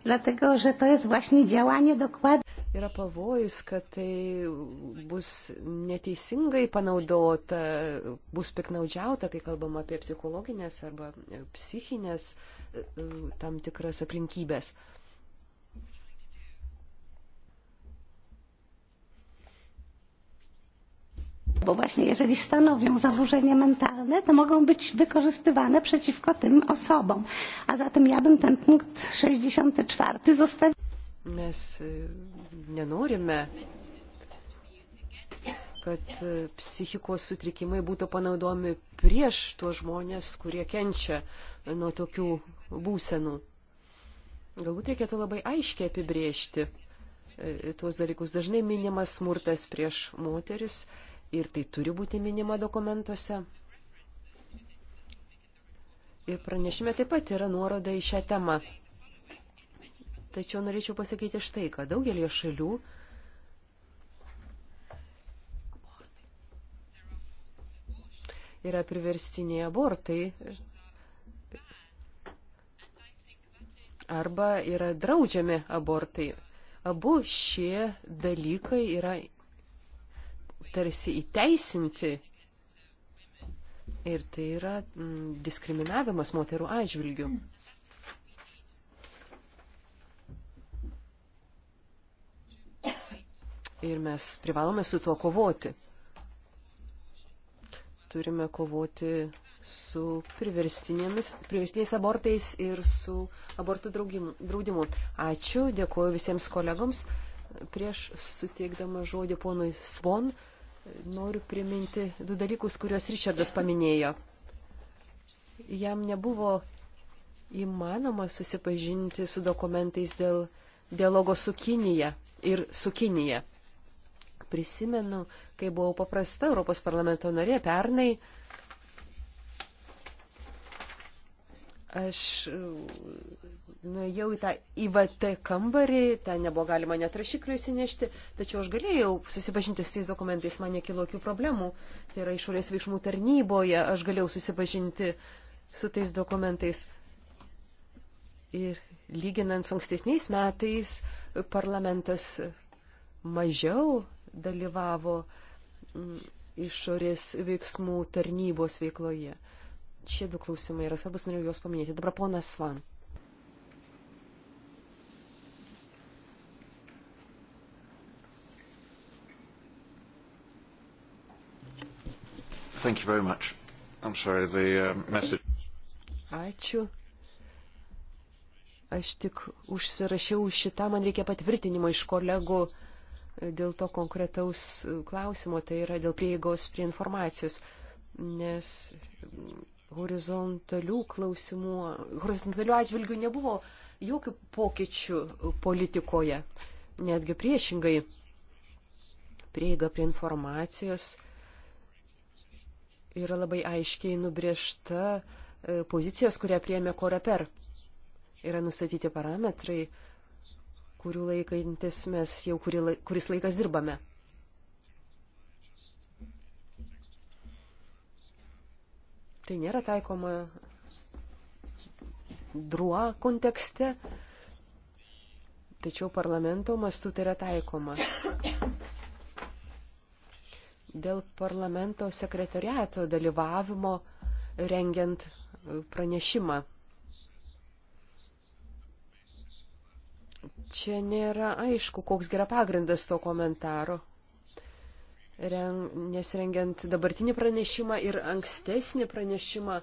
dlatego, że to jest właśnie działanie dokładnie yra pavojus, kad tai bus neteisingai panaudota, bus piknaudžiauta, kai kalbam apie psichologinės arba psichinės e, tam tikras aplinkybės. Bo właśnie jeżeli stanowią zaburzenie mentalne, to mogą być wykorzystywane przeciwko tym osobom. A zatem ja bym ten punkt 64 zostawił. Mes e, nenorime, kad psichikos sutrikimai būtų panaudomi prieš tuos žmonės, kurie kenčia nuo tokių būsenų. Galbūt reikėtų labai aiškiai apibriežti e, tuos dalykus. Dažnai minimas smurtas prieš moteris ir tai turi būti minima dokumentuose. Ir pranešime taip pat yra nuoroda į šią temą. Tačiau norėčiau pasakyti štai, kad daugelio šalių yra priverstiniai abortai arba yra draudžiami abortai. Abu šie dalykai yra tarsi įteisinti ir tai yra mm, diskriminavimas moterų atžvilgių. Mm. ir mes privalome su tuo kovoti. Turime kovoti su priverstiniais abortais ir su abortų draudimu. Ačiū, dėkuoju visiems kolegoms. Prieš suteikdama žodį ponui Svon, noriu priminti du dalykus, kuriuos Richardas paminėjo. Jam nebuvo įmanoma susipažinti su dokumentais dėl dialogo su Kinija ir su Kinija prisimenu, kai buvau paprasta Europos parlamento narė pernai, aš uh, nuėjau į tą IVT kambarį, ten nebuvo galima net rašiklių įsinešti, tačiau aš galėjau susipažinti su tais dokumentais, man nekilo jokių problemų. Tai yra išorės veiksmų tarnyboje, aš galėjau susipažinti su tais dokumentais. Ir lyginant su ankstesniais metais, parlamentas mažiau dalyvavo išorės veiksmų tarnybos veikloje. Šie du klausimai yra svarbus, norėjau juos paminėti. Dabar ponas Svan. Thank you very much. I'm sorry, the uh, message. Ačiū. Aš tik užsirašiau šitą, man reikia patvirtinimo iš kolegų dėl to konkretaus klausimo, tai yra dėl prieigos prie informacijos, nes horizontalių klausimų, horizontalių atžvilgių nebuvo jokių pokyčių politikoje, netgi priešingai prieiga prie informacijos yra labai aiškiai nubriežta e, pozicijos, kurią priemė Koreper. Yra nustatyti parametrai, kurių laikantis mes jau kuri, kuris laikas dirbame. Tai nėra taikoma druo kontekste, tačiau parlamento mastu tai yra taikoma. Dėl parlamento sekretariato dalyvavimo rengiant pranešimą Čia nėra aišku, koks yra pagrindas to komentaro. Ren, nes rengiant dabartinį pranešimą ir ankstesnį pranešimą,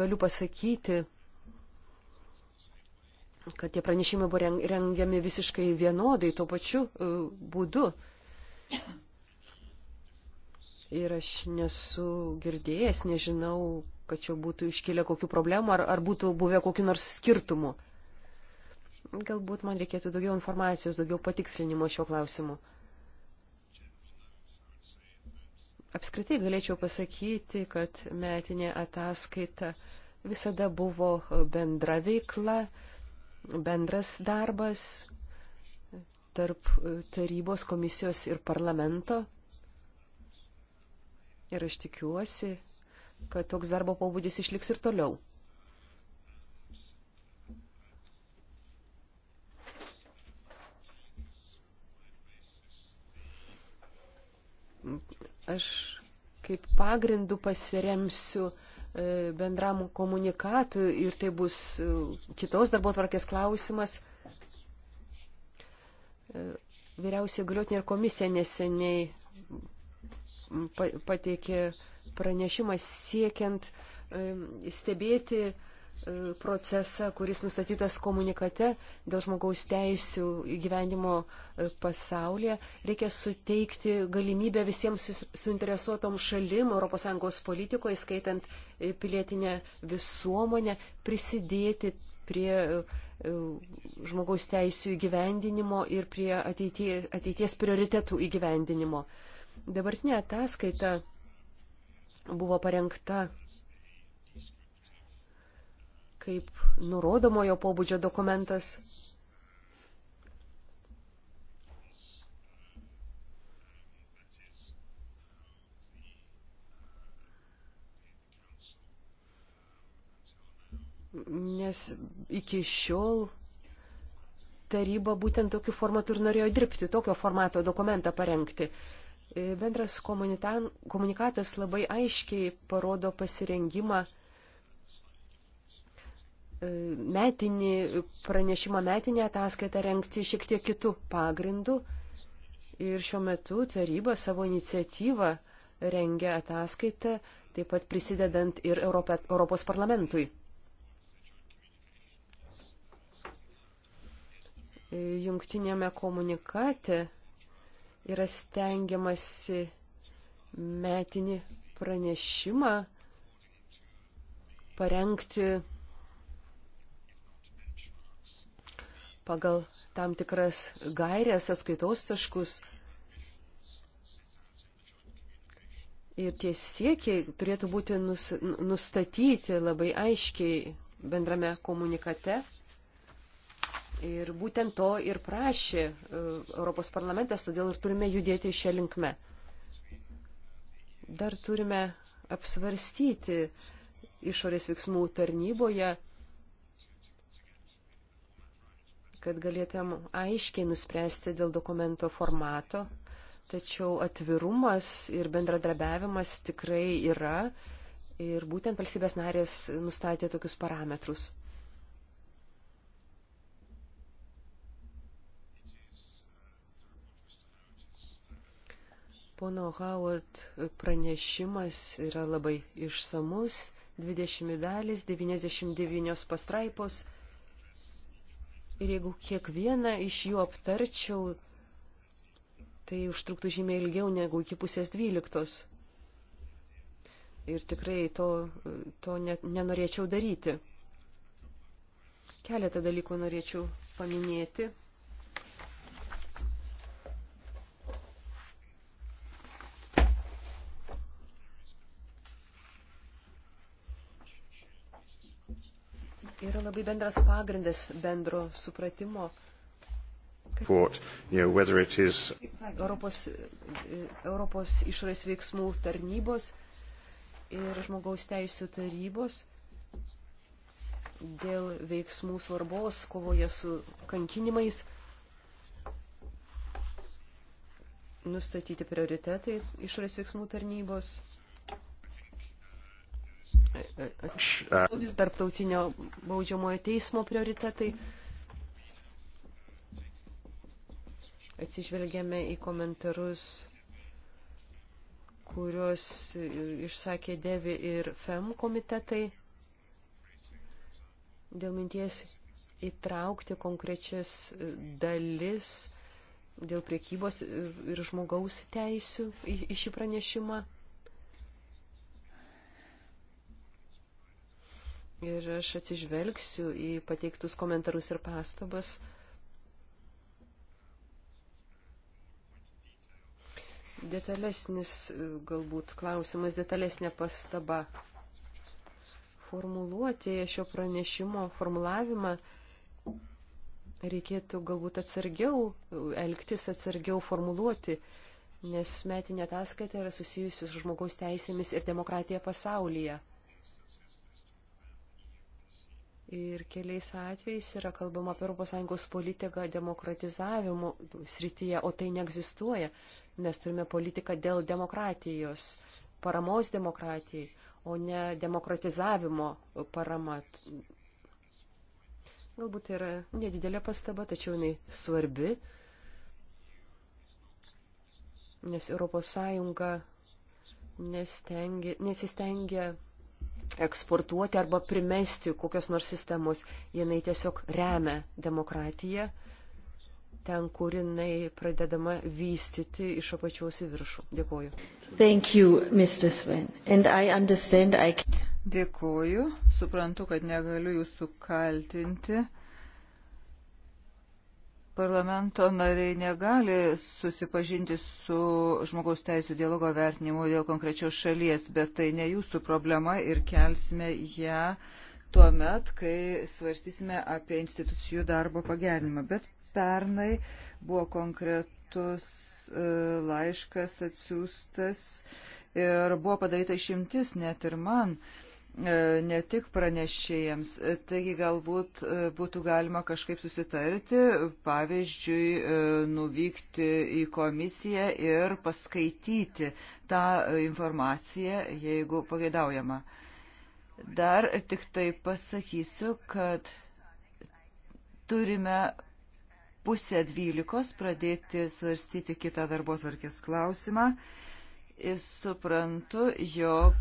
galiu pasakyti, kad tie pranešimai buvo rengiami visiškai vienodai, tuo pačiu e, būdu. Ir aš nesu girdėjęs, nežinau, kad čia būtų iškilę kokių problemų ar, ar būtų buvę kokiu nors skirtumu. Galbūt man reikėtų daugiau informacijos, daugiau patikslinimo šiuo klausimu. Apskritai galėčiau pasakyti, kad metinė ataskaita visada buvo bendra veikla, bendras darbas tarp tarybos komisijos ir parlamento. Ir aš tikiuosi, kad toks darbo pobūdis išliks ir toliau. aš kaip pagrindu pasiremsiu e, bendram komunikatui ir tai bus e, kitos darbo tvarkės klausimas. E, Vyriausiai galiotinė ir komisija neseniai pateikė pranešimas siekiant stebėti E, procesą, kuris nustatytas komunikate dėl žmogaus teisų gyvenimo e, pasaulyje. Reikia suteikti galimybę visiems suinteresuotom šalim ES politikoje, skaitant e, pilietinę visuomonę, prisidėti prie žmogaus teisų įgyvendinimo ir prie ateities, ateities prioritetų įgyvendinimo. Dabartinė ataskaita buvo parengta kaip nurodomojo pobūdžio dokumentas. Nes iki šiol taryba būtent tokiu formatu ir norėjo dirbti, tokio formato dokumentą parengti. Bendras komunikatas labai aiškiai parodo pasirengimą metinį pranešimą, metinį ataskaitą renkti šiek tiek kitų pagrindų. Ir šiuo metu taryba savo iniciatyvą rengia ataskaitą, taip pat prisidedant ir Europė, Europos parlamentui. Jungtinėme komunikate yra stengiamasi metinį pranešimą parengti pagal tam tikras gairias, atskaitos taškus. Ir tie siekiai turėtų būti nus, nustatyti labai aiškiai bendrame komunikate. Ir būtent to ir prašė uh, Europos parlamentas, todėl ir turime judėti šią linkmę. Dar turime apsvarstyti išorės veiksmų tarnyboje kad galėtum aiškiai nuspręsti dėl dokumento formato, tačiau atvirumas ir bendradarbiavimas tikrai yra ir būtent valstybės narės nustatė tokius parametrus. Pono Howard pranešimas yra labai išsamus, 20 dalis, 99 pastraipos. Ir jeigu kiekvieną iš jų aptarčiau, tai užtruktų žymiai ilgiau negu iki pusės dvyliktos. Ir tikrai to, to ne, nenorėčiau daryti. Keletą dalykų norėčiau paminėti. yra labai bendras pagrindas bendro supratimo. Kad... You know, is... Europos, Europos išorės veiksmų tarnybos ir žmogaus teisų tarybos dėl veiksmų svarbos kovoje su kankinimais nustatyti prioritetai išorės veiksmų tarnybos Tarptautinio baudžiamojo teismo prioritetai. Atsižvelgiame į komentarus, kuriuos išsakė Devi ir FEM komitetai dėl minties įtraukti konkrečias dalis dėl priekybos ir žmogaus teisių į šį pranešimą. ir aš atsižvelgsiu į pateiktus komentarus ir pastabas. Detalesnis galbūt klausimas, detalesnė pastaba. Formuluotėje šio pranešimo formulavimą reikėtų galbūt atsargiau elgtis, atsargiau formuluoti, nes metinė ataskaita yra susijusi su žmogaus teisėmis ir demokratija pasaulyje. Ir keliais atvejais yra kalbama apie ES politiką demokratizavimo srityje, o tai neegzistuoja. Mes turime politiką dėl demokratijos, paramos demokratijai, o ne demokratizavimo parama. Galbūt tai yra nedidelė pastaba, tačiau jinai svarbi, nes ES nesistengia eksportuoti arba primesti kokios nors sistemos. Jinai tiesiog remia demokratiją ten, kur jinai pradedama vystyti iš apačiaus į viršų. Dėkuoju. Thank you, Mr. Sven. And I understand I can... Dėkuoju. Suprantu, kad negaliu jūsų kaltinti parlamento nariai negali susipažinti su žmogaus teisų dialogo vertinimu dėl konkrečios šalies, bet tai ne jūsų problema ir kelsime ją tuo met, kai svarstysime apie institucijų darbo pagerinimą. Bet pernai buvo konkretus e, laiškas atsiųstas ir buvo padaryta išimtis net ir man. Uh, E, ne tik pranešėjams. E, taigi galbūt e, būtų galima kažkaip susitarti, pavyzdžiui, nuvykti į komisiją ir paskaityti tą informaciją, jeigu pageidaujama. Dar tik tai pasakysiu, kad turime pusę dvylikos pradėti svarstyti kitą darbo tvarkės klausimą suprantu, jog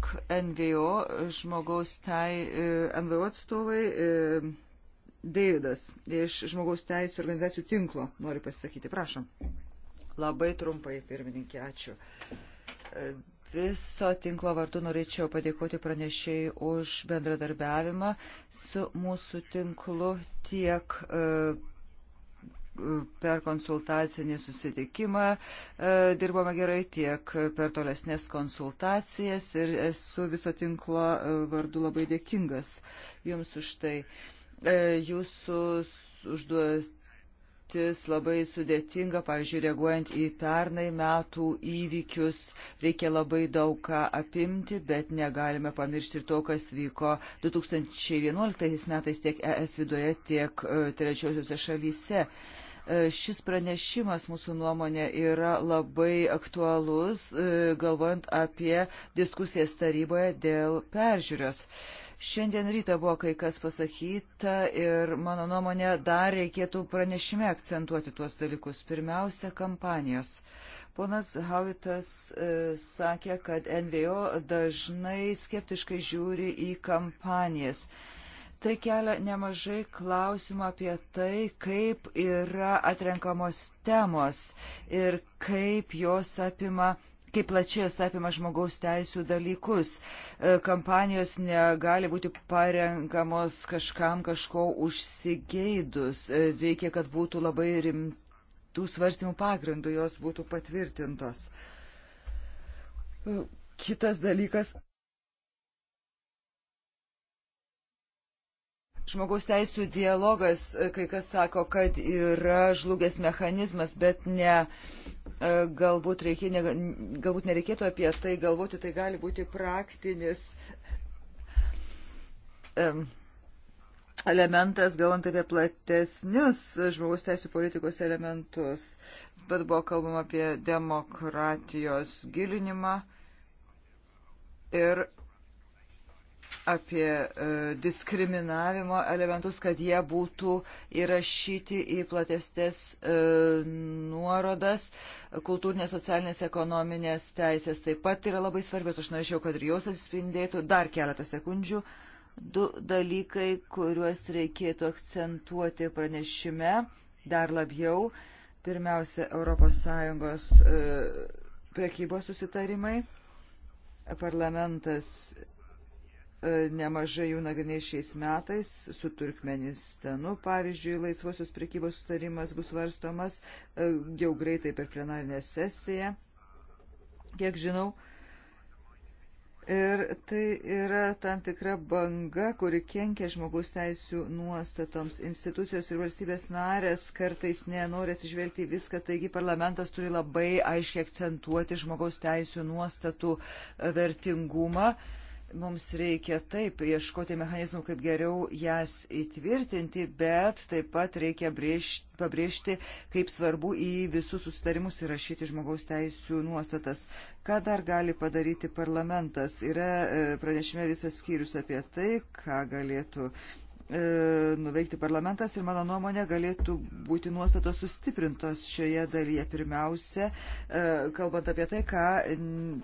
NVO žmogaus tai, e, NVO atstovai e, Davidas iš žmogaus teisų organizacijų tinklo nori pasisakyti. Prašom. Labai trumpai, pirmininkė, ačiū. E, viso tinklo vardu norėčiau padėkoti pranešėjai už bendradarbiavimą su mūsų tinklu tiek uh, per konsultacinį susitikimą e, dirbome gerai tiek per tolesnės konsultacijas ir esu viso tinklo e, vardu labai dėkingas Jums už tai. E, jūsų užduotis labai sudėtinga, pavyzdžiui, reaguojant į pernai metų įvykius, reikia labai daug ką apimti, bet negalime pamiršti ir to, kas vyko 2011 metais tiek ES viduje, tiek trečiosiuose šalyse. Uh, E, šis pranešimas mūsų nuomonė yra labai aktualus, e, galvojant apie diskusijas taryboje dėl peržiūrios. Šiandien ryte buvo kai kas pasakyta ir mano nuomonė dar reikėtų pranešime akcentuoti tuos dalykus. Pirmiausia, kampanijos. Ponas Havitas e, sakė, kad NVO dažnai skeptiškai žiūri į kampanijas. E, Tai kelia nemažai klausimų apie tai, kaip yra atrenkamos temos ir kaip jos apima kaip plačiai jos apima žmogaus teisų dalykus. E, kampanijos negali būti parenkamos kažkam kažko užsigeidus. E, reikia, kad būtų labai rimtų svarstymų pagrindų, jos būtų patvirtintos. E, kitas dalykas Žmogaus teisų dialogas, e, kai kas sako, kad yra žlugęs mechanizmas, bet ne, e, galbūt, reikia, ne, galbūt nereikėtų apie tai galvoti, tai gali būti praktinis elementas, galvant apie platesnius žmogaus teisų politikos elementus, bet buvo kalbama apie demokratijos gilinimą ir apie e, diskriminavimo elementus, kad jie būtų įrašyti į platestes e, nuorodas. Kultūrinės, socialinės, ekonominės teisės taip pat yra labai svarbios. Aš norėčiau, kad ir jos atsispindėtų. Dar keletą sekundžių. Du dalykai, kuriuos reikėtų akcentuoti pranešime dar labiau. Pirmiausia, ES e, prekybos susitarimai. Parlamentas E, nemažai jų nagrinės šiais metais, su Turkmenistanu, pavyzdžiui, laisvosios prekybos sutarimas bus varstomas e, jau greitai per plenarinę sesiją, kiek žinau. Ir tai yra tam tikra banga, kuri kenkia žmogaus teisų nuostatoms. Institucijos ir valstybės narės kartais nenori atsižvelgti į viską, taigi parlamentas turi labai aiškiai akcentuoti žmogaus teisų nuostatų vertingumą. Uh, Mums reikia taip ieškoti mechanizmų, kaip geriau jas įtvirtinti, bet taip pat reikia brėžti, pabrėžti, kaip svarbu į visus susitarimus įrašyti žmogaus teisų nuostatas. Ką dar gali padaryti parlamentas? Yra e, pranešime visas skyrius apie tai, ką galėtų E, nuveikti parlamentas ir mano nuomonė galėtų būti nuostatos sustiprintos šioje dalyje. Pirmiausia, e, kalbant apie tai, ką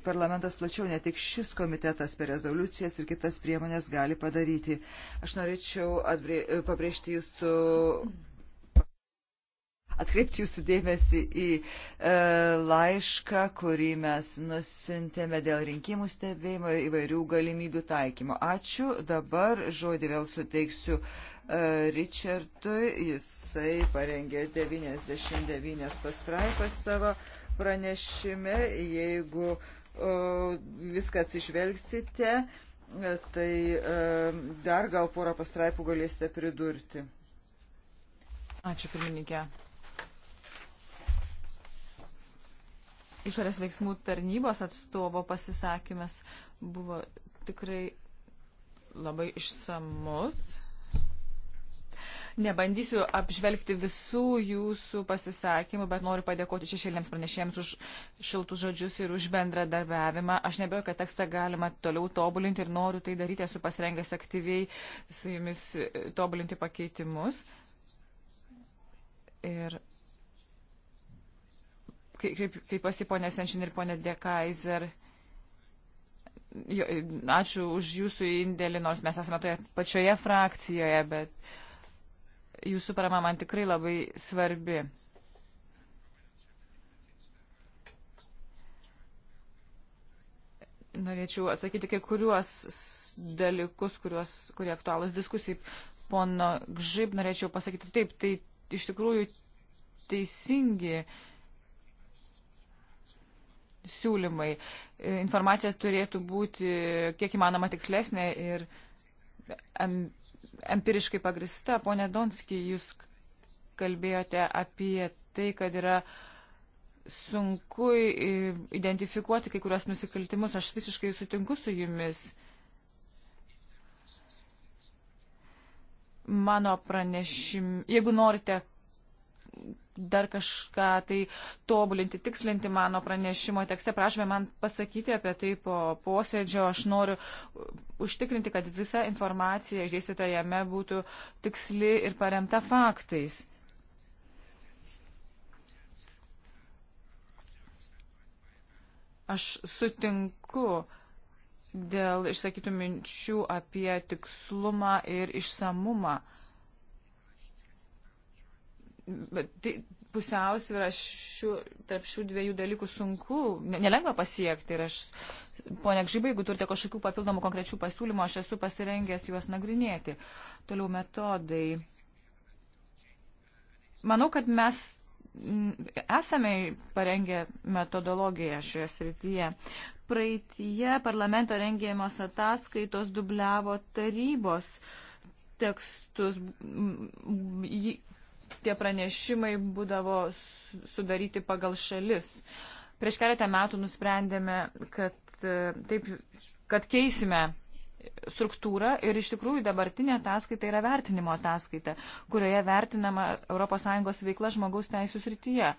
parlamentas plačiau, ne tik šis komitetas per rezoliucijas ir kitas priemonės gali padaryti. Aš norėčiau atbrė... pabrėžti jūsų atkreipti jūsų dėmesį į e, laišką, kurį mes nusintėme dėl rinkimų stebėjimo ir įvairių galimybių taikymo. Ačiū. Dabar žodį vėl suteiksiu e, Richardui. Jisai parengė 99 pastraipas savo pranešime. Jeigu e, viskas išvelgsite, e, tai e, dar gal porą pastraipų galėsite pridurti. Ačiū, pirmininkė. išorės veiksmų tarnybos atstovo pasisakymas buvo tikrai labai išsamus. Nebandysiu apžvelgti visų jūsų pasisakymų, bet noriu padėkoti šešėlėms pranešėjams už šiltus žodžius ir už bendradarbiavimą. Aš nebejoju, kad tekstą galima toliau tobulinti ir noriu tai daryti, esu pasirengęs aktyviai su jumis tobulinti pakeitimus. Ir kaip, kaip pasiponė Senšin ir ponė Dekaiser. Ačiū už jūsų indėlį, nors mes esame toje pačioje frakcijoje, bet jūsų parama man tikrai labai svarbi. Norėčiau atsakyti kai kuriuos dalykus, kuriuos, kurie aktualus diskusijai. Pono Gžib, norėčiau pasakyti taip, tai iš tikrųjų teisingi uh, siūlymai. E, informacija turėtų būti kiek įmanoma tikslesnė ir empiriškai pagrista. Pone Donski, jūs kalbėjote apie tai, kad yra sunku identifikuoti kai kurios nusikaltimus. Aš visiškai sutinku su jumis. Mano pranešim, jeigu norite, dar kažką tai tobulinti, tikslinti mano pranešimo tekste. Prašome man pasakyti apie tai po posėdžio. Aš noriu užtikrinti, kad visa informacija išdėstyta jame būtų tiksli ir paremta faktais. Aš sutinku dėl išsakytų minčių apie tikslumą ir išsamumą. Uh, Tai pusiausvyrą tarp šių dviejų dalykų sunku, nelengva pasiekti. Ir aš, ponia Gžybai, jeigu turite kažkokių papildomų konkrečių pasiūlymų, aš esu pasirengęs juos nagrinėti. Toliau metodai. Manau, kad mes esame parengę metodologiją šioje srityje. Praeitie parlamento rengėjimos ataskaitos dubliavo tarybos tekstus tie pranešimai būdavo sudaryti pagal šalis. Prieš keletą metų nusprendėme, kad, e, taip, kad keisime struktūrą ir iš tikrųjų dabartinė ataskaita yra vertinimo ataskaita, kurioje vertinama ES veikla žmogaus teisų srityje.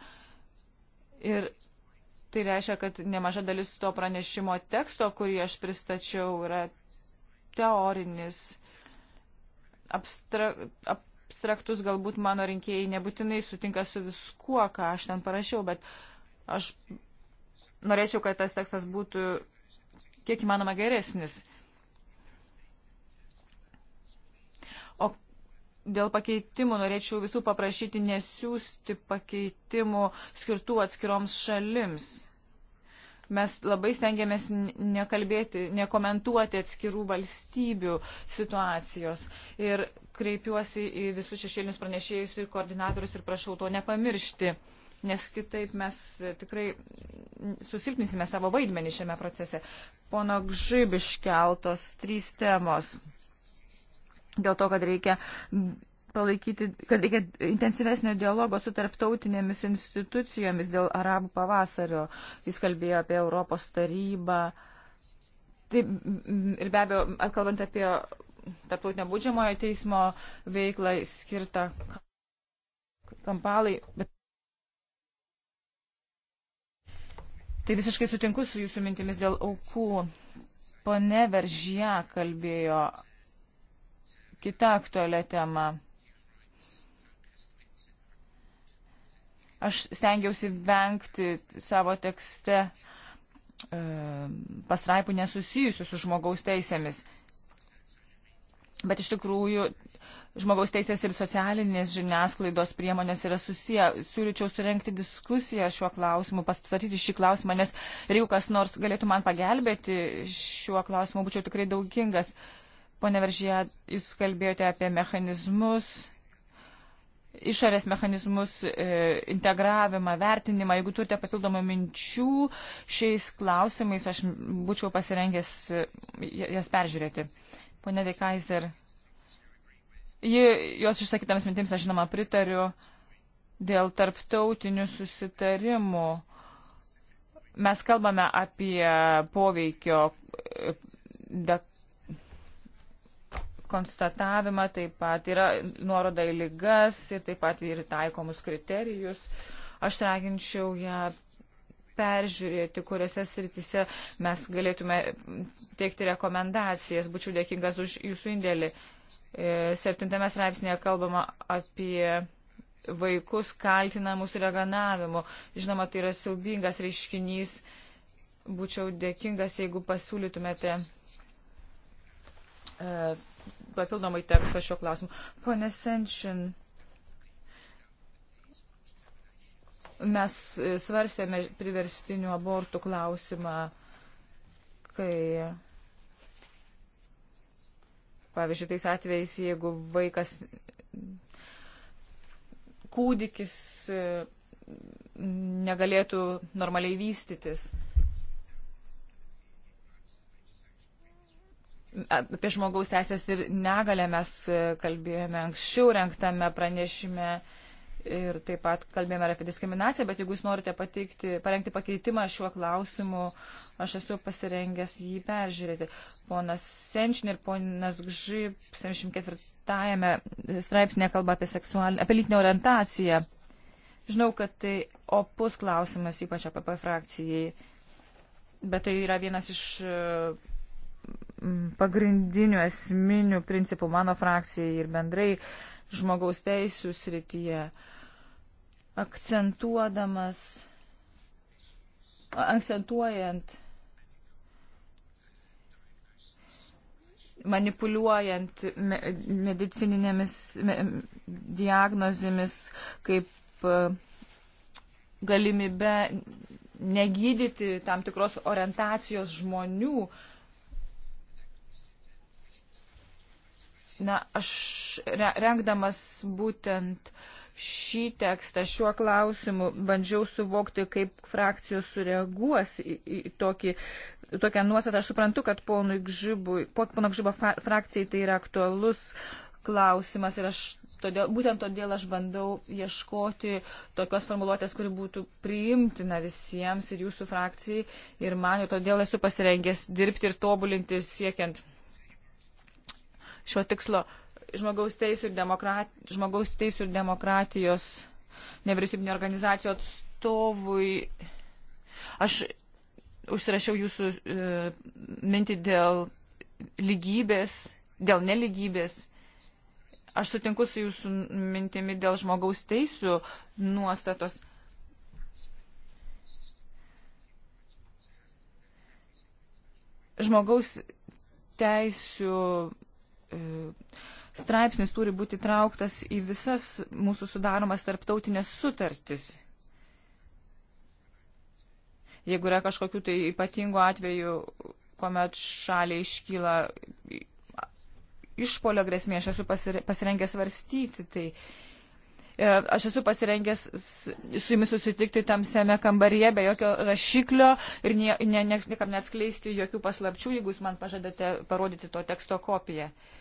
Ir tai reiškia, kad nemaža dalis to pranešimo teksto, kurį aš pristačiau, yra teorinis, abstra, ab, abstraktus, galbūt mano rinkėjai nebūtinai sutinka su viskuo, ką aš ten parašiau, bet aš norėčiau, kad tas tekstas būtų kiek įmanoma geresnis. O dėl pakeitimų norėčiau visų paprašyti nesiųsti pakeitimų skirtų atskiroms šalims. Mes labai stengiamės nekalbėti, nekomentuoti atskirų valstybių situacijos. Ir kreipiuosi į visus šešėlinius pranešėjus ir koordinatorius ir prašau to nepamiršti, nes kitaip mes tikrai susilpnysime savo vaidmenį šiame procese. Pono Gžyb iškeltos trys temos. Dėl to, kad reikia palaikyti, kad reikia intensyvesnio dialogo su tarptautinėmis institucijomis dėl arabų pavasario. Jis kalbėjo apie Europos tarybą. Taip, ir be abejo, kalbant apie tarptautinio būdžiamojo teismo veiklą skirtą kampalai. Bet Tai visiškai sutinku su jūsų mintimis dėl aukų. Pone Veržė kalbėjo kitą aktualią temą. Aš stengiausi vengti savo tekste e, pasraipų nesusijusių su žmogaus teisėmis. Bet iš tikrųjų žmogaus teisės ir socialinės žiniasklaidos priemonės yra susiję. Siūlyčiau surenkti diskusiją šiuo klausimu, pastatyti šį klausimą, nes jeigu kas nors galėtų man pagelbėti šiuo klausimu, būčiau tikrai daugingas. Pone Veržyje, jūs kalbėjote apie mechanizmus, išorės mechanizmus, e, integravimą, vertinimą. Jeigu turite papildomų minčių šiais klausimais, aš būčiau pasirengęs e, jas peržiūrėti. Pone Dekaiser, jos išsakytams mintims aš žinoma pritariu dėl tarptautinių susitarimų. Mes kalbame apie poveikio e, de, konstatavimą, taip pat yra nuoroda į lygas ir taip pat ir taikomus kriterijus. Aš raginčiau ją peržiūrėti, kuriuose sritise mes galėtume teikti rekomendacijas. Būčiau dėkingas už jūsų indėlį. E, septintame straipsnėje kalbama apie vaikus kaltinamus reganavimu. Žinoma, tai yra siaubingas reiškinys. Būčiau dėkingas, jeigu pasiūlytumėte e, papildomai teksto šio klausimu. Pone Senčin. Mes e, svarstėme priverstinių abortų klausimą, kai, pavyzdžiui, tais atvejais, jeigu vaikas kūdikis e, negalėtų normaliai vystytis. Apie žmogaus teisės ir negalę mes e, kalbėjome anksčiau renktame pranešime ir taip pat kalbėjome apie diskriminaciją, bet jeigu jūs norite pateikti, parengti pakeitimą šiuo klausimu, aš esu pasirengęs jį peržiūrėti. Ponas Senčin ir ponas Gžyb 74 straipsnė kalba apie, seksualinę, apie lytinę orientaciją. Žinau, kad tai opus klausimas, ypač APP frakcijai, bet tai yra vienas iš pagrindinių esminių principų mano frakcijai ir bendrai žmogaus teisų srityje. Uh, akcentuodamas, akcentuojant, manipuliuojant medicininėmis diagnozimis kaip e, galimybę negydyti tam tikros orientacijos žmonių, na, aš rengdamas būtent šį tekstą šiuo klausimu bandžiau suvokti, kaip frakcijos sureaguos į, į tokį, tokią nuostatą. Aš suprantu, kad ponui Gžibui, pono Gžibo frakcijai tai yra aktualus klausimas ir aš todėl, būtent todėl aš bandau ieškoti tokios formuluotės, kuri būtų priimtina visiems ir jūsų frakcijai ir man ir todėl esu pasirengęs dirbti ir tobulinti siekiant šio tikslo. Uh, žmogaus teisų ir, demokrat, žmogaus teisų ir demokratijos nevyriausybinio organizacijų atstovui. Aš užsirašiau jūsų e, mintį dėl lygybės, dėl neligybės. Aš sutinku su jūsų mintimi dėl žmogaus teisų nuostatos. Žmogaus teisų e, straipsnis turi būti trauktas į visas mūsų sudaromas tarptautinės sutartis. Jeigu yra kažkokių tai ypatingų atvejų, kuomet šaliai iškyla išpolio grėsmė, aš esu pasirengęs svarstyti, tai e, aš esu pasirengęs su jumis susitikti tamsiame kambaryje be jokio rašiklio ir niekam ne, ne, neatskleisti jokių paslapčių, jeigu jūs man pažadate parodyti to teksto kopiją. Uh,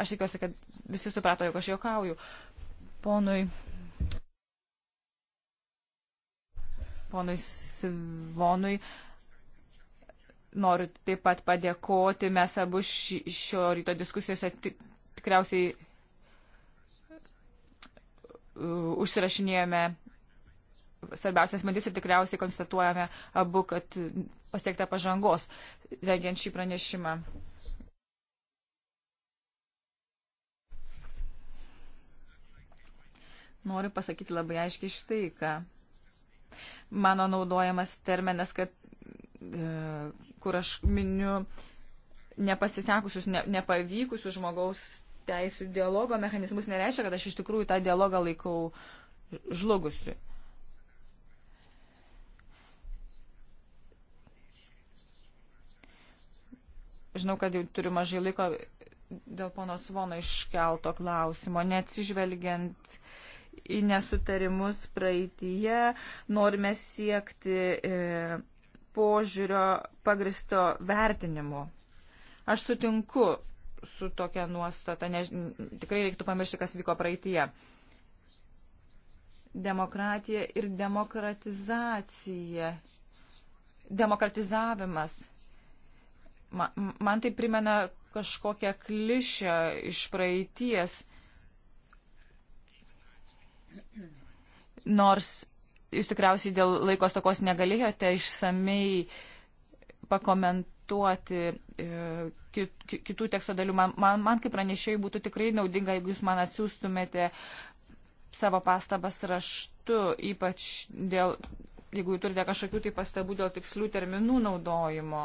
Aš tikiuosi, kad visi suprato, jog aš juokauju. Ponui. Ponui Svonui noriu taip pat padėkoti. Mes abu ši, šio ryto diskusijose tik, tikriausiai uh, užsirašinėjome svarbiausias mintis ir tikriausiai konstatuojame abu, kad pasiekta pažangos rengiant šį pranešimą. Noriu pasakyti labai aiškiai štai ką. Mano naudojamas terminas, kad e, kur aš miniu nepasisekusius, ne, nepavykusius žmogaus teisų dialogo mechanizmus, nereiškia, kad aš iš tikrųjų tą dialogą laikau žlugusiu. Žinau, kad jau turiu mažai laiko dėl pono Svono iškelto klausimo, neatsižvelgiant į nesutarimus praeitįje, norime siekti e, požiūrio pagristo vertinimu. Aš sutinku su tokia nuostata, nes tikrai reiktų pamiršti, kas vyko praeitie. Demokratija ir demokratizacija. Demokratizavimas. Man, man tai primena kažkokią klišę iš praeities Nors jūs tikriausiai dėl laikos tokos negalėjote išsamei pakomentuoti e, kit, kitų teksto dalių. Man, man, man kaip pranešėjai būtų tikrai naudinga, jeigu jūs man atsiųstumėte savo pastabas raštu, ypač dėl, jeigu turite kažkokių tai pastabų dėl tikslių terminų naudojimo.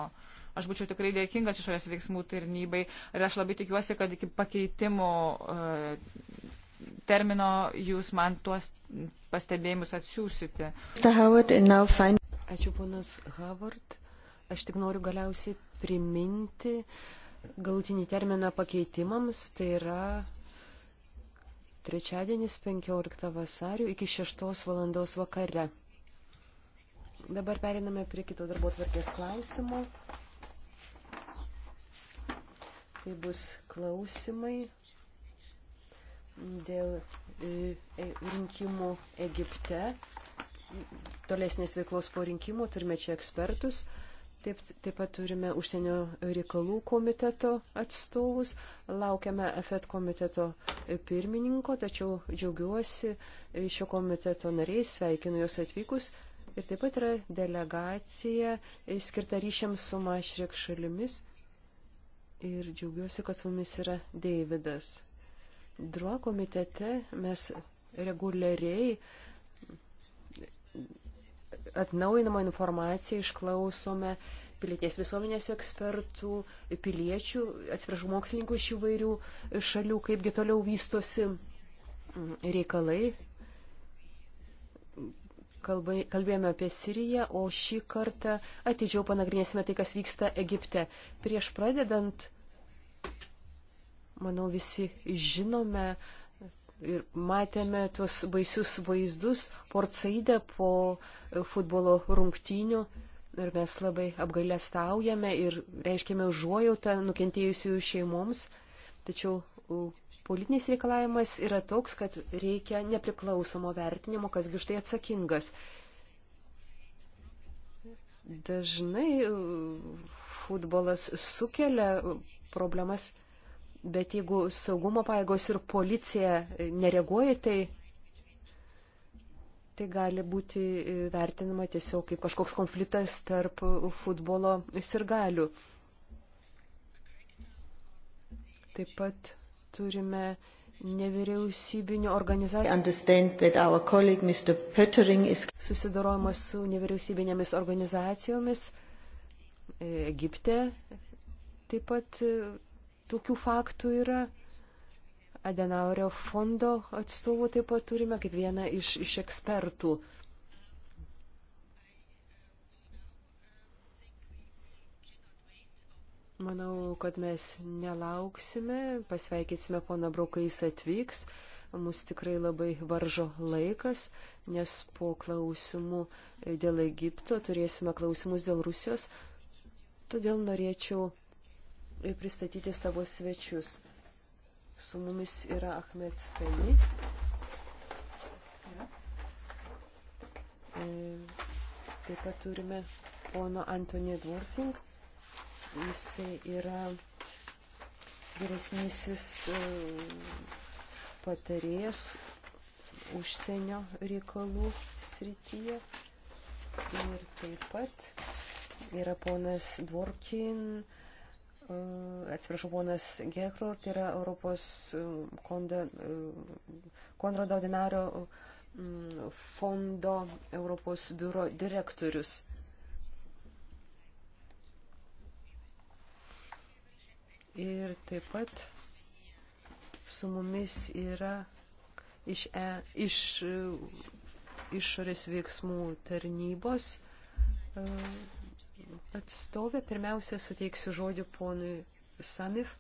Aš būčiau tikrai dėkingas išorės veiksmų tarnybai ir aš labai tikiuosi, kad iki pakeitimų uh, e, termino jūs man tuos pastebėjimus atsiūsite. Ačiū, ponas Howard. Aš tik noriu galiausiai priminti galutinį terminą pakeitimams, tai yra trečiadienis 15 vasario iki 6 valandos vakare. Dabar periname prie kito darbo tvarkės klausimo. Tai bus klausimai dėl e, e, rinkimų Egipte, tolesnės veiklos po rinkimų, turime čia ekspertus, taip, taip pat turime užsienio reikalų komiteto atstovus, laukiame FED komiteto pirmininko, tačiau džiaugiuosi e, šio komiteto nariais, sveikinu juos atvykus. Ir taip pat yra delegacija skirta ryšiams su Mašrek šalimis. Ir džiaugiuosi, kad su mumis yra Deividas. Druo komitete mes reguliariai atnaujinamą informaciją išklausome pilietinės visuomenės ekspertų, piliečių, atsiprašau, mokslininkų iš įvairių šalių, kaipgi toliau vystosi reikalai. Kalbai, kalbėjome apie Siriją, o šį kartą atidžiau panagrinėsime tai, kas vyksta Egipte. Prieš pradedant Manau, visi žinome ir matėme tuos baisius vaizdus Portsaidę po e, futbolo rungtynių. Ir mes labai apgailestaujame ir reiškėme užuojautą nukentėjusiųjų šeimoms. Tačiau politinis reikalavimas yra toks, kad reikia nepriklausomo vertinimo, kas gi štai atsakingas. Dažnai futbolas sukelia problemas Bet jeigu saugumo paėgos ir policija e, nereaguoja, tai, tai gali būti e, vertinama tiesiog kaip kažkoks konfliktas tarp e, futbolo sirgalių. Taip pat turime nevyriausybinio organizacijų is... susidarojama su nevyriausybinėmis organizacijomis Egipte. Taip pat tokių faktų yra. Adenauerio fondo atstovų taip pat turime kaip vieną iš, iš ekspertų. Manau, kad mes nelauksime, pasveikinsime poną Brauką, jis atvyks. Mus tikrai labai varžo laikas, nes po klausimų dėl Egipto turėsime klausimus dėl Rusijos. Todėl norėčiau E, pristatyti savo svečius. Su mumis yra Ahmed Sani. E, taip pat turime pono Antonį Dvorfing. Jis yra vyresnysis e, patarėjas užsienio reikalų srityje. Ir taip pat yra ponas Dvorkin, E, atsiprašau, ponas Gekror, tai yra Europos e, e, Konrado Dinario fondo Europos biuro direktorius. Ir taip pat su mumis yra iš, e, iš išorės veiksmų tarnybos atstovė. Pirmiausia, suteiksiu žodį ponui Samif.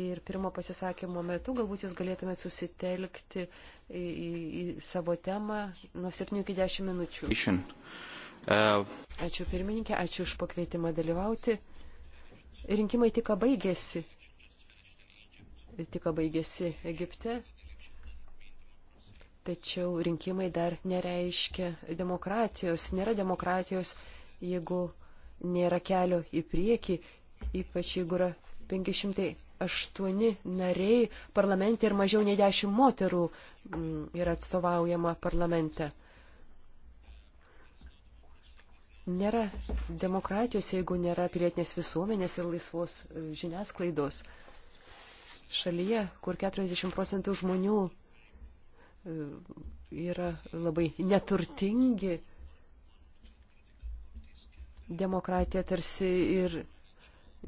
Ir pirmo pasisakymo metu galbūt jūs galėtumėte susitelkti į, į, į savo temą nuo 7 iki 10 minučių. Uh, ačiū pirmininkė, ačiū už pakvietimą dalyvauti. Rinkimai tik baigėsi. Tik baigėsi Egipte. Tačiau rinkimai dar nereiškia demokratijos, nėra demokratijos jeigu nėra kelio į priekį, ypač jeigu yra 508 nariai parlamente ir mažiau nei 10 moterų mm, yra atstovaujama parlamente. Nėra demokratijos, jeigu nėra pilietinės visuomenės ir laisvos e, žiniasklaidos. Šalyje, kur 40 procentų žmonių e, yra labai neturtingi, demokratija tarsi ir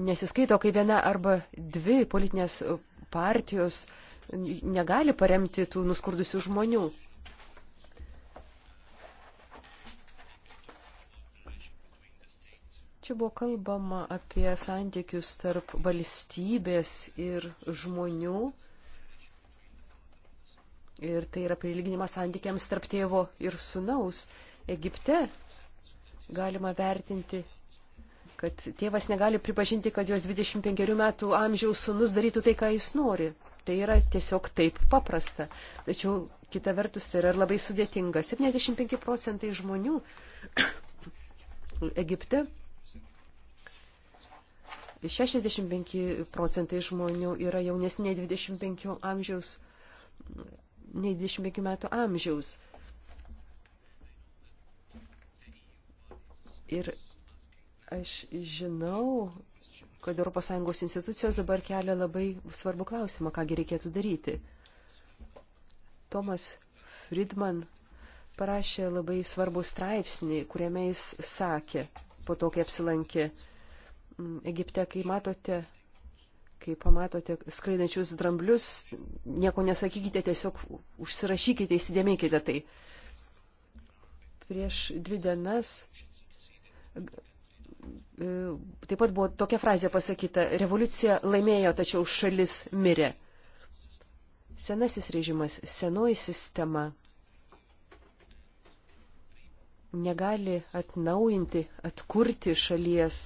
nesiskaito, kai viena arba dvi politinės partijos negali paremti tų nuskurdusių žmonių. Čia buvo kalbama apie santykius tarp valstybės ir žmonių. Ir tai yra prilyginimas santykiams tarp tėvo ir sunaus. Egipte galima vertinti, kad tėvas negali pripažinti, kad jos 25 metų amžiaus sunus darytų tai, ką jis nori. Tai yra tiesiog taip paprasta. Tačiau kita vertus tai yra labai sudėtinga. 75 procentai žmonių Egipte 65 procentai žmonių yra jaunesnė 25 amžiaus, nei 25 metų amžiaus. Ir aš žinau, kad ES institucijos dabar kelia labai svarbu klausimą, kągi reikėtų daryti. Tomas Friedman parašė labai svarbų straipsnį, kuriame jis sakė, po to, kai apsilankė mm, Egipte, kai matote, kai pamatote skraidančius dramblius, nieko nesakykite, tiesiog užsirašykite, įsidėmėkite tai. Prieš dvi dienas Taip pat buvo tokia frazė pasakyta, revoliucija laimėjo, tačiau šalis mirė. Senasis režimas, senoji sistema negali atnaujinti, atkurti šalies.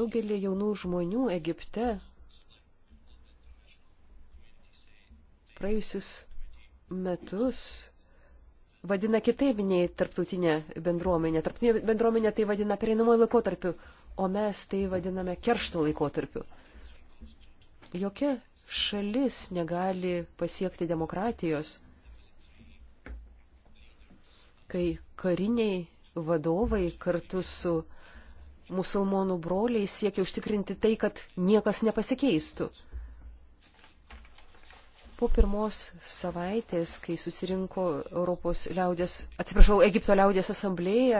Daugelį jaunų žmonių Egipte praėjusius metus vadina kitaip nei tarptautinė bendruomenė. Tarptautinė bendruomenė tai vadina pereinamojo laikotarpiu, o mes tai vadiname keršto laikotarpiu. Jokia šalis negali pasiekti demokratijos, kai kariniai vadovai kartu su musulmonų broliai siekia užtikrinti tai, kad niekas nepasikeistų. Po pirmos savaitės, kai susirinko Europos liaudės, atsiprašau, Egipto liaudės asamblėje,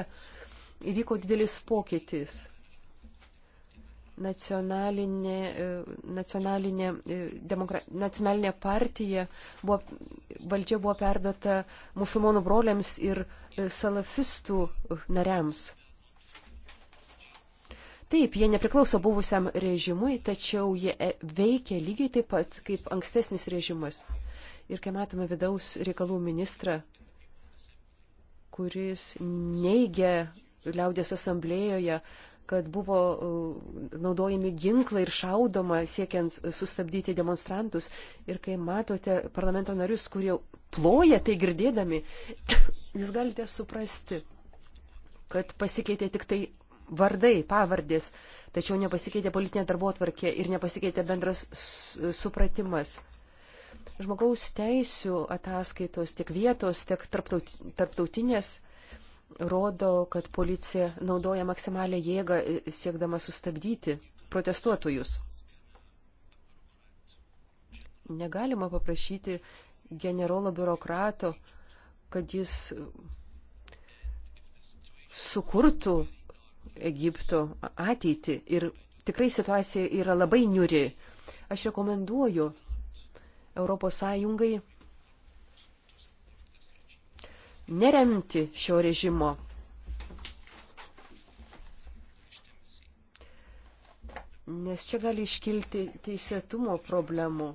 įvyko didelis pokytis. Nacionalinė, e, nacionalinė, e, demokra, nacionalinė partija buvo, valdžia buvo perdata musulmonų broliams ir e, salafistų nariams. Taip, jie nepriklauso buvusiam režimui, tačiau jie e, veikia lygiai taip pat kaip ankstesnis režimas. Ir kai matome vidaus reikalų ministrą, kuris neigia liaudės asamblėjoje, kad buvo e, naudojami ginklai ir šaudoma siekiant sustabdyti demonstrantus. Ir kai matote parlamento narius, kurie ploja tai girdėdami, jūs galite suprasti, kad pasikeitė tik tai vardai, pavardės, tačiau nepasikeitė politinė darbo atvarkė ir nepasikeitė bendras supratimas. Žmogaus teisų ataskaitos tiek vietos, tiek tarptautinės rodo, kad policija naudoja maksimalę jėgą e, siekdama sustabdyti protestuotojus. Negalima paprašyti generolo biurokrato, kad jis sukurtų Egipto ateitį ir tikrai situacija yra labai niuri. Aš rekomenduoju ES neremti šio režimo. Nes čia gali iškilti teisėtumo problemų.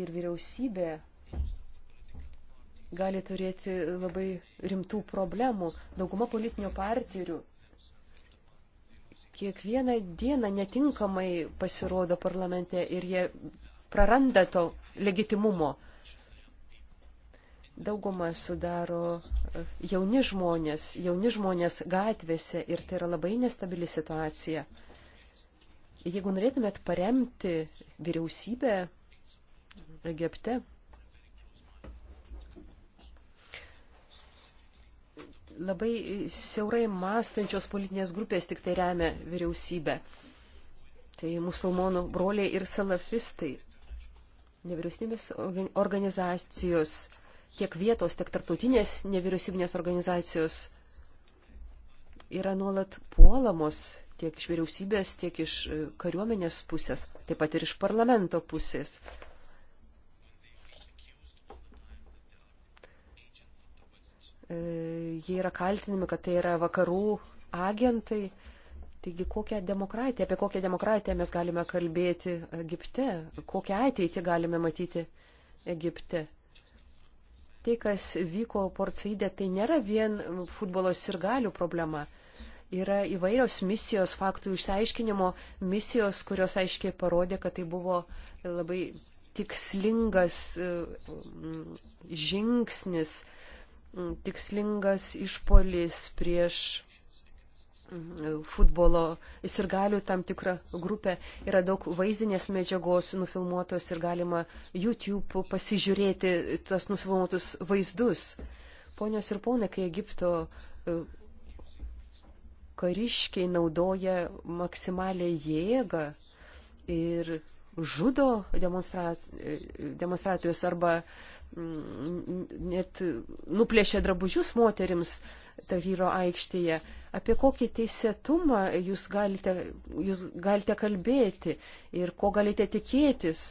Ir vyriausybė gali turėti labai rimtų problemų. Dauguma politinio partijų kiekvieną dieną netinkamai pasirodo parlamente ir jie praranda to legitimumo. Daugumą sudaro e, jauni žmonės, jauni žmonės gatvėse ir tai yra labai nestabili situacija. Jeigu norėtumėt paremti vyriausybę Egipte, labai siaurai mąstančios politinės grupės tik tai remia vyriausybę. Tai musulmonų broliai ir salafistai, nevyriausybės organizacijos, tiek vietos, tiek tarptautinės nevyriausybinės organizacijos yra nuolat puolamos tiek iš vyriausybės, tiek iš e, kariuomenės pusės, taip pat ir iš parlamento pusės. E, jie yra kaltinami, kad tai yra vakarų agentai. Taigi kokią demokratiją, apie kokią demokratiją mes galime kalbėti Egipte, kokią ateitį galime matyti Egipte. Tai, kas vyko Porcaidė, tai nėra vien futbolo sirgalių problema. Yra įvairios misijos, faktų išsiaiškinimo misijos, kurios aiškiai parodė, kad tai buvo labai tikslingas e, žingsnis tikslingas išpolis prieš futbolo sirgalių tam tikrą grupę. Yra daug vaizdinės medžiagos nufilmuotos ir galima YouTube pasižiūrėti tas nusifilmuotus vaizdus. Ponios ir ponai, kai Egipto e, kariškiai naudoja maksimalę jėgą ir žudo demonstracijos e, arba uh, Mm, net nuplėšė drabužius moterims Taryro aikštėje. Apie kokį teisėtumą jūs galite, jūs galite kalbėti ir ko galite tikėtis,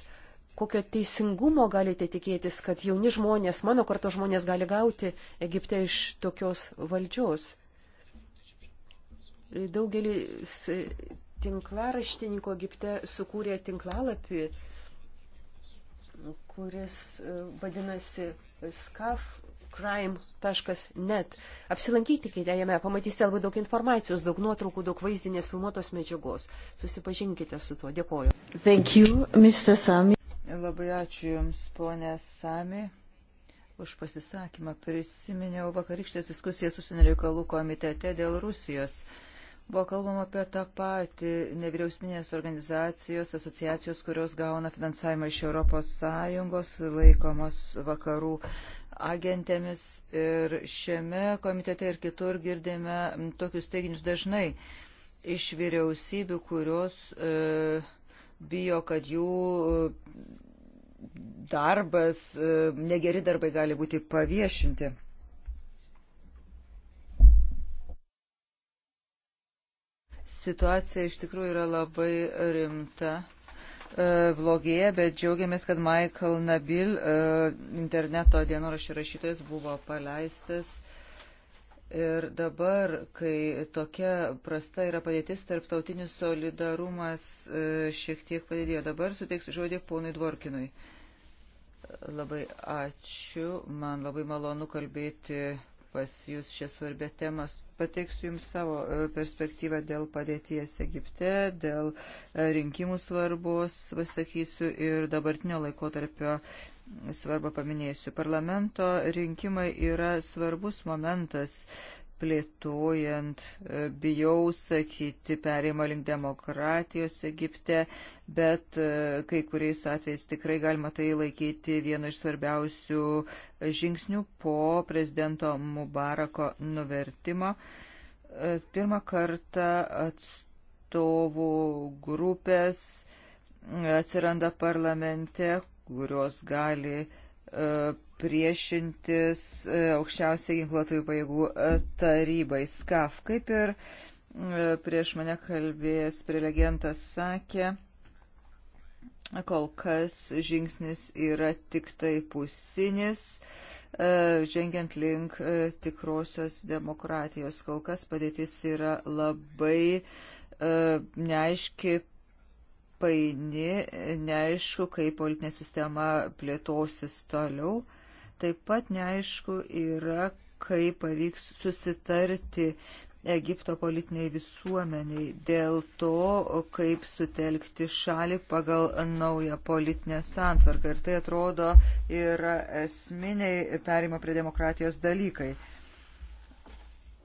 kokio teisingumo galite tikėtis, kad jauni žmonės, mano karto žmonės gali gauti Egipte iš tokios valdžios. Daugelis tinklaraštininkų Egipte sukūrė tinklalapį kuris e, vadinasi scafcrime.net. Apsilankykite jame, pamatysite labai daug informacijos, daug nuotraukų, daug vaizdinės filmuotos medžiagos. Susipažinkite su tuo. Dėkoju. Thank you, Mr. Sami. Labai ačiū Jums, ponė Sami. Už pasisakymą prisiminiau vakarykštės diskusijas užsienio reikalų komitete dėl Rusijos. Uh, Buvo kalbama apie tą patį nevyriausminės organizacijos, asociacijos, kurios gauna finansavimą iš ES, laikomos vakarų agentėmis. Ir šiame komitete ir kitur girdėme tokius teiginius dažnai iš vyriausybių, kurios e, bijo, kad jų e, darbas, e, negeri darbai gali būti paviešinti. Situacija iš tikrųjų yra labai rimta e, blogėja, bet džiaugiamės, kad Michael Nabil, e, interneto dienoraščio rašytojas, buvo paleistas. Ir dabar, kai tokia prasta yra padėtis, tarptautinis solidarumas e, šiek tiek padidėjo. Dabar suteiksiu žodį ponui Dvorkinui. Labai ačiū, man labai malonu kalbėti pas jūs šią svarbę temą. Pateiksiu jums savo e, perspektyvą dėl padėties Egipte, dėl e, rinkimų svarbos, pasakysiu, ir dabartinio laikotarpio svarbą paminėsiu. Parlamento rinkimai yra svarbus momentas plėtojant, e, bijau sakyti, perėjimą link demokratijos Egipte, bet e, kai kuriais atvejais tikrai galima tai laikyti vienu iš svarbiausių žingsnių po prezidento Mubarako nuvertimo. E, pirmą kartą atstovų grupės atsiranda parlamente, kurios gali uh, priešintis e, aukščiausiai ginkluotųjų pajėgų e, tarybai SKAF. Kaip ir e, prieš mane kalbėjęs prelegentas sakė, kol kas žingsnis yra tik tai pusinis žengiant link tikrosios demokratijos. Kol kas padėtis yra labai neaiški, paini, neaišku, kaip politinė sistema plėtosis toliau. Taip pat neaišku yra, kaip pavyks susitarti Egipto politiniai visuomeniai dėl to, kaip sutelkti šalį pagal naują politinę santvarką. Ir tai atrodo yra esminiai perimo prie demokratijos dalykai.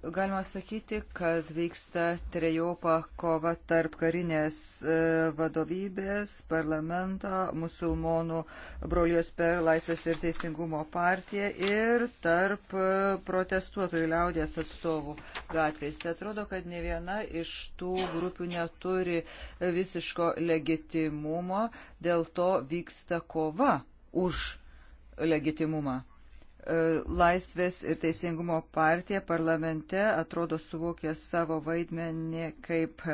Galima sakyti, kad vyksta trejopa kova tarp karinės e, vadovybės, parlamento, musulmonų brolijos per Laisvės ir Teisingumo partiją ir tarp e, protestuotojų liaudės atstovų gatvėse. Atrodo, kad ne viena iš tų grupių neturi visiško legitimumo, dėl to vyksta kova už legitimumą. E, Laisvės ir teisingumo partija parlamente atrodo suvokė savo vaidmenį kaip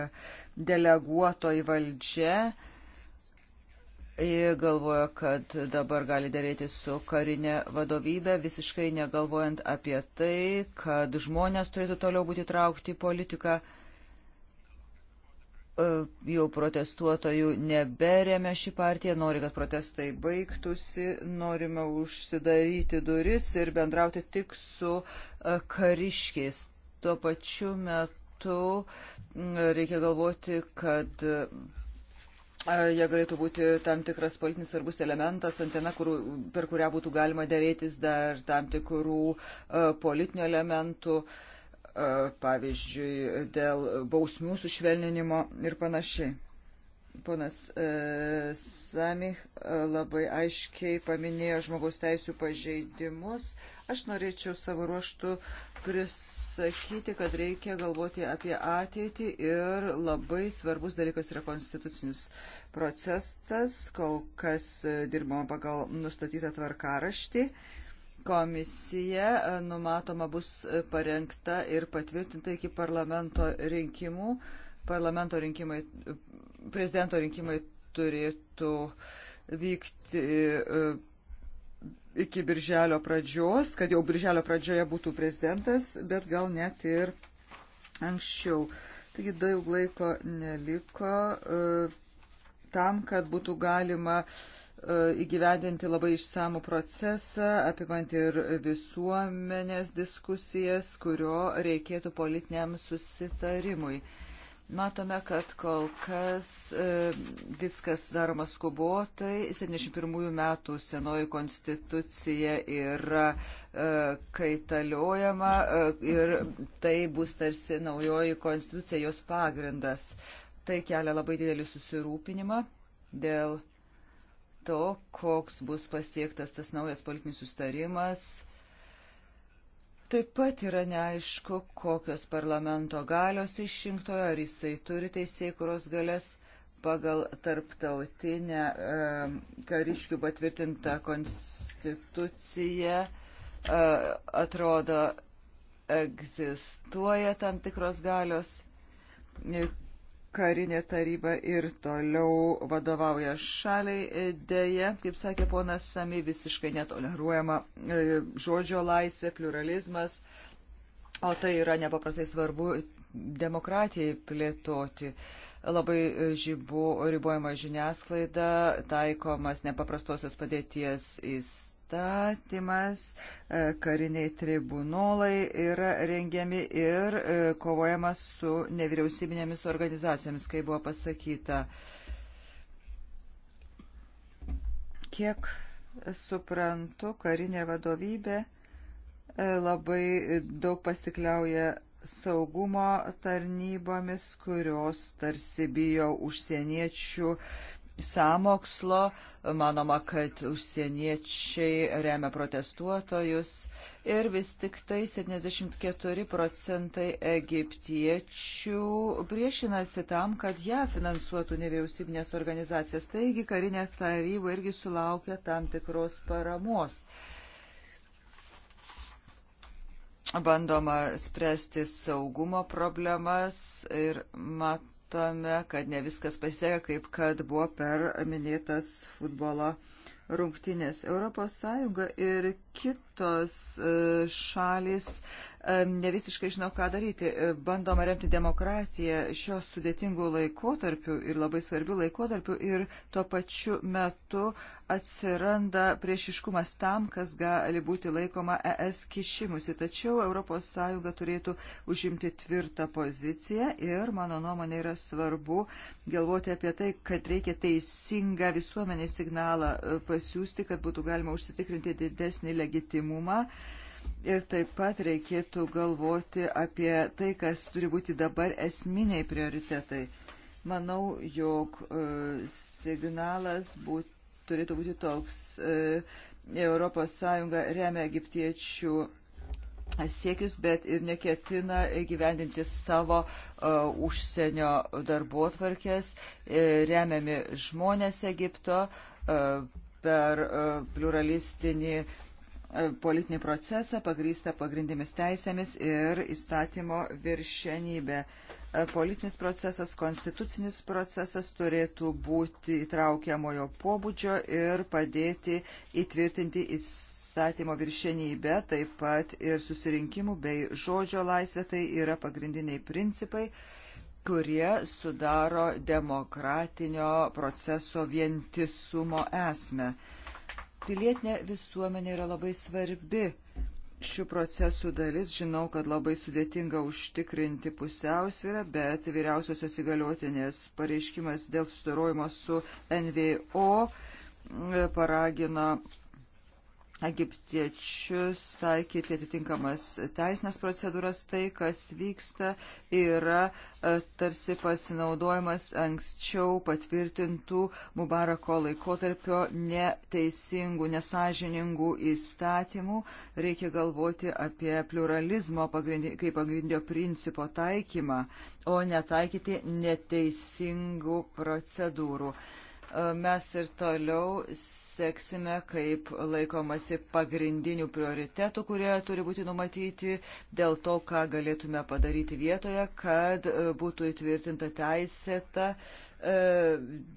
deleguotoji valdžia. Ji galvoja, kad dabar gali dėrėti su karinė vadovybė, visiškai negalvojant apie tai, kad žmonės turėtų toliau būti traukti į politiką. Uh, E, jau protestuotojų neberemia šį partiją, nori, kad protestai baigtųsi, norime užsidaryti duris ir bendrauti tik su e, kariškiais. Tuo pačiu metu reikia galvoti, kad e, jie galėtų būti tam tikras politinis svarbus elementas, antena, kur, per kurią būtų galima dėrėtis dar tam tikrų politinių elementų. Uh, pavyzdžiui, dėl bausmių sušvelninimo ir panašiai. Ponas e, Samich e, labai aiškiai paminėjo žmogaus teisų pažeidimus. Aš norėčiau savo ruoštų prisakyti, kad reikia galvoti apie ateitį ir labai svarbus dalykas yra konstitucinis procesas, kol kas e, dirbama pagal nustatytą tvarkaraštį. raštį Komisija e, numatoma bus e, parengta ir patvirtinta iki parlamento rinkimų. Parlamento rinkimai, e, prezidento rinkimai turėtų vykti iki birželio pradžios, kad jau birželio pradžioje būtų prezidentas, bet gal net ir anksčiau. Taigi daug laiko neliko tam, kad būtų galima uh, E, įgyvendinti labai išsamų procesą, apimant ir visuomenės diskusijas, kurio reikėtų politiniam susitarimui. Matome, kad kol kas e, viskas daroma skubotai. 71 metų senoji konstitucija yra e, kaitaliojama ir tai bus tarsi naujoji konstitucija, jos pagrindas. Tai kelia labai didelį susirūpinimą dėl to, koks bus pasiektas tas naujas politinis sustarimas. Taip pat yra neaišku, kokios parlamento galios išrinktojo, ar jisai turi teisėkuros galės pagal tarptautinę e, kariškių patvirtintą konstituciją. E, atrodo, egzistuoja tam tikros galios karinė taryba ir toliau vadovauja šaliai. E, Deja, kaip sakė ponas Sami, visiškai netoleruojama e, žodžio laisvė, pluralizmas, o tai yra nepaprastai svarbu demokratijai plėtoti. Labai žybu ribojama žiniasklaida, taikomas nepaprastosios padėties įstatymas įstatymas, e, kariniai tribunolai yra rengiami ir e, kovojama su nevyriausybinėmis organizacijomis, kaip buvo pasakyta. Kiek suprantu, karinė vadovybė e, labai daug pasikliauja saugumo tarnybomis, kurios tarsi bijo užsieniečių uh, samokslo. Manoma, kad užsieniečiai remia protestuotojus ir vis tik tai 74 procentai egiptiečių priešinasi tam, kad ją finansuotų nevyriausybinės organizacijas. Taigi karinė taryba irgi sulaukia tam tikros paramos bandoma spręsti saugumo problemas ir mat, matome, kad ne viskas pasiekia, kaip kad buvo per minėtas futbolo rungtynės. Europos Sąjunga ir kit kitos e, šalis e, ne visiškai žino, ką daryti. E, bandoma remti demokratiją šios sudėtingų laikotarpių ir labai svarbių laikotarpių ir tuo pačiu metu atsiranda priešiškumas tam, kas gali būti laikoma ES kišimusi. Tačiau ES turėtų užimti tvirtą poziciją ir, mano nuomonė, yra svarbu galvoti apie tai, kad reikia teisingą visuomenės signalą pasiūsti, kad būtų galima užsitikrinti didesnį legitimą patikimumą. Ir taip pat reikėtų galvoti apie tai, kas turi būti dabar esminiai prioritetai. Manau, jog e, signalas būt, turėtų būti toks. ES remia egiptiečių siekius, bet ir neketina gyvendinti savo uh, užsienio darbo tvarkės, e, remiami žmonės Egipto uh, per uh, pluralistinį E, politinį procesą pagrįstą pagrindėmis teisėmis ir įstatymo viršenybę. E, politinis procesas, konstitucinis procesas turėtų būti įtraukiamojo pobūdžio ir padėti įtvirtinti įstatymo viršenybę, taip pat ir susirinkimų bei žodžio laisvė, tai yra pagrindiniai principai kurie sudaro demokratinio proceso vientisumo esmę. Pilietinė visuomenė yra labai svarbi šių procesų dalis. Žinau, kad labai sudėtinga užtikrinti pusiausvyrą, bet vyriausiosios įgaliotinės pareiškimas dėl susidarojimo su NVO paragina egiptiečius taikyti atitinkamas teisinės procedūras, tai, kas vyksta, yra e, tarsi pasinaudojimas anksčiau patvirtintų Mubarako laikotarpio neteisingų, nesažiningų įstatymų. Reikia galvoti apie pluralizmo pagrindi, kaip pagrindinio principo taikymą, o netaikyti neteisingų procedūrų. E, mes ir toliau seksime, kaip laikomasi pagrindinių prioritetų, kurie turi būti numatyti dėl to, ką galėtume padaryti vietoje, kad e, būtų įtvirtinta teisėta e,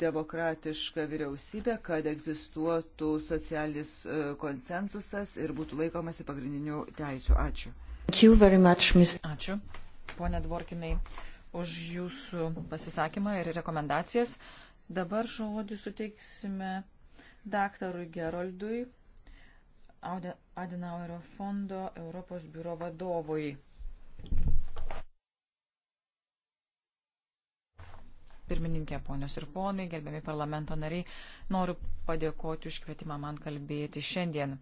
demokratiška vyriausybė, kad egzistuotų socialis konsensusas ir būtų laikomasi pagrindinių teisų. Ačiū. Much, Ačiū, ponė Dvorkinai, už jūsų pasisakymą ir rekomendacijas. Dabar žodį suteiksime daktarui Geroldui, Adenauerio fondo Europos biuro vadovui. Pirmininkė, ponios ir ponai, gerbiami parlamento nariai, noriu padėkoti už kvietimą man kalbėti šiandien.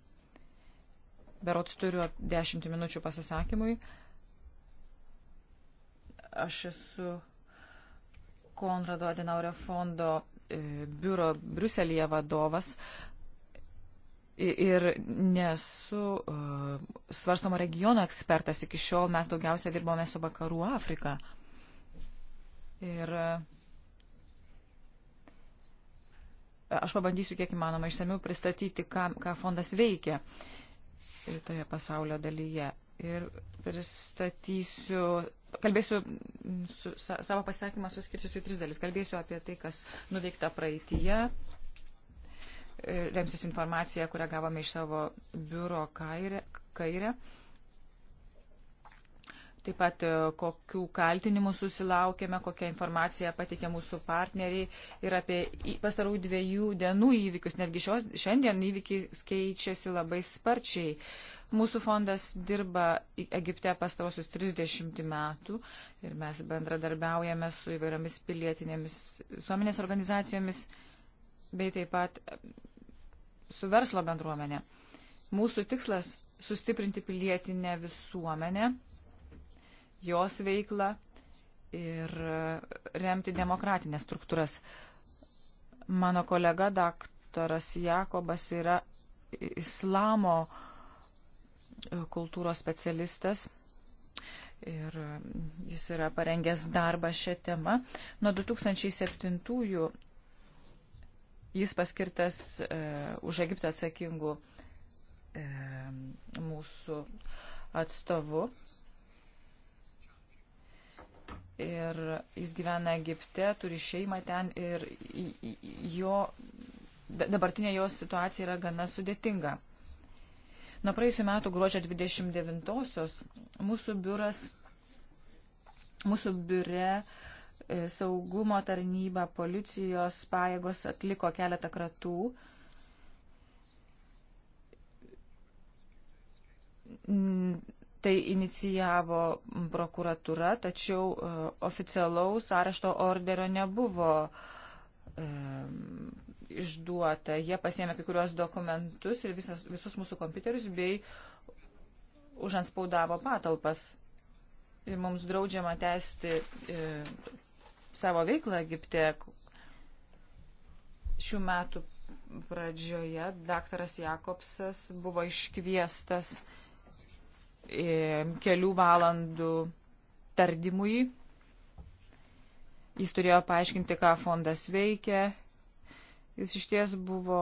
Berots turiu 10 minučių pasisakymui. Aš esu Konrado Adenaurio fondo e, biuro Briuselėje vadovas ir nesu e, svarstomo regiono ekspertas. Iki šiol mes daugiausia dirbome su Vakarų Afrika. Ir e, aš pabandysiu kiek įmanoma išsamiau pristatyti, ką, ką fondas veikia toje pasaulio dalyje. Ir pristatysiu kalbėsiu su, sa, savo pasisakymą suskirsiu į tris dalis. Kalbėsiu apie tai, kas nuveikta praeitįje. Remsius informaciją, kurią gavome iš savo biuro kairę. kairę. Taip pat e, kokių kaltinimų susilaukėme, kokią informaciją patikė mūsų partneriai ir apie pastarų dviejų dienų įvykius. Netgi šios, šiandien įvykiai keičiasi labai sparčiai. Uh, Mūsų fondas dirba Egipte pastarosius 30 metų ir mes bendradarbiaujame su įvairiomis pilietinėmis visuomenės organizacijomis bei taip pat e, su verslo bendruomenė. Mūsų tikslas - sustiprinti pilietinę visuomenę, jos veiklą ir e, remti demokratinės struktūras. Mano kolega daktaras Jakobas yra islamo uh, E, kultūros specialistas ir e, jis yra parengęs darbą šią temą. Nuo 2007-ųjų jis paskirtas e, už Egiptą atsakingų e, mūsų atstovu. Ir jis gyvena Egipte, turi šeimą ten ir jo, dabartinė jo situacija yra gana sudėtinga. Nuo praėjusiu metu gruodžio 29-osios mūsų biuras, mūsų biure e, saugumo tarnyba, policijos pajėgos atliko keletą kratų. Tai inicijavo prokuratūra, tačiau e, oficialaus arešto orderio nebuvo e, išduota. Jie pasiėmė kai kurios dokumentus ir visas, visus mūsų kompiuterius bei užanspaudavo patalpas. Ir mums draudžiama tęsti e, savo veiklą Egipte. Šių metų pradžioje daktaras Jakobsas buvo iškviestas e, kelių valandų tardymui. Jis turėjo paaiškinti, ką fondas veikia Jis iš ties buvo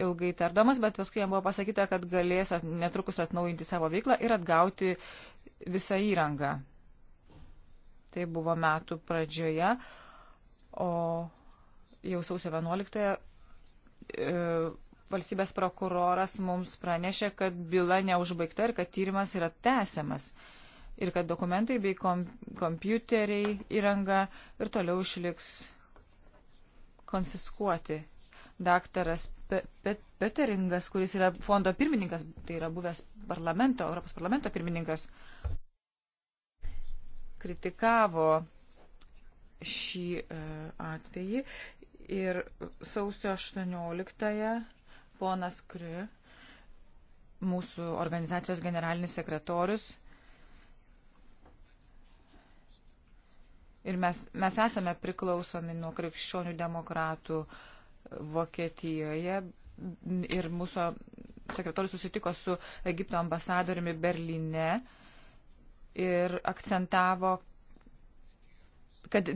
ilgai tardamas, bet paskui jam buvo pasakyta, kad galės at, netrukus atnaujinti savo veiklą ir atgauti visą įrangą. Tai buvo metų pradžioje, o jau sausio 11 e, valstybės prokuroras mums pranešė, kad byla neužbaigta ir kad tyrimas yra tęsiamas ir kad dokumentai bei kom kompiuteriai įranga ir toliau išliks konfiskuoti. Daktaras Peteringas, kuris yra fondo pirmininkas, tai yra buvęs parlamento, Europos parlamento pirmininkas, kritikavo šį e, atvejį ir sausio 18-ąją ponas Kri, mūsų organizacijos generalinis sekretorius, Ir mes, mes esame priklausomi nuo krikščionių demokratų Vokietijoje ir mūsų sekretorius susitiko su Egipto ambasadoriumi Berlyne ir akcentavo, kad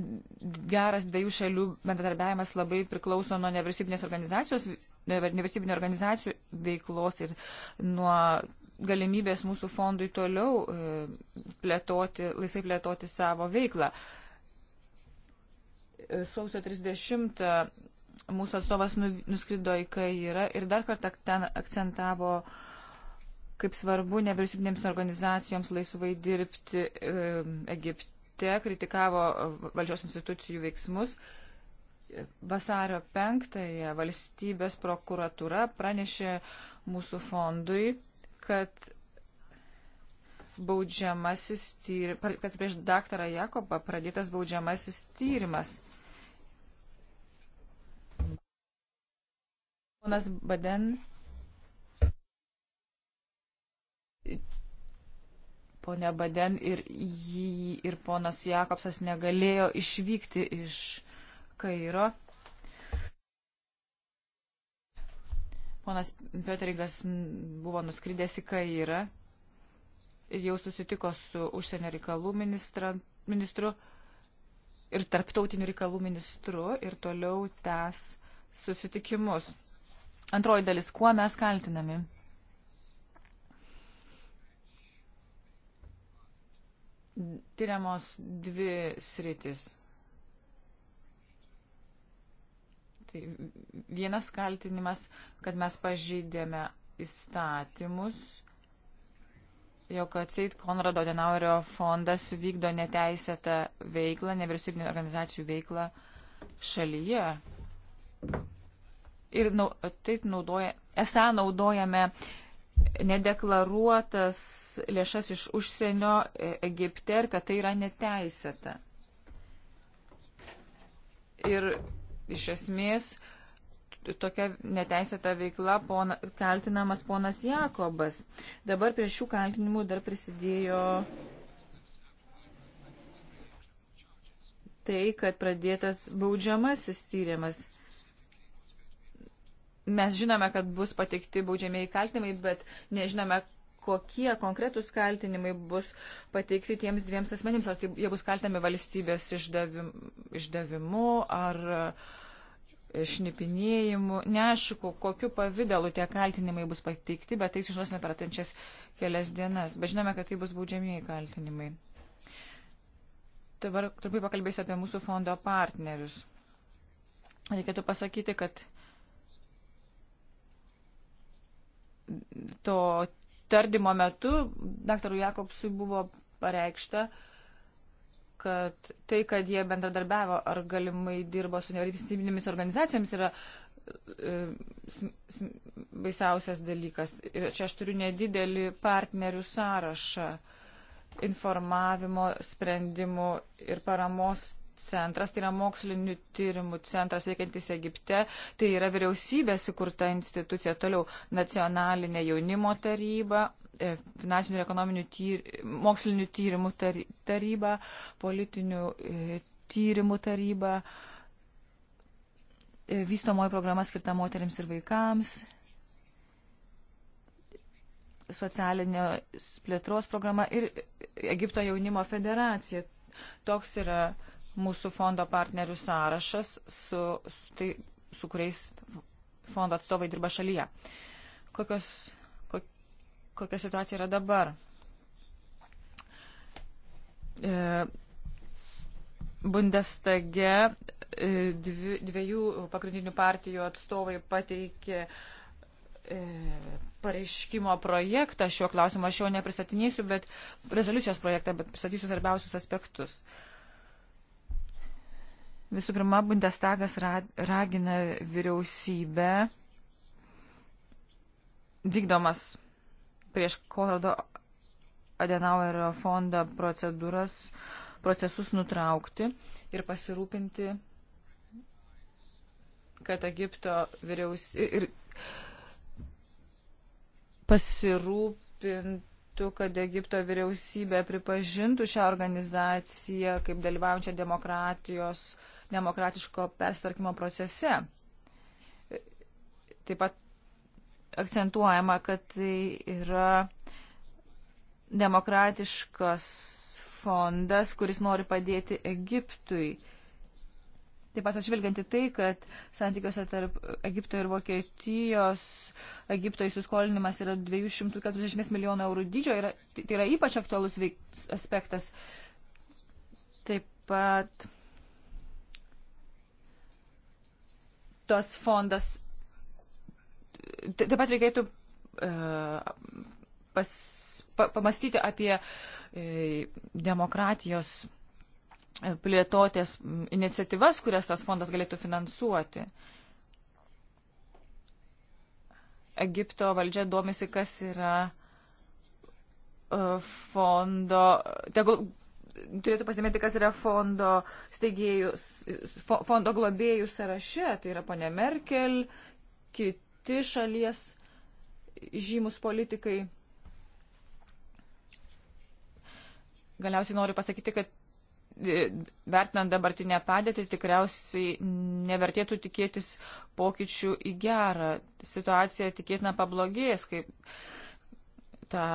geras dviejų šalių bendradarbiavimas labai priklauso nuo nevyriausybinės organizacijos, nevyriausybinio organizacijų veiklos ir nuo galimybės mūsų fondui toliau e, plėtoti, laisvai plėtoti savo veiklą. Uh, sausio 30 mūsų atstovas nu, nuskrido į Kairą ir dar kartą ten akcentavo, kaip svarbu nevyriausybinėms organizacijoms laisvai dirbti Egipte, kritikavo valdžios institucijų veiksmus. Vasario 5-ąją valstybės prokuratura pranešė mūsų fondui, kad baudžiamasis tyrimas, kad prieš daktarą Jakobą pradėtas baudžiamasis tyrimas. Ponas Baden. Pone Baden ir, jį, ir ponas Jakobsas negalėjo išvykti iš Kairo. Ponas Petrigas buvo nuskridęs į Kairą ir jau susitiko su užsienio reikalų ministra, ministru ir tarptautiniu reikalų ministru ir toliau tęs susitikimus Antroji dalis, kuo mes kaltinami? Tyriamos dvi sritis. Tai vienas kaltinimas, kad mes pažydėme įstatymus, jog atseit Konrado Denaurio fondas vykdo neteisėtą veiklą, nevyriausybinio organizacijų veiklą šalyje ir nau, taip naudoja, esą naudojame nedeklaruotas lėšas iš užsienio e, Egipte ir kad tai yra neteisėta. Ir iš esmės tokia neteisėta veikla pona, kaltinamas ponas Jakobas. Dabar prie šių kaltinimų dar prisidėjo tai, kad pradėtas baudžiamasis tyrimas mes žinome, kad bus pateikti baudžiamiai kaltinimai, bet nežinome, kokie konkretūs kaltinimai bus pateikti tiems dviems asmenims, ar tai jie bus kaltinami valstybės išdavimu, išdavimu ar e, šnipinėjimu. Neaišku, kokiu pavydalu tie kaltinimai bus pateikti, bet tai sužinosime per atančias kelias dienas. Bet žinome, kad tai bus baudžiamieji kaltinimai. Dabar trumpai pakalbėsiu apie mūsų fondo partnerius. Reikėtų pasakyti, kad to tardymo metu daktarui Jakobsui buvo pareikšta, kad tai, kad jie bendradarbiavo ar galimai dirbo su nevyriausybinėmis organizacijomis, yra e, baisiausias dalykas. Ir čia aš turiu nedidelį partnerių sąrašą informavimo, sprendimų ir paramos centras, tai yra mokslinių tyrimų centras veikiantis Egipte, tai yra vyriausybės įkurta institucija, toliau nacionalinė jaunimo taryba, e, finansinių ir ekonominių tyr, mokslinių tyrimų taryba, politinių e, tyrimų taryba, e, vystomoji programa skirta moteriams ir vaikams socialinio plėtros programa ir Egipto jaunimo federacija. Toks yra uh, mūsų fondo partnerių sąrašas, su, su, tai, su kuriais fondo atstovai dirba šalyje. Kokios, kok, kokia situacija yra dabar? E, Bundestage e, dvi, dviejų pagrindinių partijų atstovai pateikė e, pareiškimo projektą šiuo klausimu. Aš jo nepristatinėsiu, bet rezoliucijos projektą, bet pristatysiu svarbiausius aspektus. E, Visų pirma, Bundestagas ragina vyriausybę vykdomas prieš Konrado Adenauerio fondą procedūras, procesus nutraukti ir pasirūpinti, kad Egipto vyriausybė ir pasirūpinti kad Egipto vyriausybė pripažintų šią organizaciją kaip dalyvaujančią demokratijos uh, demokratiško persitvarkymo procese. Taip pat akcentuojama, kad tai yra demokratiškas fondas, kuris nori padėti Egiptui. Taip pat ašvilgianti tai, kad santykiuose tarp Egipto ir Vokietijos Egipto įsiskolinimas yra 240 milijonų eurų dydžio, yra, tai yra ypač aktualus veik, aspektas. Taip pat tas fondas. Taip pat reikėtų e, pas, pa, pamastyti apie e, demokratijos e, plėtotės iniciatyvas, kurias tas fondas galėtų finansuoti. Egipto valdžia domisi, kas yra fondo, tegul turėtų pasimėti, kas yra fondo steigėjų, fondo globėjų sąraše. Tai yra ponė Merkel, kiti šalies žymus politikai. Galiausiai noriu pasakyti, kad e, vertinant dabartinę padėtį, tikriausiai nevertėtų tikėtis pokyčių į gerą. Situacija tikėtina pablogės, kaip tą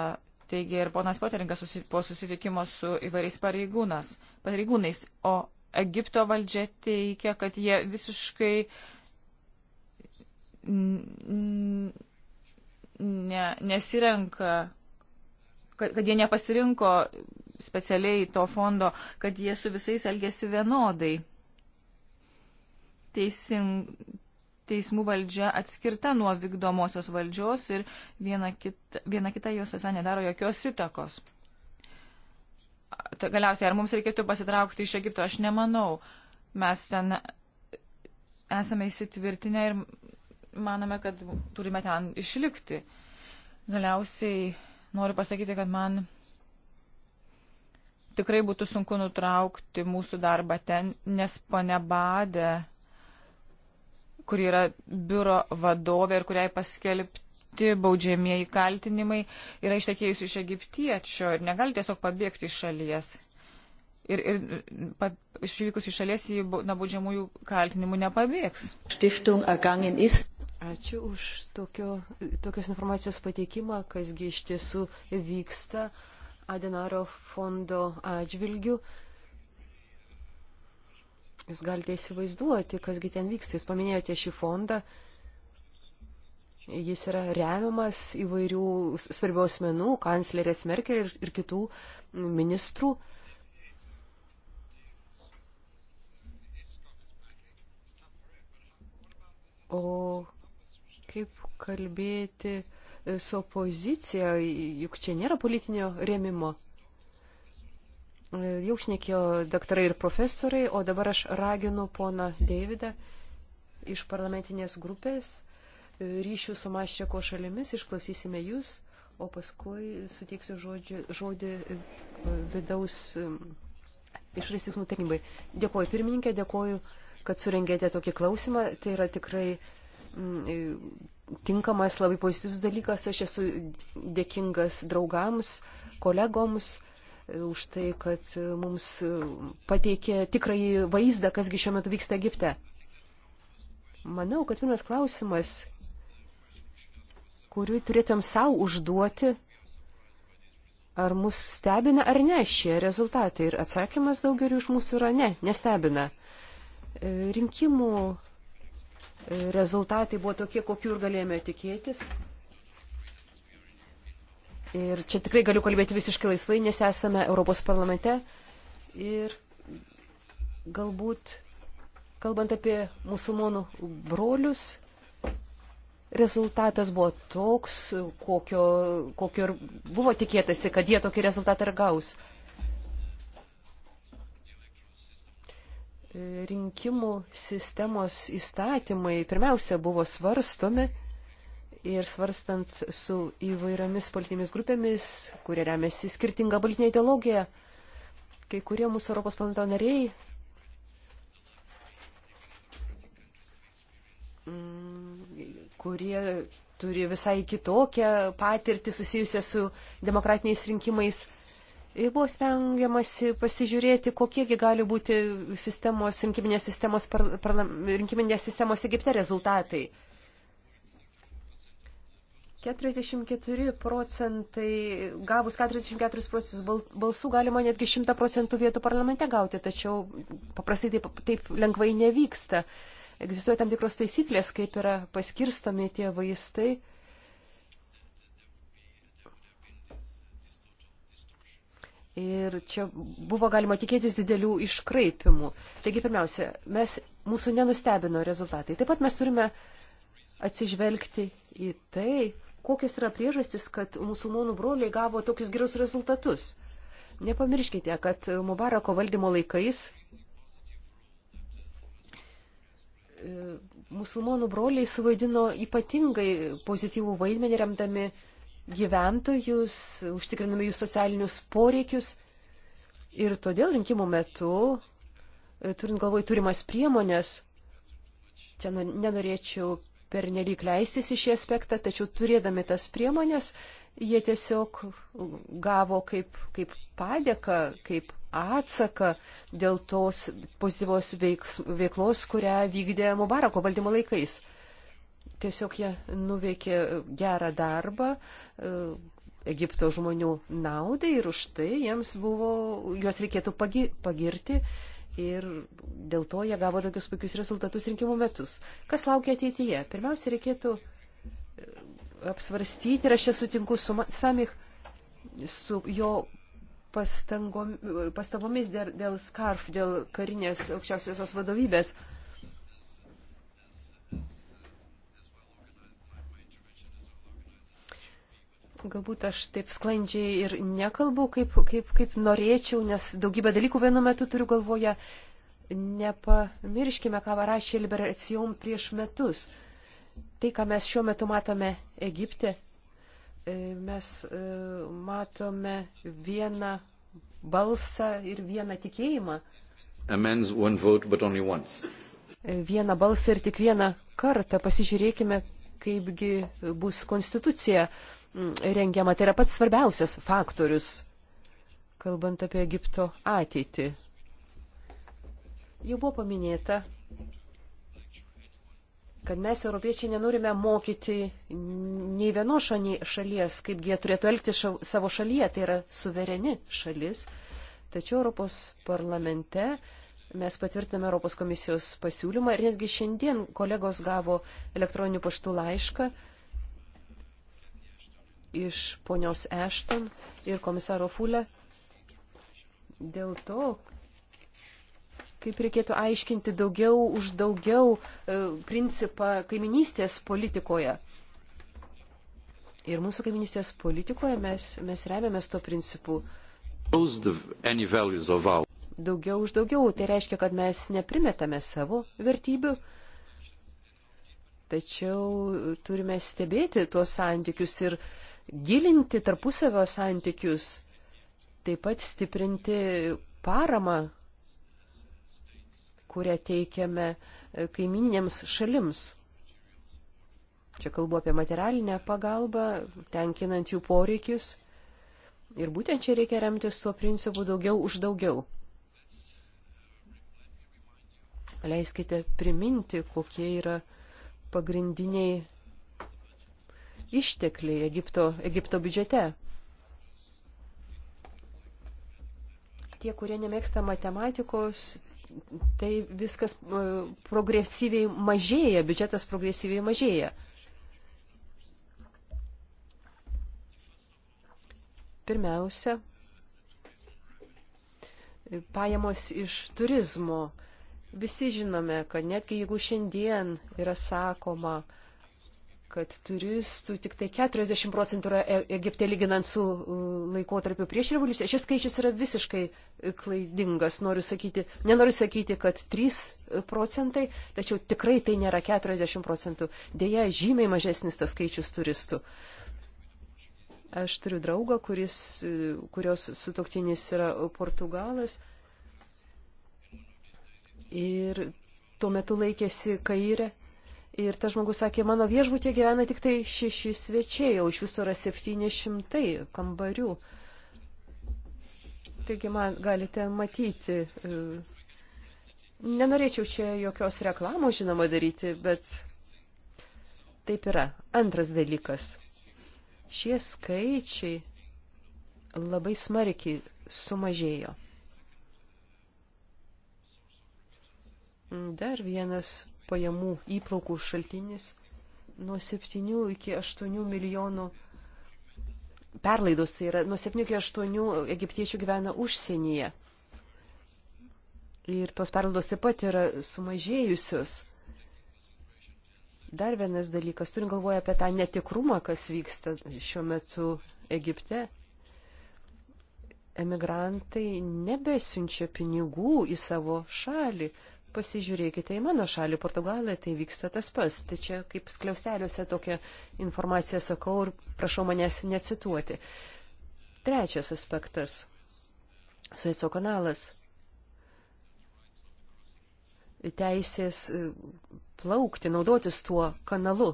teigė ir ponas Poteringas susi, po susitikimo su įvairiais pareigūnais. O Egipto valdžia teikia, kad jie visiškai ne, nesirenka, kad, kad jie nepasirinko specialiai to fondo, kad jie su visais elgėsi vienodai. Teising, teismų valdžia atskirta nuo vykdomosios valdžios ir viena kita, viena kita jos esą nedaro jokios įtakos. Galiausiai, ar mums reikėtų pasitraukti iš Egipto, aš nemanau. Mes ten esame įsitvirtinę ir manome, kad turime ten išlikti. Galiausiai noriu pasakyti, kad man tikrai būtų sunku nutraukti mūsų darbą ten, nes pane Badė kuri yra biuro vadovė ir kuriai paskelbti baudžiamieji kaltinimai, yra ištekėjusi iš egiptiečio ir negali tiesiog pabėgti iš šalies. Ir, ir pa, išvykus iš šalies į nabaudžiamųjų kaltinimų nepabėgs. Ačiū už tokio, tokios informacijos pateikimą, kasgi iš tiesų vyksta Adenaro fondo atžvilgių. Jūs galite įsivaizduoti, kasgi ten vyksta. Jūs paminėjote šį fondą. Jis yra remiamas įvairių svarbių asmenų, kanclerės Merkel ir, ir kitų ministrų. O kaip kalbėti e, su opozicija, juk čia nėra politinio rėmimo. Jau šnekėjo daktarai ir profesoriai, o dabar aš raginu poną Deividą iš parlamentinės grupės e, ryšių su Maščiako šalimis, išklausysime jūs, o paskui suteiksiu žodžiu, žodį e, vidaus e, išorės teismų tarnybai. Dėkoju pirmininkė, dėkoju, kad surengėte tokį klausimą. Tai yra tikrai m, tinkamas, labai pozityvus dalykas. Aš esu dėkingas draugams, kolegoms už tai, kad mums pateikė tikrąjį vaizdą, kasgi šiuo metu vyksta Egipte. Manau, kad vienas klausimas, kurį turėtum savo užduoti, ar mus stebina ar ne šie rezultatai. Ir atsakymas daugeliu iš mūsų yra ne, nestebina. E, rinkimų e, rezultatai buvo tokie, kokiu ir galėjome tikėtis. Ir čia tikrai galiu kalbėti visiškai laisvai, nes esame Europos parlamente. Ir galbūt, kalbant apie musulmonų brolius, rezultatas buvo toks, kokio, kokio ir buvo tikėtasi, kad jie tokį rezultatą ir gaus. Rinkimų sistemos įstatymai pirmiausia buvo svarstomi ir svarstant su įvairiomis politinėmis grupėmis, kurie remiasi skirtingą politinę ideologiją, kai kurie mūsų Europos parlamento nariai mm, kurie turi visai kitokią patirtį susijusią su demokratiniais rinkimais. Ir buvo stengiamasi pasižiūrėti, kokiegi gali būti sistemos, rinkiminės sistemos, parla, rinkiminės sistemos Egipte rezultatai. 44 procentai, gavus 44 procentus balsų galima netgi 100 procentų vietų parlamente gauti, tačiau paprastai taip, taip lengvai nevyksta. Egzistuoja tam tikros taisyklės, kaip yra paskirstomi tie vaistai. Ir čia buvo galima tikėtis didelių iškraipimų. Taigi, pirmiausia, mes, mūsų nenustebino rezultatai. Taip pat mes turime atsižvelgti į tai, kokios yra priežastis, kad musulmonų broliai gavo tokius gerus rezultatus. Nepamirškite, kad Mubarako valdymo laikais e, musulmonų broliai suvaidino ypatingai pozityvų vaidmenį remdami gyventojus, užtikrinami jų socialinius poreikius. Ir todėl rinkimų metu, e, turint galvoj turimas priemonės, čia nenorėčiau per nelik leistis į šį aspektą, tačiau turėdami tas priemonės, jie tiesiog gavo kaip, kaip padėką, kaip atsaką dėl tos pozityvos veiks, veiklos, kurią vykdė Mubarako valdymo laikais. Tiesiog jie nuveikė gerą darbą e, Egipto žmonių naudai ir už tai jiems buvo, juos reikėtų pagirti ir dėl to jie gavo tokius puikius rezultatus rinkimų metus. Kas laukia ateityje? Pirmiausia, reikėtų e, apsvarstyti, ir aš čia sutinku su Samich, su jo pastangom, e, pastabomis dėl, dėl SCARF, dėl karinės aukščiausiosios vadovybės. Galbūt aš taip sklandžiai ir nekalbu, kaip, kaip, kaip norėčiau, nes daugybę dalykų vienu metu turiu galvoje. Nepamirškime, ką rašė Liberacijom prieš metus. Tai, ką mes šiuo metu matome Egipte, e, mes e, matome vieną balsą ir vieną tikėjimą. Vote, e, vieną balsą ir tik vieną kartą. Pasižiūrėkime, kaipgi bus konstitucija rengiama. Tai yra pats svarbiausias faktorius, kalbant apie Egipto ateitį. Jau buvo paminėta, kad mes, europiečiai, nenorime mokyti nei vienos šalies, kaip jie turėtų elgti ša savo šalyje, tai yra suvereni šalis. Tačiau Europos parlamente mes patvirtiname Europos komisijos pasiūlymą ir netgi šiandien kolegos gavo elektroniniu paštu laišką, iš ponios Ešton ir komisaro Fulė dėl to, kaip reikėtų aiškinti daugiau už daugiau e, principą kaiminystės politikoje. Ir mūsų kaiminystės politikoje mes, mes remiamės to principu. Daugiau už daugiau, tai reiškia, kad mes neprimetame savo vertybių, tačiau turime stebėti tuos santykius ir uh, gilinti tarpusavio santykius, taip pat stiprinti paramą, kurią teikiame e, kaimininėms šalims. Čia kalbu apie materialinę pagalbą, tenkinant jų poreikius. Ir būtent čia reikia remtis tuo principu daugiau už daugiau. Leiskite priminti, kokie yra pagrindiniai ištekliai Egipto, Egipto biudžete. Tie, kurie nemėgsta matematikos, tai viskas e, progresyviai mažėja, biudžetas progresyviai mažėja. Pirmiausia, pajamos iš turizmo. Visi žinome, kad netgi jeigu šiandien yra sakoma, kad turistų tik tai 40 procentų yra e-, Egipte lyginant su laikotarpiu prieš revoliuciją. Šis skaičius yra visiškai e, klaidingas. Noriu sakyti, nenoriu sakyti, kad 3 e, procentai, tačiau tikrai tai nėra 40 procentų. Deja, žymiai mažesnis tas skaičius turistų. Aš turiu draugą, kuris, kurios sutoktinis yra Portugalas. Ir tuo metu laikėsi Kairė Ir tas žmogus sakė, mano viešbutė gyvena tik tai šeši svečiai, o iš viso yra 700 kambarių. Taigi man galite matyti. E, nenorėčiau čia jokios reklamos, žinoma, daryti, bet taip yra. Antras dalykas. Šie skaičiai labai smarkiai sumažėjo. Dar vienas pajamų įplaukų šaltinis nuo 7 iki 8 milijonų perlaidos, tai yra nuo 7 iki 8 egiptiečių gyvena užsienyje. Ir tos perlaidos taip pat yra sumažėjusios. Dar vienas dalykas, turim galvoje apie tą netikrumą, kas vyksta šiuo metu Egipte. Emigrantai nebesiunčia pinigų į savo šalį, Pasižiūrėkite į mano šalį, Portugalą, tai vyksta tas pas. Tai čia kaip skliausteliuose tokią informaciją sakau ir prašau manęs necituoti. Trečias aspektas. Sueco kanalas. Teisės e, plaukti, naudotis tuo kanalu.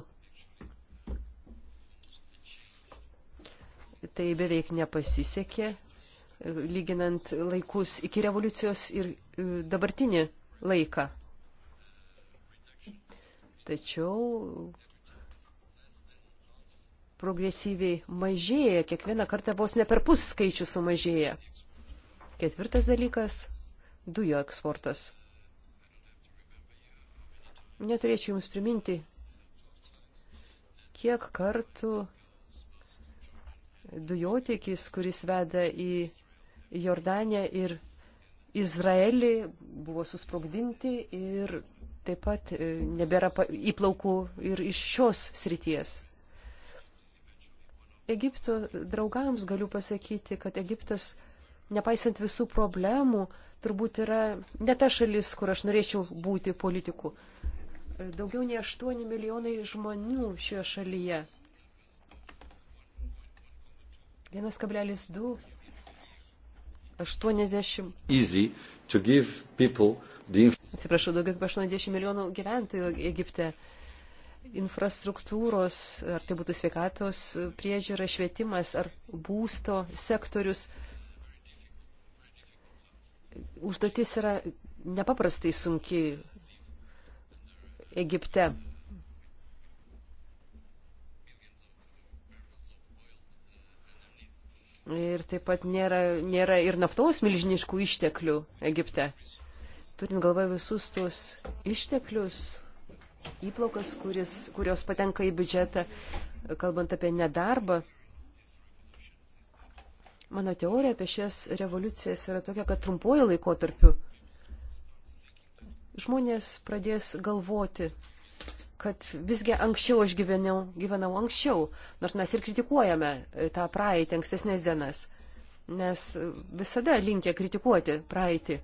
Tai beveik nepasisekė, e, lyginant laikus iki revoliucijos ir e, dabartinį laiką. Tačiau progresyviai mažėja, kiekvieną kartą vos ne per pus skaičių sumažėja. Ketvirtas dalykas - dujo eksportas. Neturėčiau Jums priminti, kiek kartų dujotiekis, kuris veda į Jordanę ir Izraelį buvo susprogdinti ir taip pat e, nebėra įplaukų ir iš šios srities. Egipto draugams galiu pasakyti, kad Egiptas, nepaisant visų problemų, turbūt yra ne ta šalis, kur aš norėčiau būti politiku. E, daugiau nei 8 milijonai žmonių šioje šalyje. 1,2 80. Easy to give people the Atsiprašau, daugiau kaip 80 milijonų gyventojų Egipte. Infrastruktūros, ar tai būtų sveikatos priežiūra, švietimas ar būsto sektorius. Užduotis yra nepaprastai sunki Egipte. Ir taip pat nėra, nėra ir naftos milžiniškų išteklių Egipte. Turint galvoje visus tuos išteklius, įplaukas, kuris, kurios patenka į biudžetą, kalbant apie nedarbą, mano teorija apie šias revoliucijas yra tokia, kad trumpuoju laikotarpiu žmonės pradės galvoti kad visgi anksčiau aš gyvenau, gyvenau anksčiau, nors mes ir kritikuojame e, tą praeitį, ankstesnės dienas, nes e, visada linkia kritikuoti praeitį.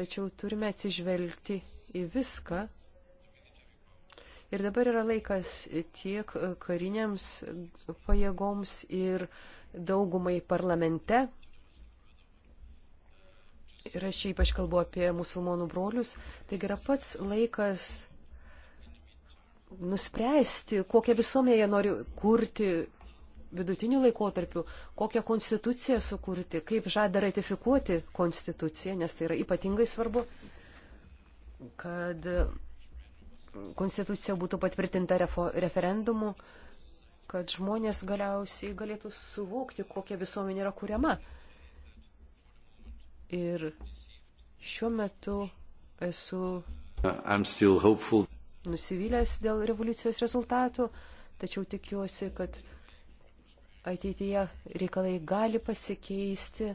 Tačiau turime atsižvelgti į viską. Ir dabar yra laikas tiek e, kariniams pajėgoms ir daugumai parlamente ir aš čia ypač kalbu apie musulmonų brolius, tai yra pats laikas nuspręsti, kokią visuomenę jie nori kurti vidutiniu laikotarpiu, kokią konstituciją sukurti, kaip žada ratifikuoti konstituciją, nes tai yra ypatingai svarbu, kad konstitucija būtų patvirtinta referendumu, kad žmonės galiausiai galėtų suvokti, kokia visuomenė yra kuriama. Ir šiuo metu esu uh, nusivylęs dėl revoliucijos rezultatų, tačiau tikiuosi, kad ateityje reikalai gali pasikeisti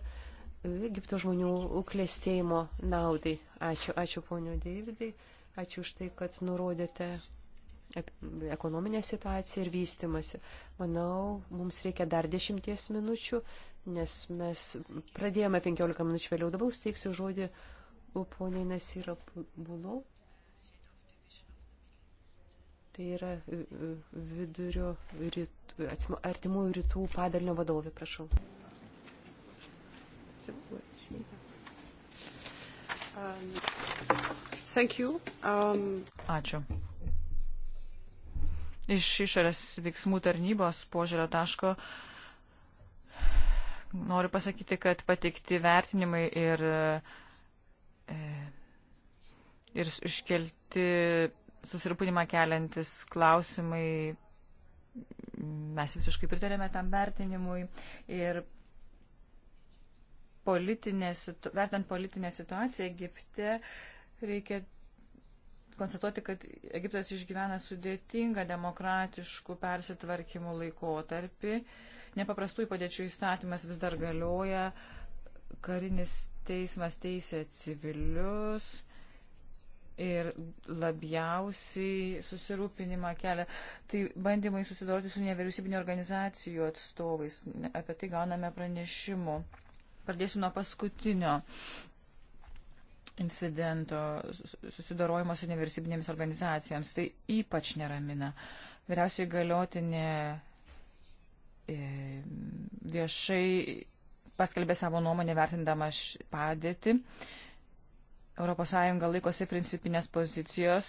Egipto žmonių klėstėjimo naudai. Ačiū, ačiū ponio Davidai, ačiū už tai, kad nurodėte ekonominę situaciją ir vystimasi. Manau, mums reikia dar dešimties minučių, nes mes pradėjome 15 minučių vėliau. Dabar steiksiu žodį poniai Nasira Bulo. Tai yra e, e, vidurio rytų, artimųjų rytų padalinio vadovė, prašau. Um, Ačiū. Iš išorės veiksmų tarnybos požiūrio taško uh, Noriu pasakyti, kad patikti vertinimai ir, e, ir iškelti susirūpinimą keliantis klausimai, mes visiškai pritarėme tam vertinimui ir politinė, vertant politinę situaciją Egipte, reikia konstatuoti, kad Egiptas išgyvena sudėtingą demokratiškų persitvarkymų laikotarpį. tarpį Nepaprastųjų padėčių įstatymas vis dar galioja, karinis teismas teisė civilius ir labiausiai susirūpinimą kelia. Tai bandymai susidoroti su nevyriausybinio organizacijų atstovais. Apie tai gauname pranešimų. Pradėsiu nuo paskutinio incidento susidorojimo su nevyriausybinėmis organizacijoms. Tai ypač neramina. Vyriausiai galiotinė E, viešai paskelbė savo nuomonę vertindama padėtį. ES laikosi principinės pozicijos,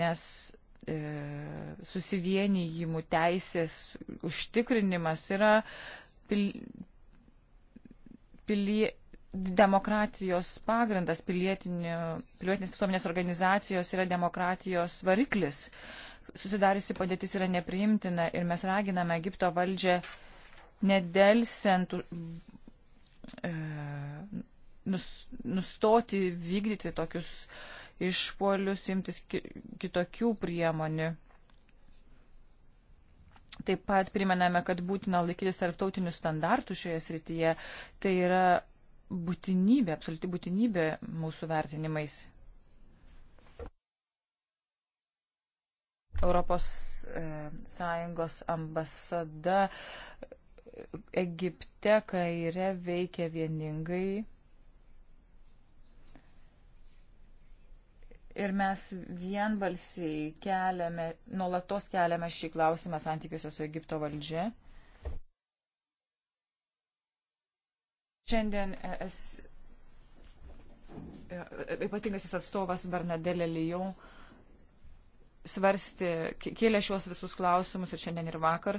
nes e, susivienijimų teisės užtikrinimas yra pil, pilie, demokratijos pagrindas, pilietinės visuomenės organizacijos yra demokratijos variklis. E, susidariusi padėtis yra nepriimtina ir mes raginame Egipto valdžią nedelsiant e, nustoti vykdyti tokius išpolius, imtis kitokių priemonių. Taip pat primename, kad būtina laikytis tarptautinių standartų šioje srityje. Tai yra būtinybė, absoliuti būtinybė mūsų vertinimais. Europos e, Sąjungos ambasada Egipte, Kaire veikia vieningai. Ir mes vienbalsiai keliame, nuolatos keliame šį klausimą santykiuose su Egipto valdžia. Šiandien es, e, ypatingasis atstovas Bernadelė Lijon svarstė, kėlė šios visus klausimus ir šiandien ir vakar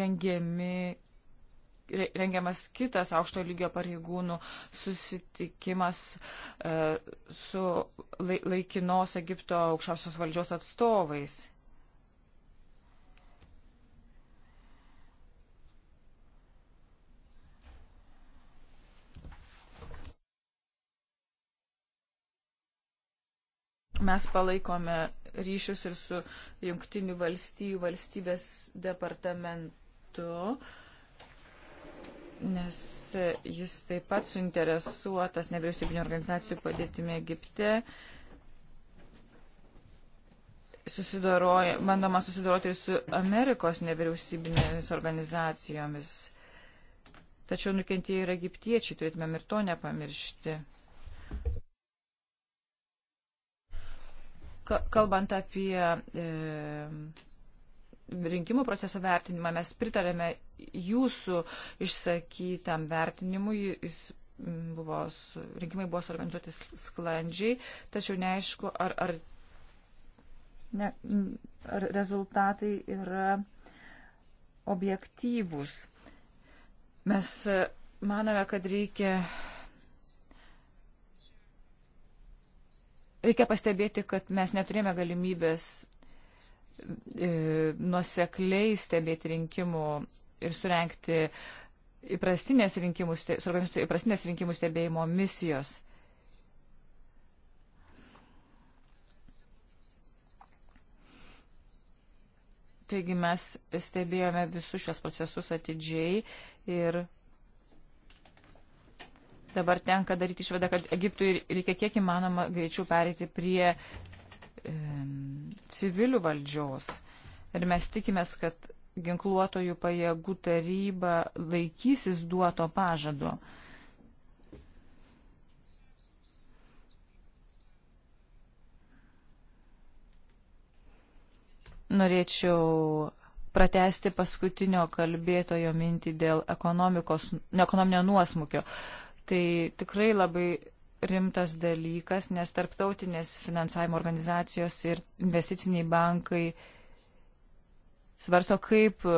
rengiami, rengiamas kitas aukšto lygio pareigūnų susitikimas e, su laikinos Egipto aukščiausios valdžios atstovais. Mes palaikome ryšius ir su Junktinių valstybių valstybės departamentu, nes jis taip pat suinteresuotas nevyriausybinio organizacijų padėtimi Egipte. Susidoroja, bandoma susidoroti ir su Amerikos nevyriausybinėmis organizacijomis. Tačiau nukentėjai ir egiptiečiai, turėtumėm ir to nepamiršti. kalbant apie e, rinkimų proceso vertinimą, mes pritarėme jūsų išsakytam vertinimui. Jis buvo, su, rinkimai buvo suorganizuoti sklandžiai, tačiau neaišku, ar, ar, ne, ar rezultatai yra objektyvūs. Mes e, manome, kad reikia reikia pastebėti, kad mes neturėjome galimybės e, nuosekliai stebėti rinkimų ir surenkti įprastinės rinkimų, įprastinės rinkimų stebėjimo misijos. Taigi mes stebėjome visus šios procesus atidžiai ir Dabar tenka daryti išvadą, kad Egiptui reikia kiek įmanoma greičiau pereiti prie e, civilių valdžios. Ir mes tikimės, kad ginkluotojų pajėgų taryba laikysis duoto pažado. Norėčiau pratesti paskutinio kalbėtojo mintį dėl ekonomikos, ekonominio nuosmukio. E, Tai tikrai labai rimtas dalykas, nes tarptautinės finansavimo organizacijos ir investiciniai bankai svarsto, kaip e,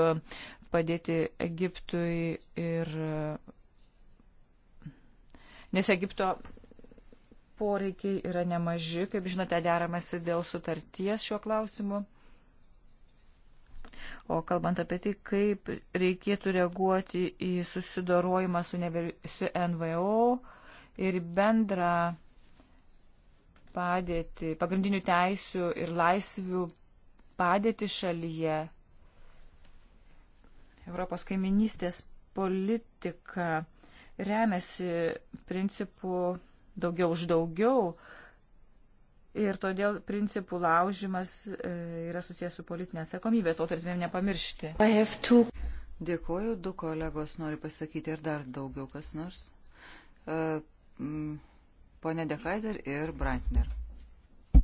padėti Egiptui ir. E, nes Egipto poreikiai yra nemaži, kaip žinote, deramasi dėl sutarties šiuo klausimu. O kalbant apie tai, kaip reikėtų reaguoti į susidorojimą su, never... su NVO ir bendrą padėtį, pagrindinių teisių ir laisvių padėtį šalyje, Europos kaiminystės politika remiasi principu daugiau už daugiau, Ir todėl principų laužimas e, yra susijęs su politinė atsakomybė, to turėtumėm nepamiršti. To... Dėkuoju, du kolegos nori pasakyti ir dar daugiau kas nors. Uh, Pone Dekaiser ir Brantner. Uh,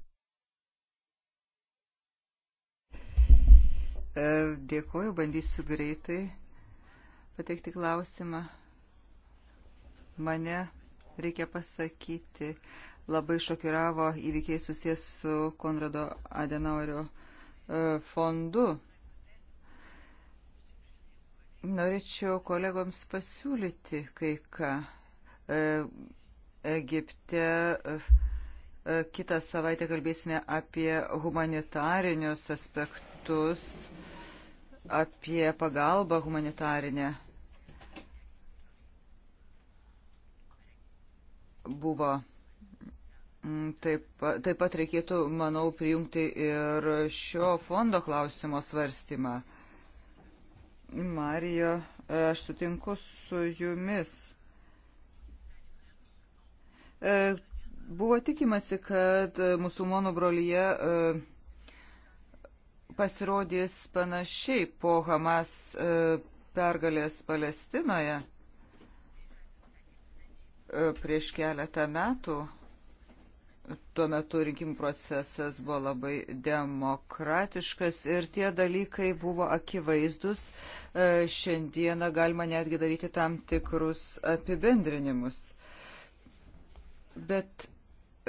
e, dėkuoju, bandysiu greitai pateikti klausimą. Mane reikia pasakyti. Uh, labai šokiravo įvykiai susijęs su Konrado Adenauerio e, fondu. Norėčiau kolegoms pasiūlyti kai ką. E, Egipte e, kitą savaitę kalbėsime apie humanitarinius aspektus, apie pagalbą humanitarinę. Buvo Mm, taip, taip pat reikėtų, manau, prijungti ir šio fondo klausimo svarstymą. Marijo, aš sutinku su jumis. E, buvo tikimasi, kad musulmonų brolyje e, pasirodys panašiai po Hamas e, pergalės Palestinoje prieš keletą metų Tuo metu rinkimų procesas buvo labai demokratiškas ir tie dalykai buvo akivaizdus. E, šiandieną galima netgi daryti tam tikrus apibendrinimus. Bet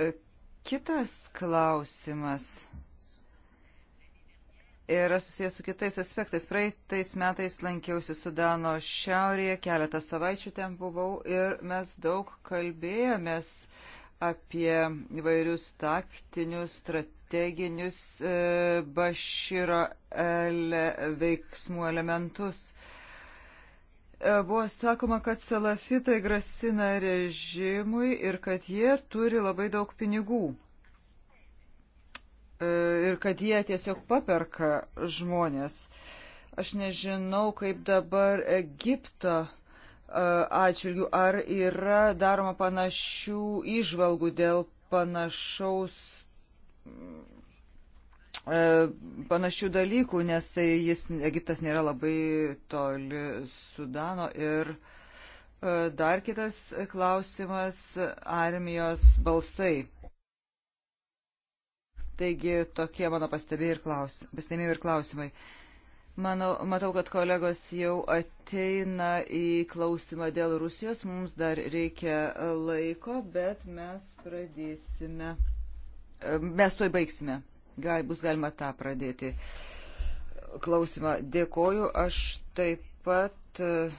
e, kitas klausimas yra susijęs su kitais aspektais. Praeitais metais lankiausi Sudano šiaurėje, keletą savaičių ten buvau ir mes daug kalbėjomės apie įvairius taktinius, strateginius e, Baširo ele, veiksmų elementus. E, buvo sakoma, kad salafitai grasina režimui ir kad jie turi labai daug pinigų. E, ir kad jie tiesiog paperka žmonės. Aš nežinau, kaip dabar Egipto E, atžvilgių, ar yra daroma panašių išvalgų dėl panašaus e, panašių dalykų, nes tai jis, Egiptas nėra labai toli Sudano ir e, dar kitas klausimas - armijos balsai. Taigi tokie mano pastebėjimai ir klausimai. Manau, matau, kad kolegos jau ateina į klausimą dėl Rusijos. Mums dar reikia laiko, bet mes pradėsime. Mes toj baigsime. Gal, bus galima tą pradėti. Klausimą dėkoju. Aš taip pat. Uh,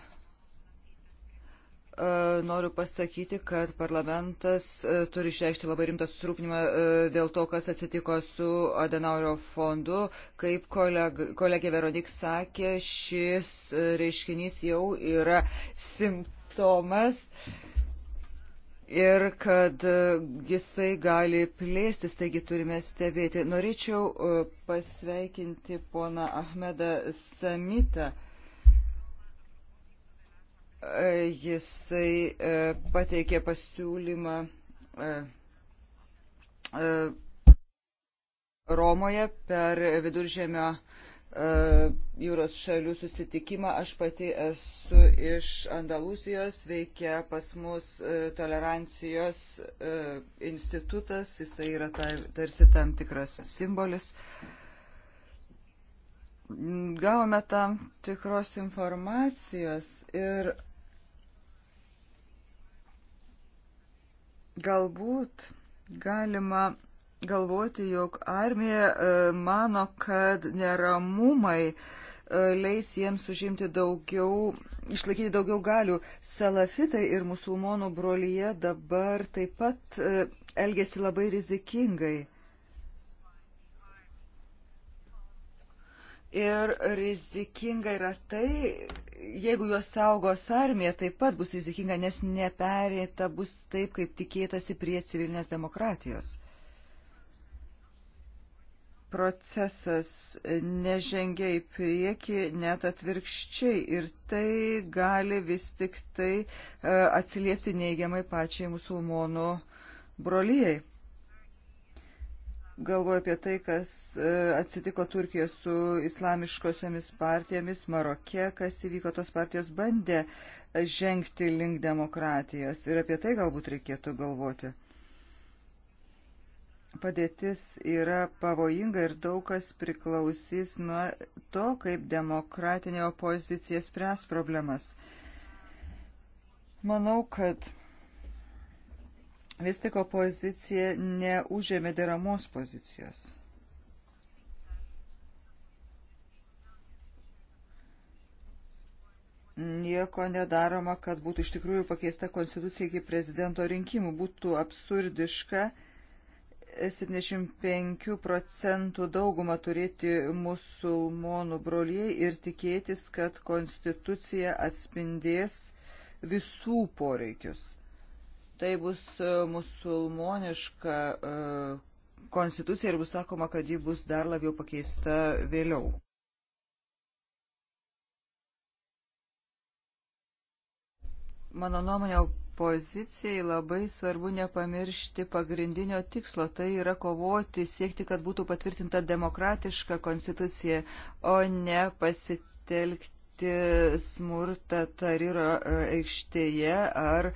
E, noriu pasakyti, kad parlamentas e, turi išreikšti labai rimtą susirūpinimą e, dėl to, kas atsitiko su Adenaurio fondu. Kaip koleg, kolegė Verodik sakė, šis reiškinys jau yra simptomas ir kad jisai gali plėstis, taigi turime stebėti. Norėčiau pasveikinti poną Ahmedą Samitą E, jisai e, pateikė pasiūlymą e, Romoje per viduržėmio jūros šalių susitikimą. Aš pati esu iš Andalūzijos, veikia pas mus tolerancijos institutas, jisai yra tarsi tam tikras simbolis gavome tam tikros informacijos ir Galbūt galima galvoti, jog armija e, mano, kad neramumai e, leis jiems užimti daugiau, išlaikyti daugiau galių. Salafitai ir musulmonų brolyje dabar taip pat e, elgesi labai rizikingai. Ir rizikinga yra tai, jeigu juos saugos armija, taip pat bus rizikinga, nes neperėta bus taip, kaip tikėtasi prie civilinės demokratijos. Procesas nežengia į priekį, net atvirkščiai, ir tai gali vis tik tai e, atsiliepti neigiamai pačiai musulmonų brolyjei galvoju apie tai, kas e, atsitiko Turkijoje su islamiškosiomis partijomis Maroke, kas įvyko tos partijos bandė žengti link demokratijos. Ir apie tai galbūt reikėtų galvoti. Padėtis yra pavojinga ir daug kas priklausys nuo to, kaip demokratinė opozicija spręs problemas. Manau, kad vis tik opozicija neužėmė deramos pozicijos. nieko nedaroma, kad būtų iš tikrųjų pakeista konstitucija iki prezidento rinkimų. Būtų absurdiška 75 procentų daugumą turėti musulmonų broliai ir tikėtis, kad konstitucija atspindės visų poreikius tai bus e, musulmoniška e, konstitucija ir bus sakoma, kad ji bus dar labiau pakeista vėliau. Mano nuomonė, pozicijai labai svarbu nepamiršti pagrindinio tikslo, tai yra kovoti, siekti, kad būtų patvirtinta demokratiška konstitucija, o ne pasitelkti smurtą Tariro e, aikštėje ar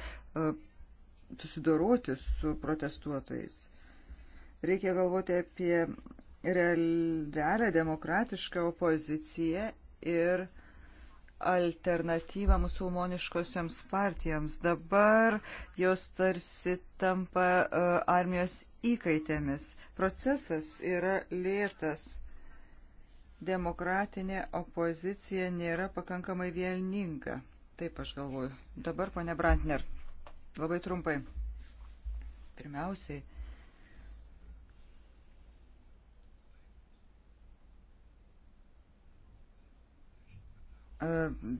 susidoroti su protestuotojais. Reikia galvoti apie realią demokratišką opoziciją ir alternatyvą musulmoniškosioms partijoms. Dabar jos tarsi tampa e, armijos įkaitėmis. Procesas yra lėtas demokratinė opozicija nėra pakankamai vieninga. Taip aš galvoju. Dabar, ponia Brantner. Labai trumpai. Pirmiausiai, e,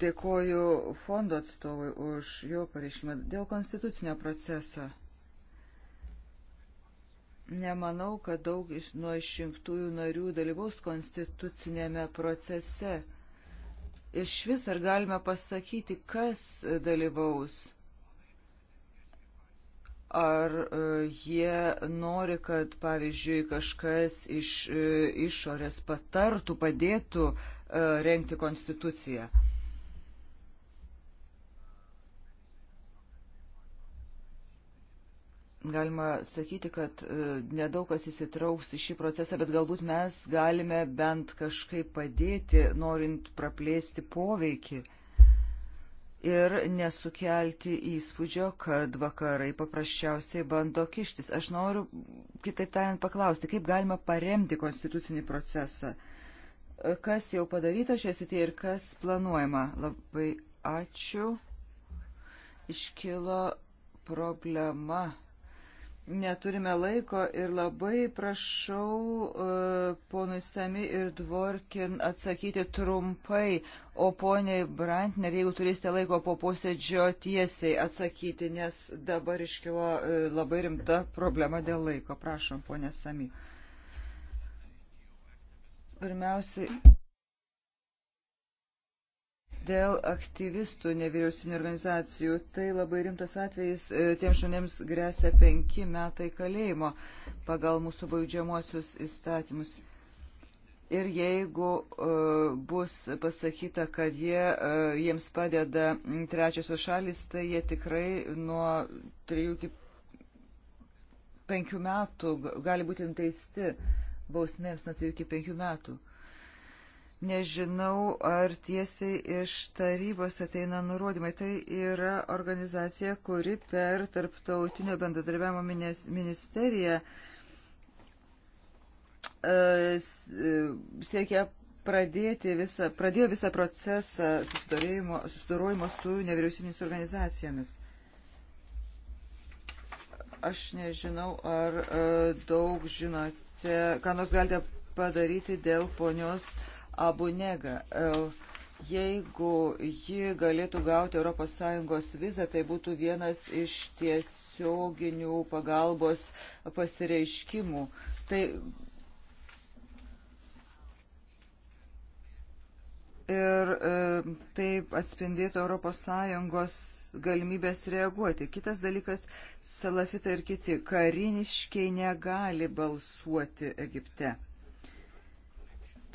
Dėkoju fondo atstovui už jo pareiškimą dėl konstitucinio proceso. Nemanau, kad daug iš, nuo išrinktųjų narių dalyvaus konstitucinėme procese. Iš vis ar galime pasakyti, kas dalyvaus? Ar e, jie nori, kad, pavyzdžiui, kažkas iš e, išorės patartų, padėtų e, renkti konstituciją? galima sakyti, kad nedaug kas įsitrauks į šį procesą, bet galbūt mes galime bent kažkaip padėti, norint praplėsti poveikį ir nesukelti įspūdžio, kad vakarai paprasčiausiai bando kištis. Aš noriu, kitaip tariant, paklausti, kaip galima paremti konstitucinį procesą. Kas jau padaryta šioje srityje ir kas planuojama? Labai ačiū. Iškilo problema neturime laiko ir labai prašau uh, ponui Sami ir Dvorkin atsakyti trumpai, o poniai Brantner, jeigu turėsite laiko po posėdžio tiesiai atsakyti, nes dabar iškilo uh, labai rimta problema dėl laiko. Prašom, ponė Sami. Pirmiausiai. Dėl aktyvistų nevyriausybinio organizacijų tai labai rimtas atvejis, e, tiem žmonėms grėsia penki metai kalėjimo pagal mūsų baudžiamosius įstatymus. Ir jeigu uh, bus pasakyta, kad jie, uh, jiems padeda trečiosios šalis, tai jie tikrai nuo 3 iki 5 metų gali būti nuteisti bausmėms nuo 3 iki 5 metų. Nežinau, ar tiesiai iš tarybos ateina nurodymai. Tai yra organizacija, kuri per tarptautinio bendradarbiavimo ministeriją e, e, siekia pradėti visą, pradėjo visą procesą susidorojimo su nevyriausybinis organizacijomis. Aš nežinau, ar e, daug žinote, ką nors galite padaryti dėl ponios uh, Abunega. E, jeigu ji galėtų gauti ES vizą, tai būtų vienas iš tiesioginių pagalbos pasireiškimų. Tai ir e, taip atspindėtų ES galimybės reaguoti. Kitas dalykas - salafitai ir kiti kariniškiai negali balsuoti Egipte.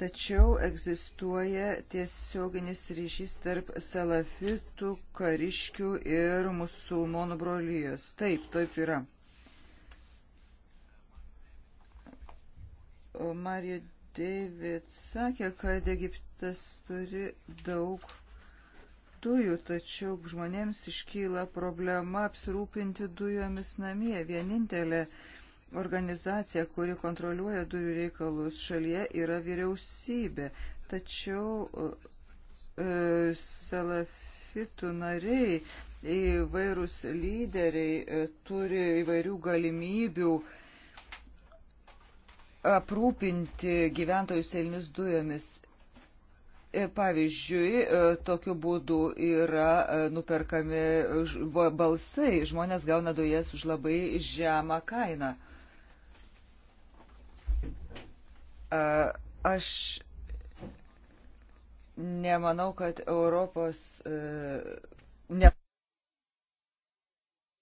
Tačiau egzistuoja tiesioginis ryšys tarp salafitų, kariškių ir musulmonų brolyjos. Taip, taip yra. Marija David sakė, kad Egiptas turi daug dujų, tačiau žmonėms iškyla problema apsirūpinti dujomis namie. Vienintelė uh, organizacija, kuri kontroliuoja dujų reikalus šalyje, yra vyriausybė. Tačiau e, salafitų nariai, įvairūs lyderiai e, turi įvairių galimybių aprūpinti gyventojus eilinius dujomis. E, pavyzdžiui, e, tokiu būdu yra e, nuperkami balsai, žmonės gauna dujas už labai žemą kainą. Aš nemanau, kad Europos. E, ne,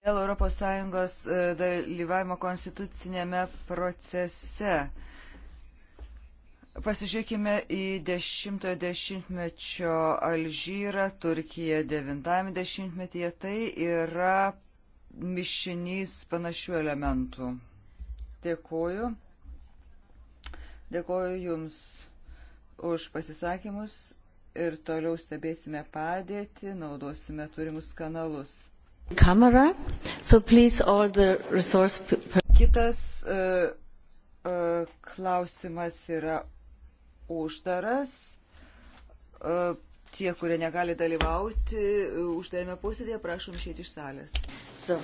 dėl Europos Sąjungos e, dalyvavimo konstitucinėme procese. Pasižiūrėkime į 10-ojo dešimtmečio Alžyrą, Turkiją 9-ame dešimtmetyje. Tai yra mišinys panašių elementų. Dėkuoju. Dėkoju Jums už pasisakymus ir toliau stebėsime padėtį, naudosime turimus kanalus. Kamera, so please all the resource. Kitas uh, uh, klausimas yra uždaras. Uh, tie, kurie negali dalyvauti uždarėme posėdėje, prašom išėti iš salės. So.